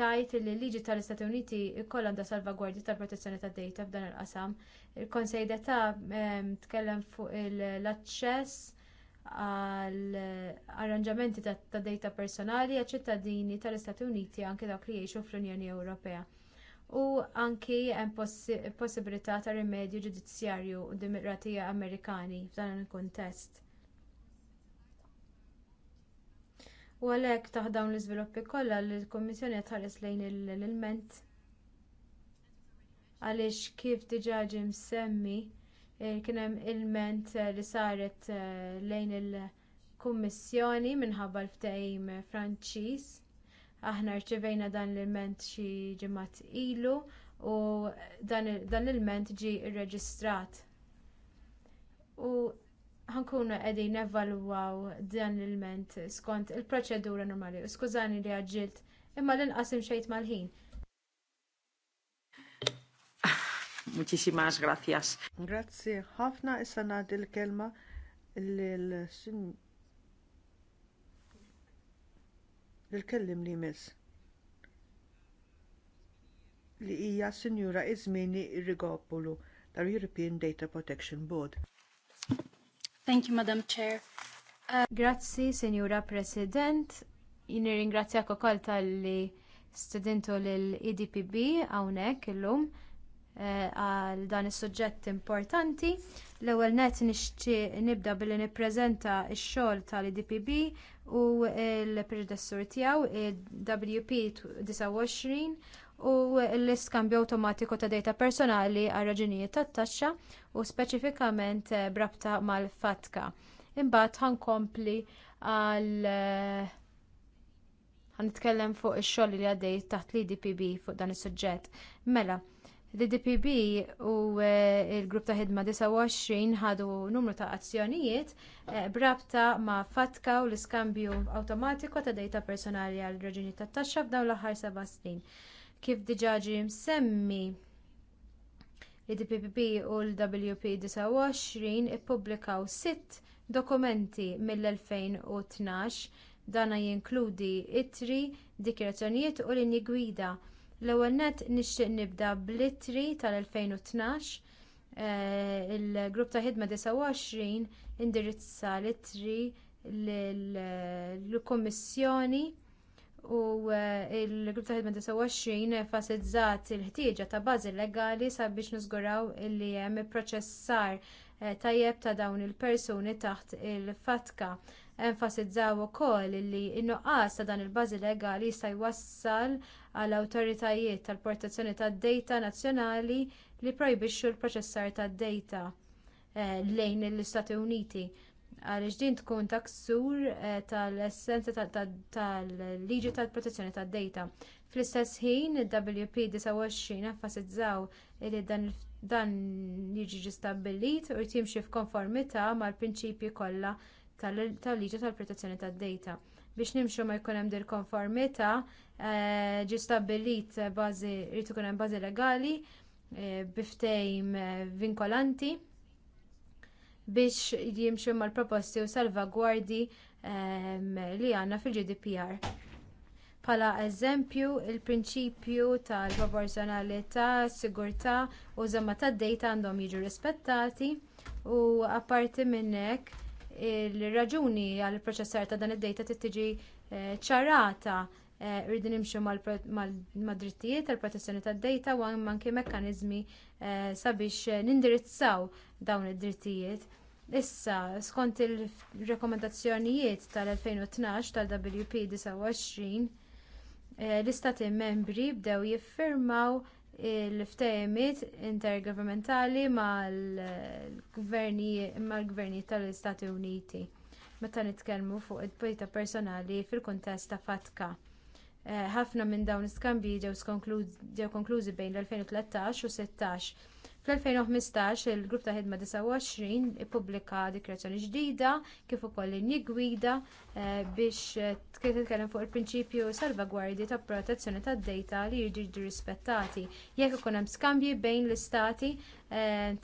tajt li l-liġi tal-Istati Uniti jkollha għandha salvagwardji tal-protezzjoni tad data f'dan il-qasam. Il-Konsej deta tkellem fuq l-aċċess għall arranġamenti ta' data personali għal ċittadini tal-Istati Uniti anke dawk li jgħixu fl-Unjoni Ewropea. U anki hemm possibilità ta' rimedju ġudizzjarju u demokratija Amerikani f'dan il-kuntest U għalhekk taħt dawn l-iżviluppi kollha li l-Kummissjoni qed tħares lejn l-ilment għaliex kif diġà ġie msemmi eh, kien hemm ilment eh, li saret eh, lejn il-Kummissjoni minħabba l-ftehim Franċiż. Aħna rċevejna dan l-ilment xi ġimgħat ilu u dan l-ilment ġie rreġistrat. U ħankunu qegħdin nevalwaw dan il-ment skont il-proċedura normali. Skużani li għagġilt imma l-inqasim xejt mal-ħin. Muchísimas grazzjas. Grazzi ħafna issa ngħaddi l-kelma lil l-kellim li mis. li hija Sinjura Izmini Rigopolu tal-European Data Protection Board. Thank you, Madam Chair. Uh... Grazzi, Senjura President. Jini ringrazzja ukoll tal-li studentu l-IDPB hawnhekk illum eh, għal uh, dan is-suġġett importanti. L-ewwel net nixtieq nibda billi nippreżenta x-xogħol tal-IDPB u l predessur tiegħu WP 29 u l-iskambju awtomatiku ta' dejta personali għal raġunijiet tat-taxxa u speċifikament eh, brabta mal-fatka. Imbagħad ħankompli għal eh, nitkellem fuq ix-xogħol li għaddej taħt l-IDPB fuq dan is-suġġett. Mela, l-IDPB u eh, l grupp ta' ħidma 29 ħadu numru ta' azzjonijiet brabta ma' fatka u l-iskambju awtomatiku ta' dejta personali għal raġunijiet tat-taxxa f'dawn l-aħħar seba' snin. Kif diġaġi msemmi l dppp u l-WP29 ippubblikaw sitt dokumenti mill-2012 dana jinkludi itri, dikjarazzjonijiet u linji gwida. L-ewwel nett nixtieq nibda bl-itri tal-2012 eh, il-grupp ta' ħidma 29 indirizza l-itri l-Kummissjoni u eh, il-grupp ta' ħidma 29 enfasizzat il-ħtieġa ta' bażi legali sabiex niżguraw li hemm ipproċessar eh, tajjeb ta' dawn il-persuni taħt il-fatka. Enfasizzaw ukoll li n-nuqqas ta' dan il-bażi legali jista' jwassal għall awtoritajiet tal-protezzjoni tad-dejta nazzjonali li projbixxu l-proċessar tad-dejta eh, lejn l-Istati Uniti għaliex din tkun taksur eh, tal-essenza tal-liġi tal-protezzjoni tad-dejta. Fl-istess ħin, il-WP29 enfasizzaw li dan liġi ġi stabbilit u jtimxi f'konformità mal-prinċipji kollha tal-liġi tal-protezzjoni tad-dejta. Biex nimxu ma jkun hemm dir konformità eh, ġie stabbilit bażi jrid ikun hemm bażi legali eh, biftejm vinkolanti biex jimxu mal-proposti u salvagwardi ehm, li għandna fil-GDPR. Bħala eżempju, il-prinċipju tal-proporzjonalità, sigurtà u żamma tad-dejta għandhom jiġu rispettati u apparti minn hekk ir raġuni għall proċessar ta' dan id-dejta tittiġi eh, ċarata Eh, rridin nimxu mal-drittijiet tal-protezzjoni tad-dejta u anki mekkaniżmi eh, sabiex eh, nindirizzaw dawn id-drittijiet. Issa, skont il-rekomendazzjonijiet tal-2012 tal-WP 29, l-istati membri bdew jiffirmaw il-ftehimiet intergovernmentali mal-gvernijiet tal-Istati Uniti meta nitkellmu fuq il-pajta personali fil-kuntest ta' fatka. Eh, ħafna minn dawn l-iskambji ġew konklużi bejn l-2013 u 16. Fl-2015 il-grupp ta' ħidma 29 ippubblika dikrazzjoni ġdida kif ukoll linji gwida eh, biex eh, titkellem fuq il-prinċipju salvagwardji ta' protezzjoni tad dejta li jiġu rispettati jekk ikun hemm skambji bejn l-istati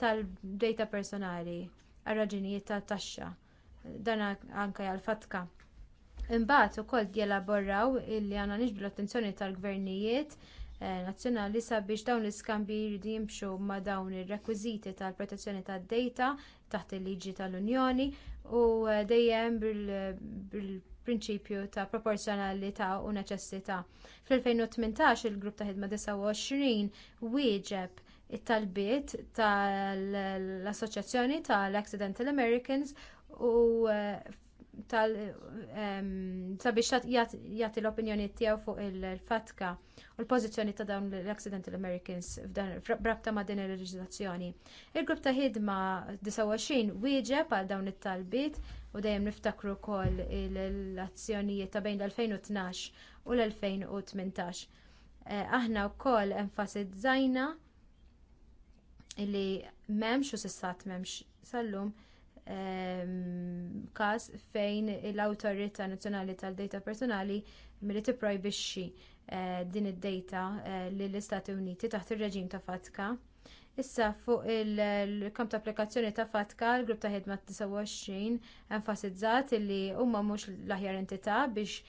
tal dejta personali għal raġunijiet ta' taxxa. Dan anke għal fatka. Imbagħad ukoll jelaborraw illi għandna niġbdu l-attenzjoni tal-gvernijiet eh, nazzjonali sabiex dawn l-iskambi jridu jimxu ma dawn ir-rekwiżiti tal-protezzjoni tad-dejta taħt il-liġi tal-Unjoni u eh, dejjem bil-prinċipju ta' proporzjonalità u neċessità. Fl-2018 il-grupp ta' ħidma 29 wieġeb it-talbiet tal-Assoċjazzjoni tal-Accidental Americans u eh, tal sabiex jagħti l-opinjoni tiegħu fuq il-fatka u l-pożizzjoni ta' dawn l-Accidental Americans f'dan brabta ma' din il-leġiżlazzjoni. Il-grupp ta' ħidma 29 wieġeb għal dawn it-talbiet u dejjem niftakru wkoll l-azzjonijiet ta' bejn l-2012 u l-2018. Eh, aħna wkoll enfasizzajna li m'hemmx u sissat m'hemmx sal-lum każ fejn l awtorità Nazzjonali tal-Data Personali milli tipprojbixxi eh, din id-dejta eh, lill istati Uniti taħt ir-reġim ta' Fatka. Issa fuq il-kamp ta' applikazzjoni ta' Fatka, l-grupp ta' ħidma 29 enfasizzat li huma mhux l-aħjar entità biex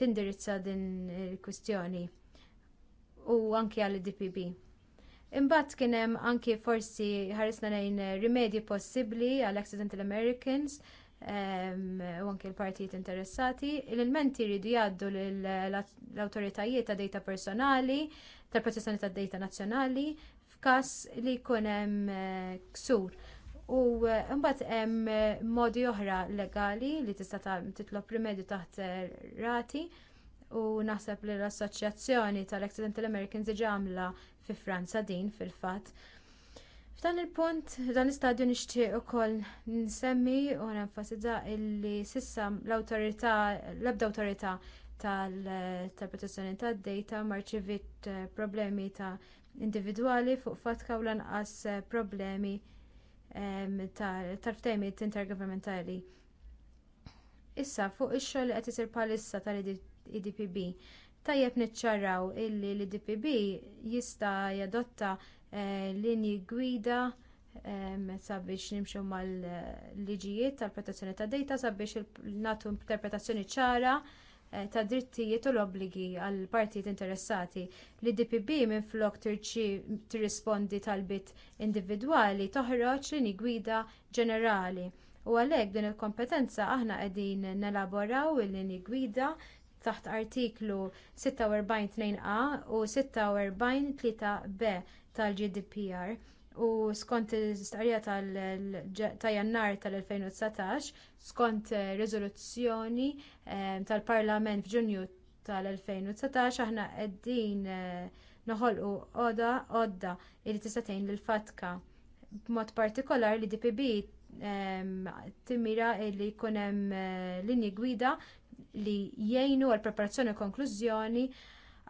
tindirizza din il-kwistjoni u anke għall-DPB. Imbagħad kien hemm anki forsi ħaresna lejn eh, rimedji possibbli għal Accidental Americans ehm, u anki l-partijiet interessati. Il-menti jridu jgħaddu eh, l-awtoritajiet ta' data personali, tal-protezzjoni ta' data nazzjonali, f'każ li jkun hemm eh, ksur. U mbagħad hemm modi oħra legali li tista' titlob rimedju taħt rati u naħseb li l-Assoċjazzjoni tal-Accidental Americans diġà għamla fi Franza din fil-fatt. F'dan il-punt, f'dan l-istadju nixtieq ukoll nsemmi u nenfasizza illi sissa l-awtorità, l-ebda awtorità tal-protezzjoni tad-data marċivit eh, problemi ta' individwali fuq fatka u lanqas eh, problemi ehm, tal t intergovernmentali. Issa fuq ix-xogħol li qed isir bħalissa tal-IDPB Tajjeb niċċaraw illi l-DPB jista' jadotta eh, linji gwida sabiex eh, nimxu mal-liġijiet tal-protezzjoni tad data sabiex nagħtu interpretazzjoni ċara eh, ta' drittijiet u l obbligi għall partijiet interessati. Li DPB minflok tirrispondi talbiet individwali toħroġ lini gwida ġenerali. U għalhekk din il-kompetenza aħna qegħdin nelaboraw il-lini gwida taħt artiklu 462 a u 463 b tal-GDPR u skont l-istarja tal-jannar tal-2019 skont eh, riżoluzzjoni eh, tal-Parlament f'Ġunju tal-2019 aħna qegħdin eh, noħolqu għodda għodda li tista' tgħin lill-fatka b'mod partikolari li DPB timira li jkun hemm linji gwida li jgħinu għal preparazzjoni u konklużjoni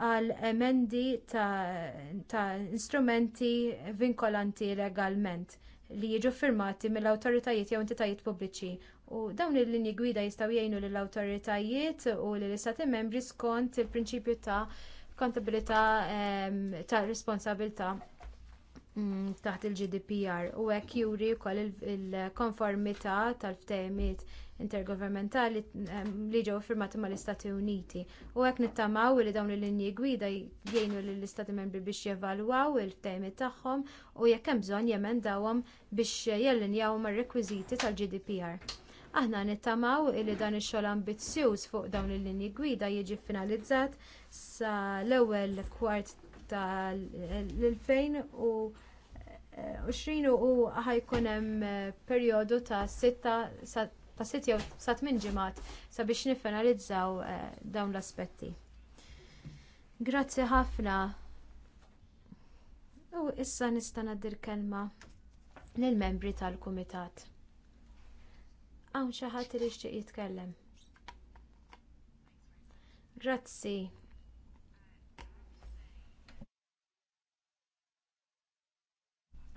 għal emendi ta', ta instrumenti vinkolanti legalment li jiġu firmati mill awtoritajiet jew entitajiet pubbliċi. U dawn il-linji gwida jistgħu jgħinu lill awtoritajiet u lill istati membri skont il-prinċipju ta' kontabilità ta' responsabilità Mm, taħt il-GDPR u hekk juri wkoll il-konformità tal-ftehimiet intergovernmentali ehm, li ġew firmati mal-Istati Uniti. U hekk nittamaw li dawn il-linji gwida jgħinu lill istati membri biex jevalwaw il-ftehimiet tagħhom u jekk hemm bżonn jemendawhom biex jellinjaw mar-rekwiżiti tal-GDPR. Aħna nittamaw li dan ix-xogħol ambizzjuż fuq dawn il-linji gwida jiġi finalizzat sa l-ewwel kwart l 2020 u ħajkun hemm perjodu ta' sitta ta' sitt jew sa minn ġimgħat sabiex nifinalizzaw dawn l-aspetti. Grazzi ħafna. U issa nista' ngħaddir kelma lill membri tal-kumitat. Hawn xi ħadd li jitkellem. Grazzi.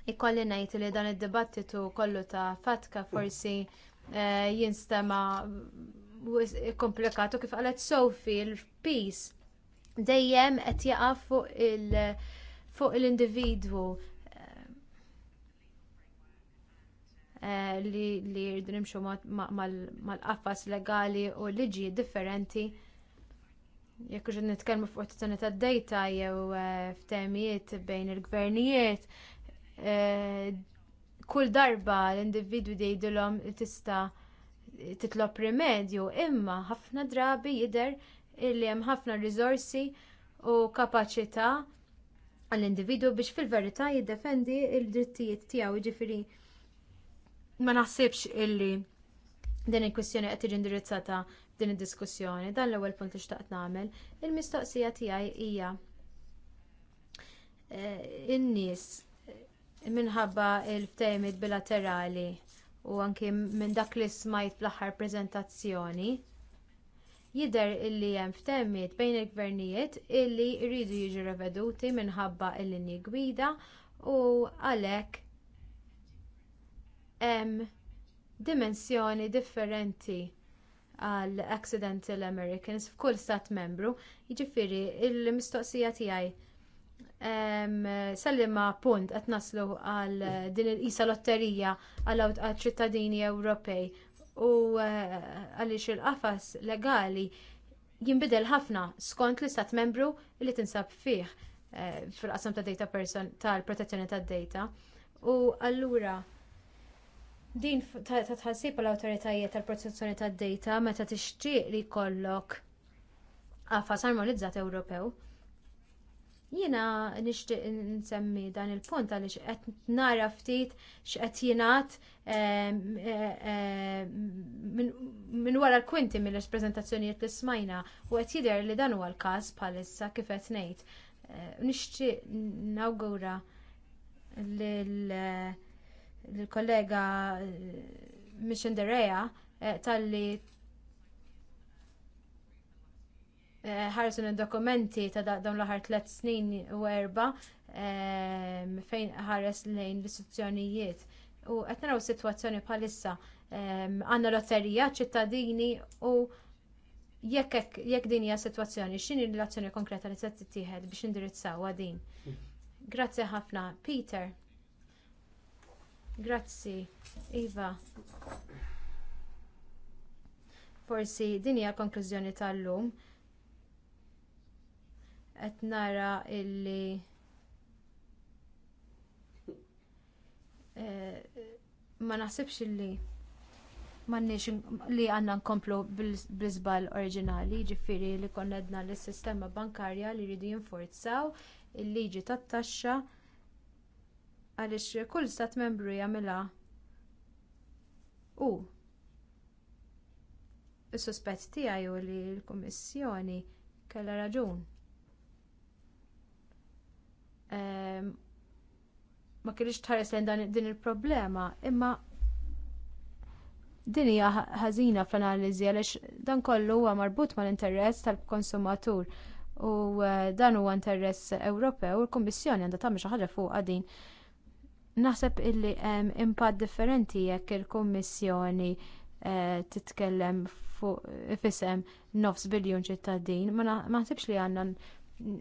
Ikolli ngħid li dan id-dibattitu kollu ta' fatka forsi eh, jinstema komplikatu kif qalet Sofi il-peace dejjem qed jaqa' fuq l-individwu eh, eh, li jridu nimxu mal-qaffas legali u liġi differenti jekk ġu nitkellmu fuq t tad-dejta jew ftehmijiet bejn il-gvernijiet Eh, kull darba l-individwi jgħidulhom tista' titlob rimedju, imma ħafna drabi jidher li hemm ħafna riżorsi u kapaċità għall-individwu biex fil-verità jiddefendi l drittijiet tiegħu jiġifieri ma naħsibx illi din il-kwistjoni qed tiġi indirizzata din id-diskussjoni. Dan l-ewwel punt li xtaqt nagħmel. Il-mistoqsija tiegħi hija eh, in-nies minħabba l ftejmit bilaterali u anki minn dak li smajt fl-aħħar preżentazzjoni jidher illi hemm ftehmiet bejn il-gvernijiet illi jridu jiġu reveduti minħabba l-linji gwida u għalhekk hemm dimensjoni differenti għal accidental Americans f'kull stat membru, jiġifieri l mistoqsija tiegħi sal punt qed naslu għal din il-qisa lotterija għal ċittadini Ewropej u eh, għaliex il-qafas legali jinbidel ħafna skont l-istat membru li tinsab fih eh, fil-qasam ta' data person tal-protezzjoni tad data. U allura din ta' tħassib l awtoritajiet tal-protezzjoni tad data meta tixtieq li jkollok qafas armonizzat Ewropew. Jiena nixtieq nsemmi dan il-punt għaliex qed nara ftit x'qed jingħad ehm, ehm, minn wara l-kwinti mill-esprezentazzjonijiet l smajna u qed jidher li dan huwa l-każ bħalissa kif qed ngħid. Eh, nixtieq nawgura lill eh, kollega eh, Mission Derea tal-li ħarsu n dokumenti ta' dawn l-aħħar tliet snin u erba ehm, fejn ħares lejn l-istituzzjonijiet. U qed naraw sitwazzjoni bħalissa ehm, għandna lotterija ċittadini u jekk din hija sitwazzjoni, x'inhi l-azzjoni konkreta li se tittieħed biex indirizzaw din. Grazzi ħafna, Peter. Grazzi, Iva. Forsi din hija l-konklużjoni tal-lum qed nara illi eh, ma naħsibx illi m'għandniex li għandna nkomplu bl iżball oriġinali, jiġifieri li konnedna edna lis sistema bankarja li jridu jinforzaw il-liġi tat-taxxa għaliex kull stat membru jagħmilha u is-suspett tiegħi li l-Kummissjoni kellha raġun Ehm, ma kienx tħares lejn din il-problema, imma din hija ħażina fl-analiżi għaliex dan kollu huwa marbut mal-interess tal-konsumatur u eh, dan huwa interess Ewropew u l-Kummissjoni għandha tagħmel xi ħaġa fuq din. Naħseb illi hemm impatt differenti jekk il-Kummissjoni eh, titkellem fuq ifisem nofs biljun ċittadin, ma naħsibx li għandna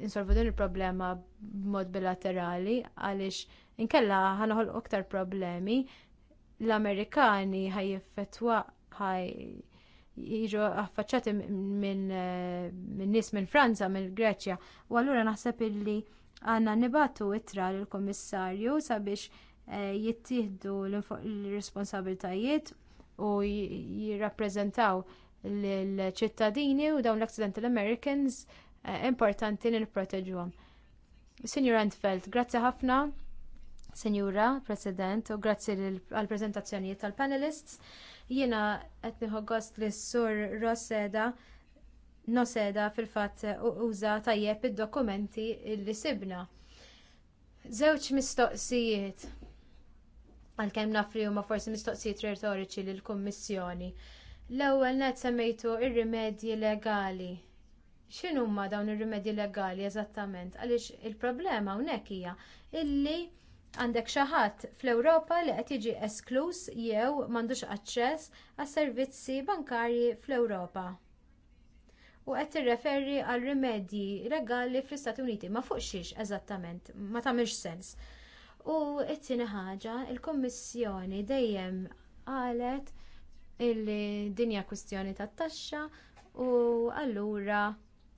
insolvu din il-problema b'mod bilaterali għaliex inkella ħanaħol aktar problemi l-Amerikani ħaj jiġu affaċċati eh, minn nies minn Franza, minn Greċja, u allura naħseb illi għandna nibatu itra l kummissarju sabiex eh, jittieħdu l-responsabiltajiet u jirrappreżentaw l-ċittadini u dawn l-Accidental Americans Eh, importanti li nipproteġuhom. Signor Antfeld, grazzi ħafna, Signora President, u grazzi għall prezentazzjonijiet tal-panelists. Jiena qed nieħu gost li sur Roseda Noseda fil-fatt uża tajjeb id-dokumenti li sibna. Żewġ mistoqsijiet għalkemm nafri huma forsi mistoqsijiet retoriċi lill kummissjoni L-ewwel net semmejtu r rimedji legali x'inhuma dawn ir-rimedji legali eżattament għaliex il-problema hawnhekk hija illi għandek xi ħadd fl-Ewropa li qed jiġi esklus jew m'għandux aċċess għas servizzi bankarji fl-Ewropa. U qed tirreferi għal rimedji legali fl-Istati Uniti ma fuq xiex eżattament, ma tagħmilx sens. U t tieni ħaġa, il-Kummissjoni dejjem qalet illi dinja kwistjoni tat-taxxa u allura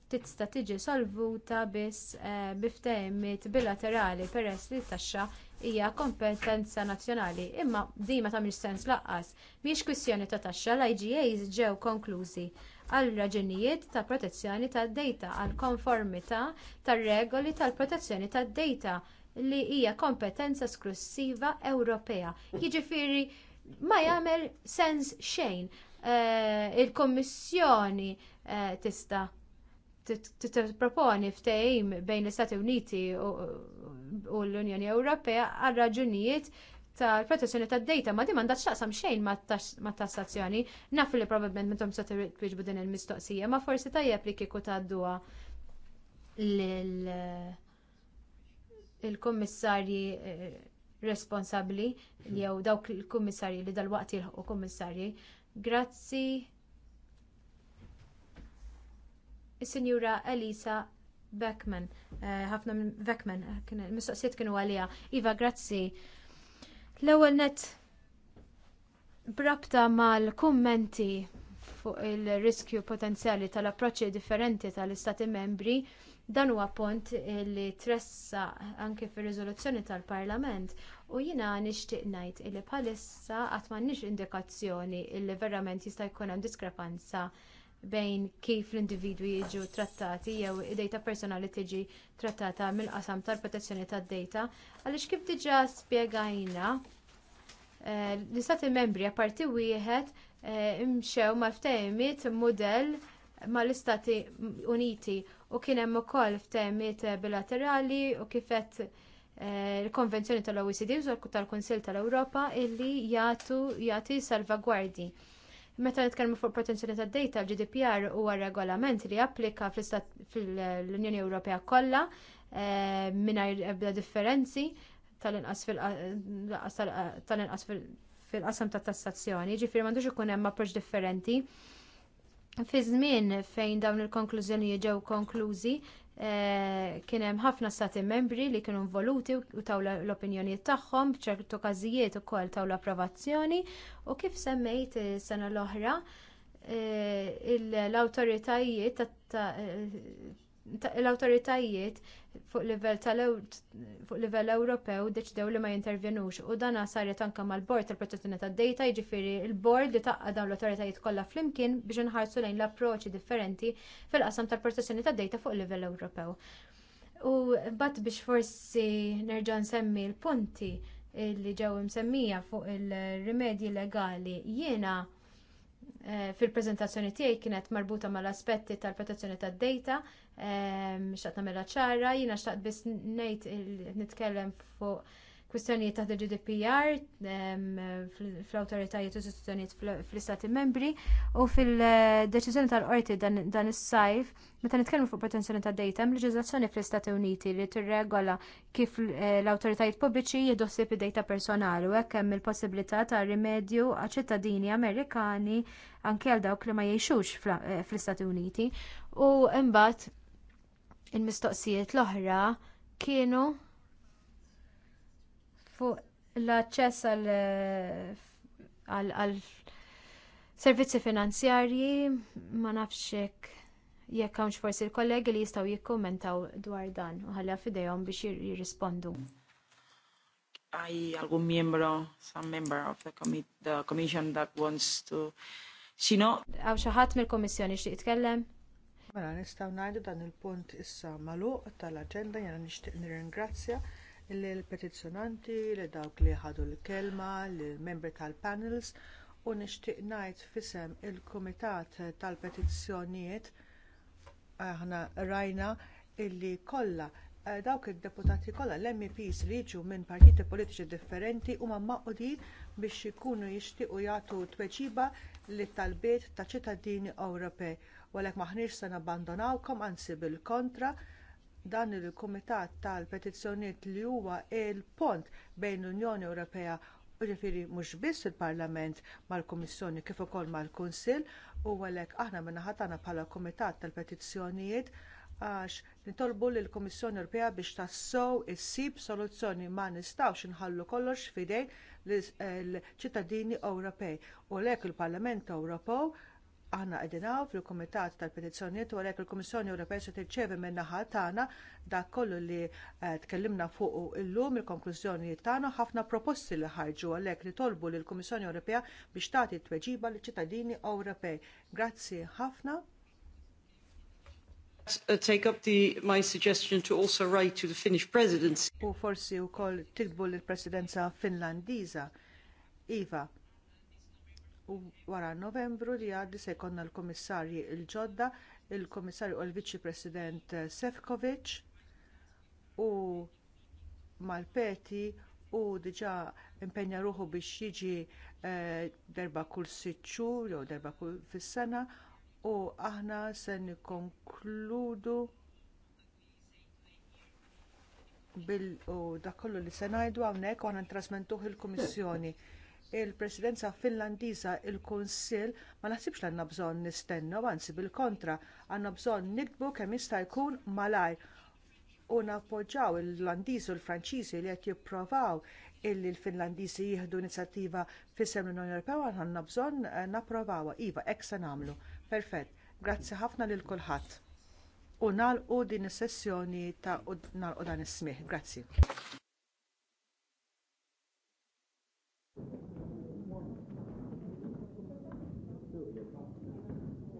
tista' tiġi solvuta biss eh, biftehimiet bilaterali peress li t-taxxa hija kompetenza nazzjonali, imma din ma tagħmilx sens lanqas. Mhijiex kwissjoni ta' taxxa l-IGAs ġew konklużi għal raġunijiet ta' protezzjoni tad-dejta għal konformità tar-regoli tal-protezzjoni tad-dejta li hija kompetenza esklusiva Ewropea. Jiġifieri ma jagħmel sens xejn. Eh, il kummissjoni eh, tista' tipproponi ftehim bejn l-Istati Uniti u l-Unjoni Ewropea għal raġunijiet tal-protezzjoni tad dejta ma di mandat xaqsam xejn ma tassazzjoni, naf li probabbilment mentom sa twieġbu din il-mistoqsija, ma forsi tajjeb li kieku dua l eh, kummissarji eh, responsabbli jew dawk il-kummissarji li dal-waqt jilħu kummissarji. Grazzi. Is-Sinjura Elisa Beckman, eh, ħafna minn Beckman, mistoqsijiet kienu għalija. Iva, grazzi. L-ewwel net brabta mal-kummenti fuq il-riskju potenzjali tal-approċċi differenti tal-Istati membri, dan huwa punt li tressa anke fir-riżoluzzjoni tal-Parlament u jiena nixtieq ngħid li bħalissa qatt m'għandniex indikazzjoni li verament jista' jkun hemm diskrepanza bejn kif l-individwi jiġu trattati jew id-data personali tiġi trattata mill-qasam tal-protezzjoni tad-data għaliex kif diġà spjegajna eh, l-istati membri apparti wieħed eh, imxew mal ftehimiet mudell mal-Istati Uniti u kien hemm ukoll ftehimiet bilaterali u kif kifet eh, l-Konvenzjoni tal-OECD u tal-Kunsill tal-Ewropa illi jagħti salvagwardji Meta nitkellmu fuq potenzjali ta' data, GDPR huwa regolament li applika fl-Unjoni Ewropea kollha eh, mingħajr ebda differenzi tal-inqas fil-qasam ta' tassazzjoni, ġifieri m'għandux ikun hemm approċċ differenti. Fi żmien fejn dawn il-konklużjonijiet ġew konklużi, Eh, kien hemm ħafna stati membri li kienu voluti u taw l-opinjonijiet tagħhom b'ċertu każijiet ukoll taw l-approvazzjoni u kif semmejt sena l-oħra eh, l-awtoritajiet eh, l-awtoritajiet fuq livell Ewropew deċidew li ma jintervjenux u dan saret anke mal-bord tal-protezzjoni tad-dejta jiġifieri l-bord li taqqa dawn l-awtoritajiet kollha flimkien biex inħarsu lejn l-approċċi differenti fil-qasam tal-protezzjoni tad-dejta fuq livell Ewropew. U bat biex forsi nerġa' nsemmi l-punti li ġew msemmija fuq il-rimedji legali jiena Eh, fil-prezentazzjoni tiegħi kienet marbuta mal-aspetti tal-protezzjoni tad-data, eh, xaqt nagħmilha ċara, jiena xtaqt biss ngħid nitkellem fuq kwistjonijiet taħt il-GDPR fl-awtoritajiet u sistjonijiet fl-istati membri u fil-deċiżjoni tal-qorti dan is-sajf meta nitkellmu fuq protezzjoni ta' data hemm leġiżlazzjoni fl-Istati Uniti li tirregola kif eh, l-awtoritajiet pubbliċi jidossib id-data personali u hekk hemm il-possibilità ta' rimedju għal ċittadini Amerikani anke għal dawk li ma jgħixux eh, fl-Istati Uniti u mbagħad il-mistoqsijiet l-oħra kienu fuq l-aċċess għal servizzi finanzjarji ma nafxek jekk hawnx forsi l-kollegi li jistgħu jikkommentaw dwar dan u ħalla fidejhom biex jirrispondu. Hay algún miembro, some member of the, commit, the commission that wants to Xino? Għaw xaħat mill-Komissjoni xtiq jitkellem? Mela, nistaw najdu dan il-punt issa maluq tal-agenda, jena nishtiq nir-ingrazzja l-petizzjonanti, li dawk li ħadu l-kelma, l-membri tal-panels u nixtieq ngħid fisem il-Kumitat tal-Petizzjonijiet aħna rajna illi kollha eh, dawk id-deputati kollha l-MEPs li jiġu minn partiti politiċi differenti huma maqudin biex ikunu jixtiequ jagħtu tweġiba lit talbiet ta' ċittadini Ewropej. Walek maħniex se nabbandonawkom, ansi bil-kontra, dan il-Kumitat tal-Petizzjonijiet li huwa l pont bejn l-Unjoni Ewropea u ġifiri mhux biss il-Parlament mal-Kummissjoni kif ukoll mal-Kunsill u għalhekk aħna min-naħa tagħna bħala Kumitat tal-Petizzjonijiet għax nitolbu lill kummissjoni Ewropea biex tassew issib soluzzjoni ma nistgħux inħallu kollox fidejn l-ċittadini Ewropej u għalhekk il-Parlament Ewropew aħna għedinaw fil-Komitat tal-Petizzjoniet u għalhekk il-Kummissjoni Ewropea se tirċevi min-naħa tagħna dak kollu li eh, tkellimna fuq illum il-konklużjoni tagħna ħafna proposti li ħarġu għalhekk li tolbu lill kummissjoni Ewropej biex tagħti tweġiba l ċittadini Ewropej. Grazzi ħafna. Uh, take up the, my suggestion to also write to the Finnish presidency. U forsi wkoll tikbu lill presidenza Finlandiża. Iva, u wara novembru li għaddi se jkollna l-komissarji l ġodda il-komissarju u l-viċi president Sefkovic u Malpeti u diġà impenja ruħu biex jiġi eh, darba kull sitt xhur jew darba kull fis-sena u aħna se nikkonkludu bil u dak kollu li se ngħidu hawnhekk u aħna ntrasmentuh il-Kummissjoni il-presidenza Finlandiża il-Kunsill ma naħsibx li għandna bżonn nistennu, anzi bil-kontra, għandna bżonn nikbu kemm jista' jkun malajr u nappoġġaw il-Landiż u l-Franċiżi li qed jippruvaw illi l-Finlandiżi jieħdu inizjattiva fis-sem l-Unjoni Ewropea għandna bżonn eh, napprovaw iva hekk se nagħmlu. Perfett. Grazzi ħafna lil kulħadd. U nagħlqu din is-sessjoni ta' nagħlqu dan is-smih. Grazzi.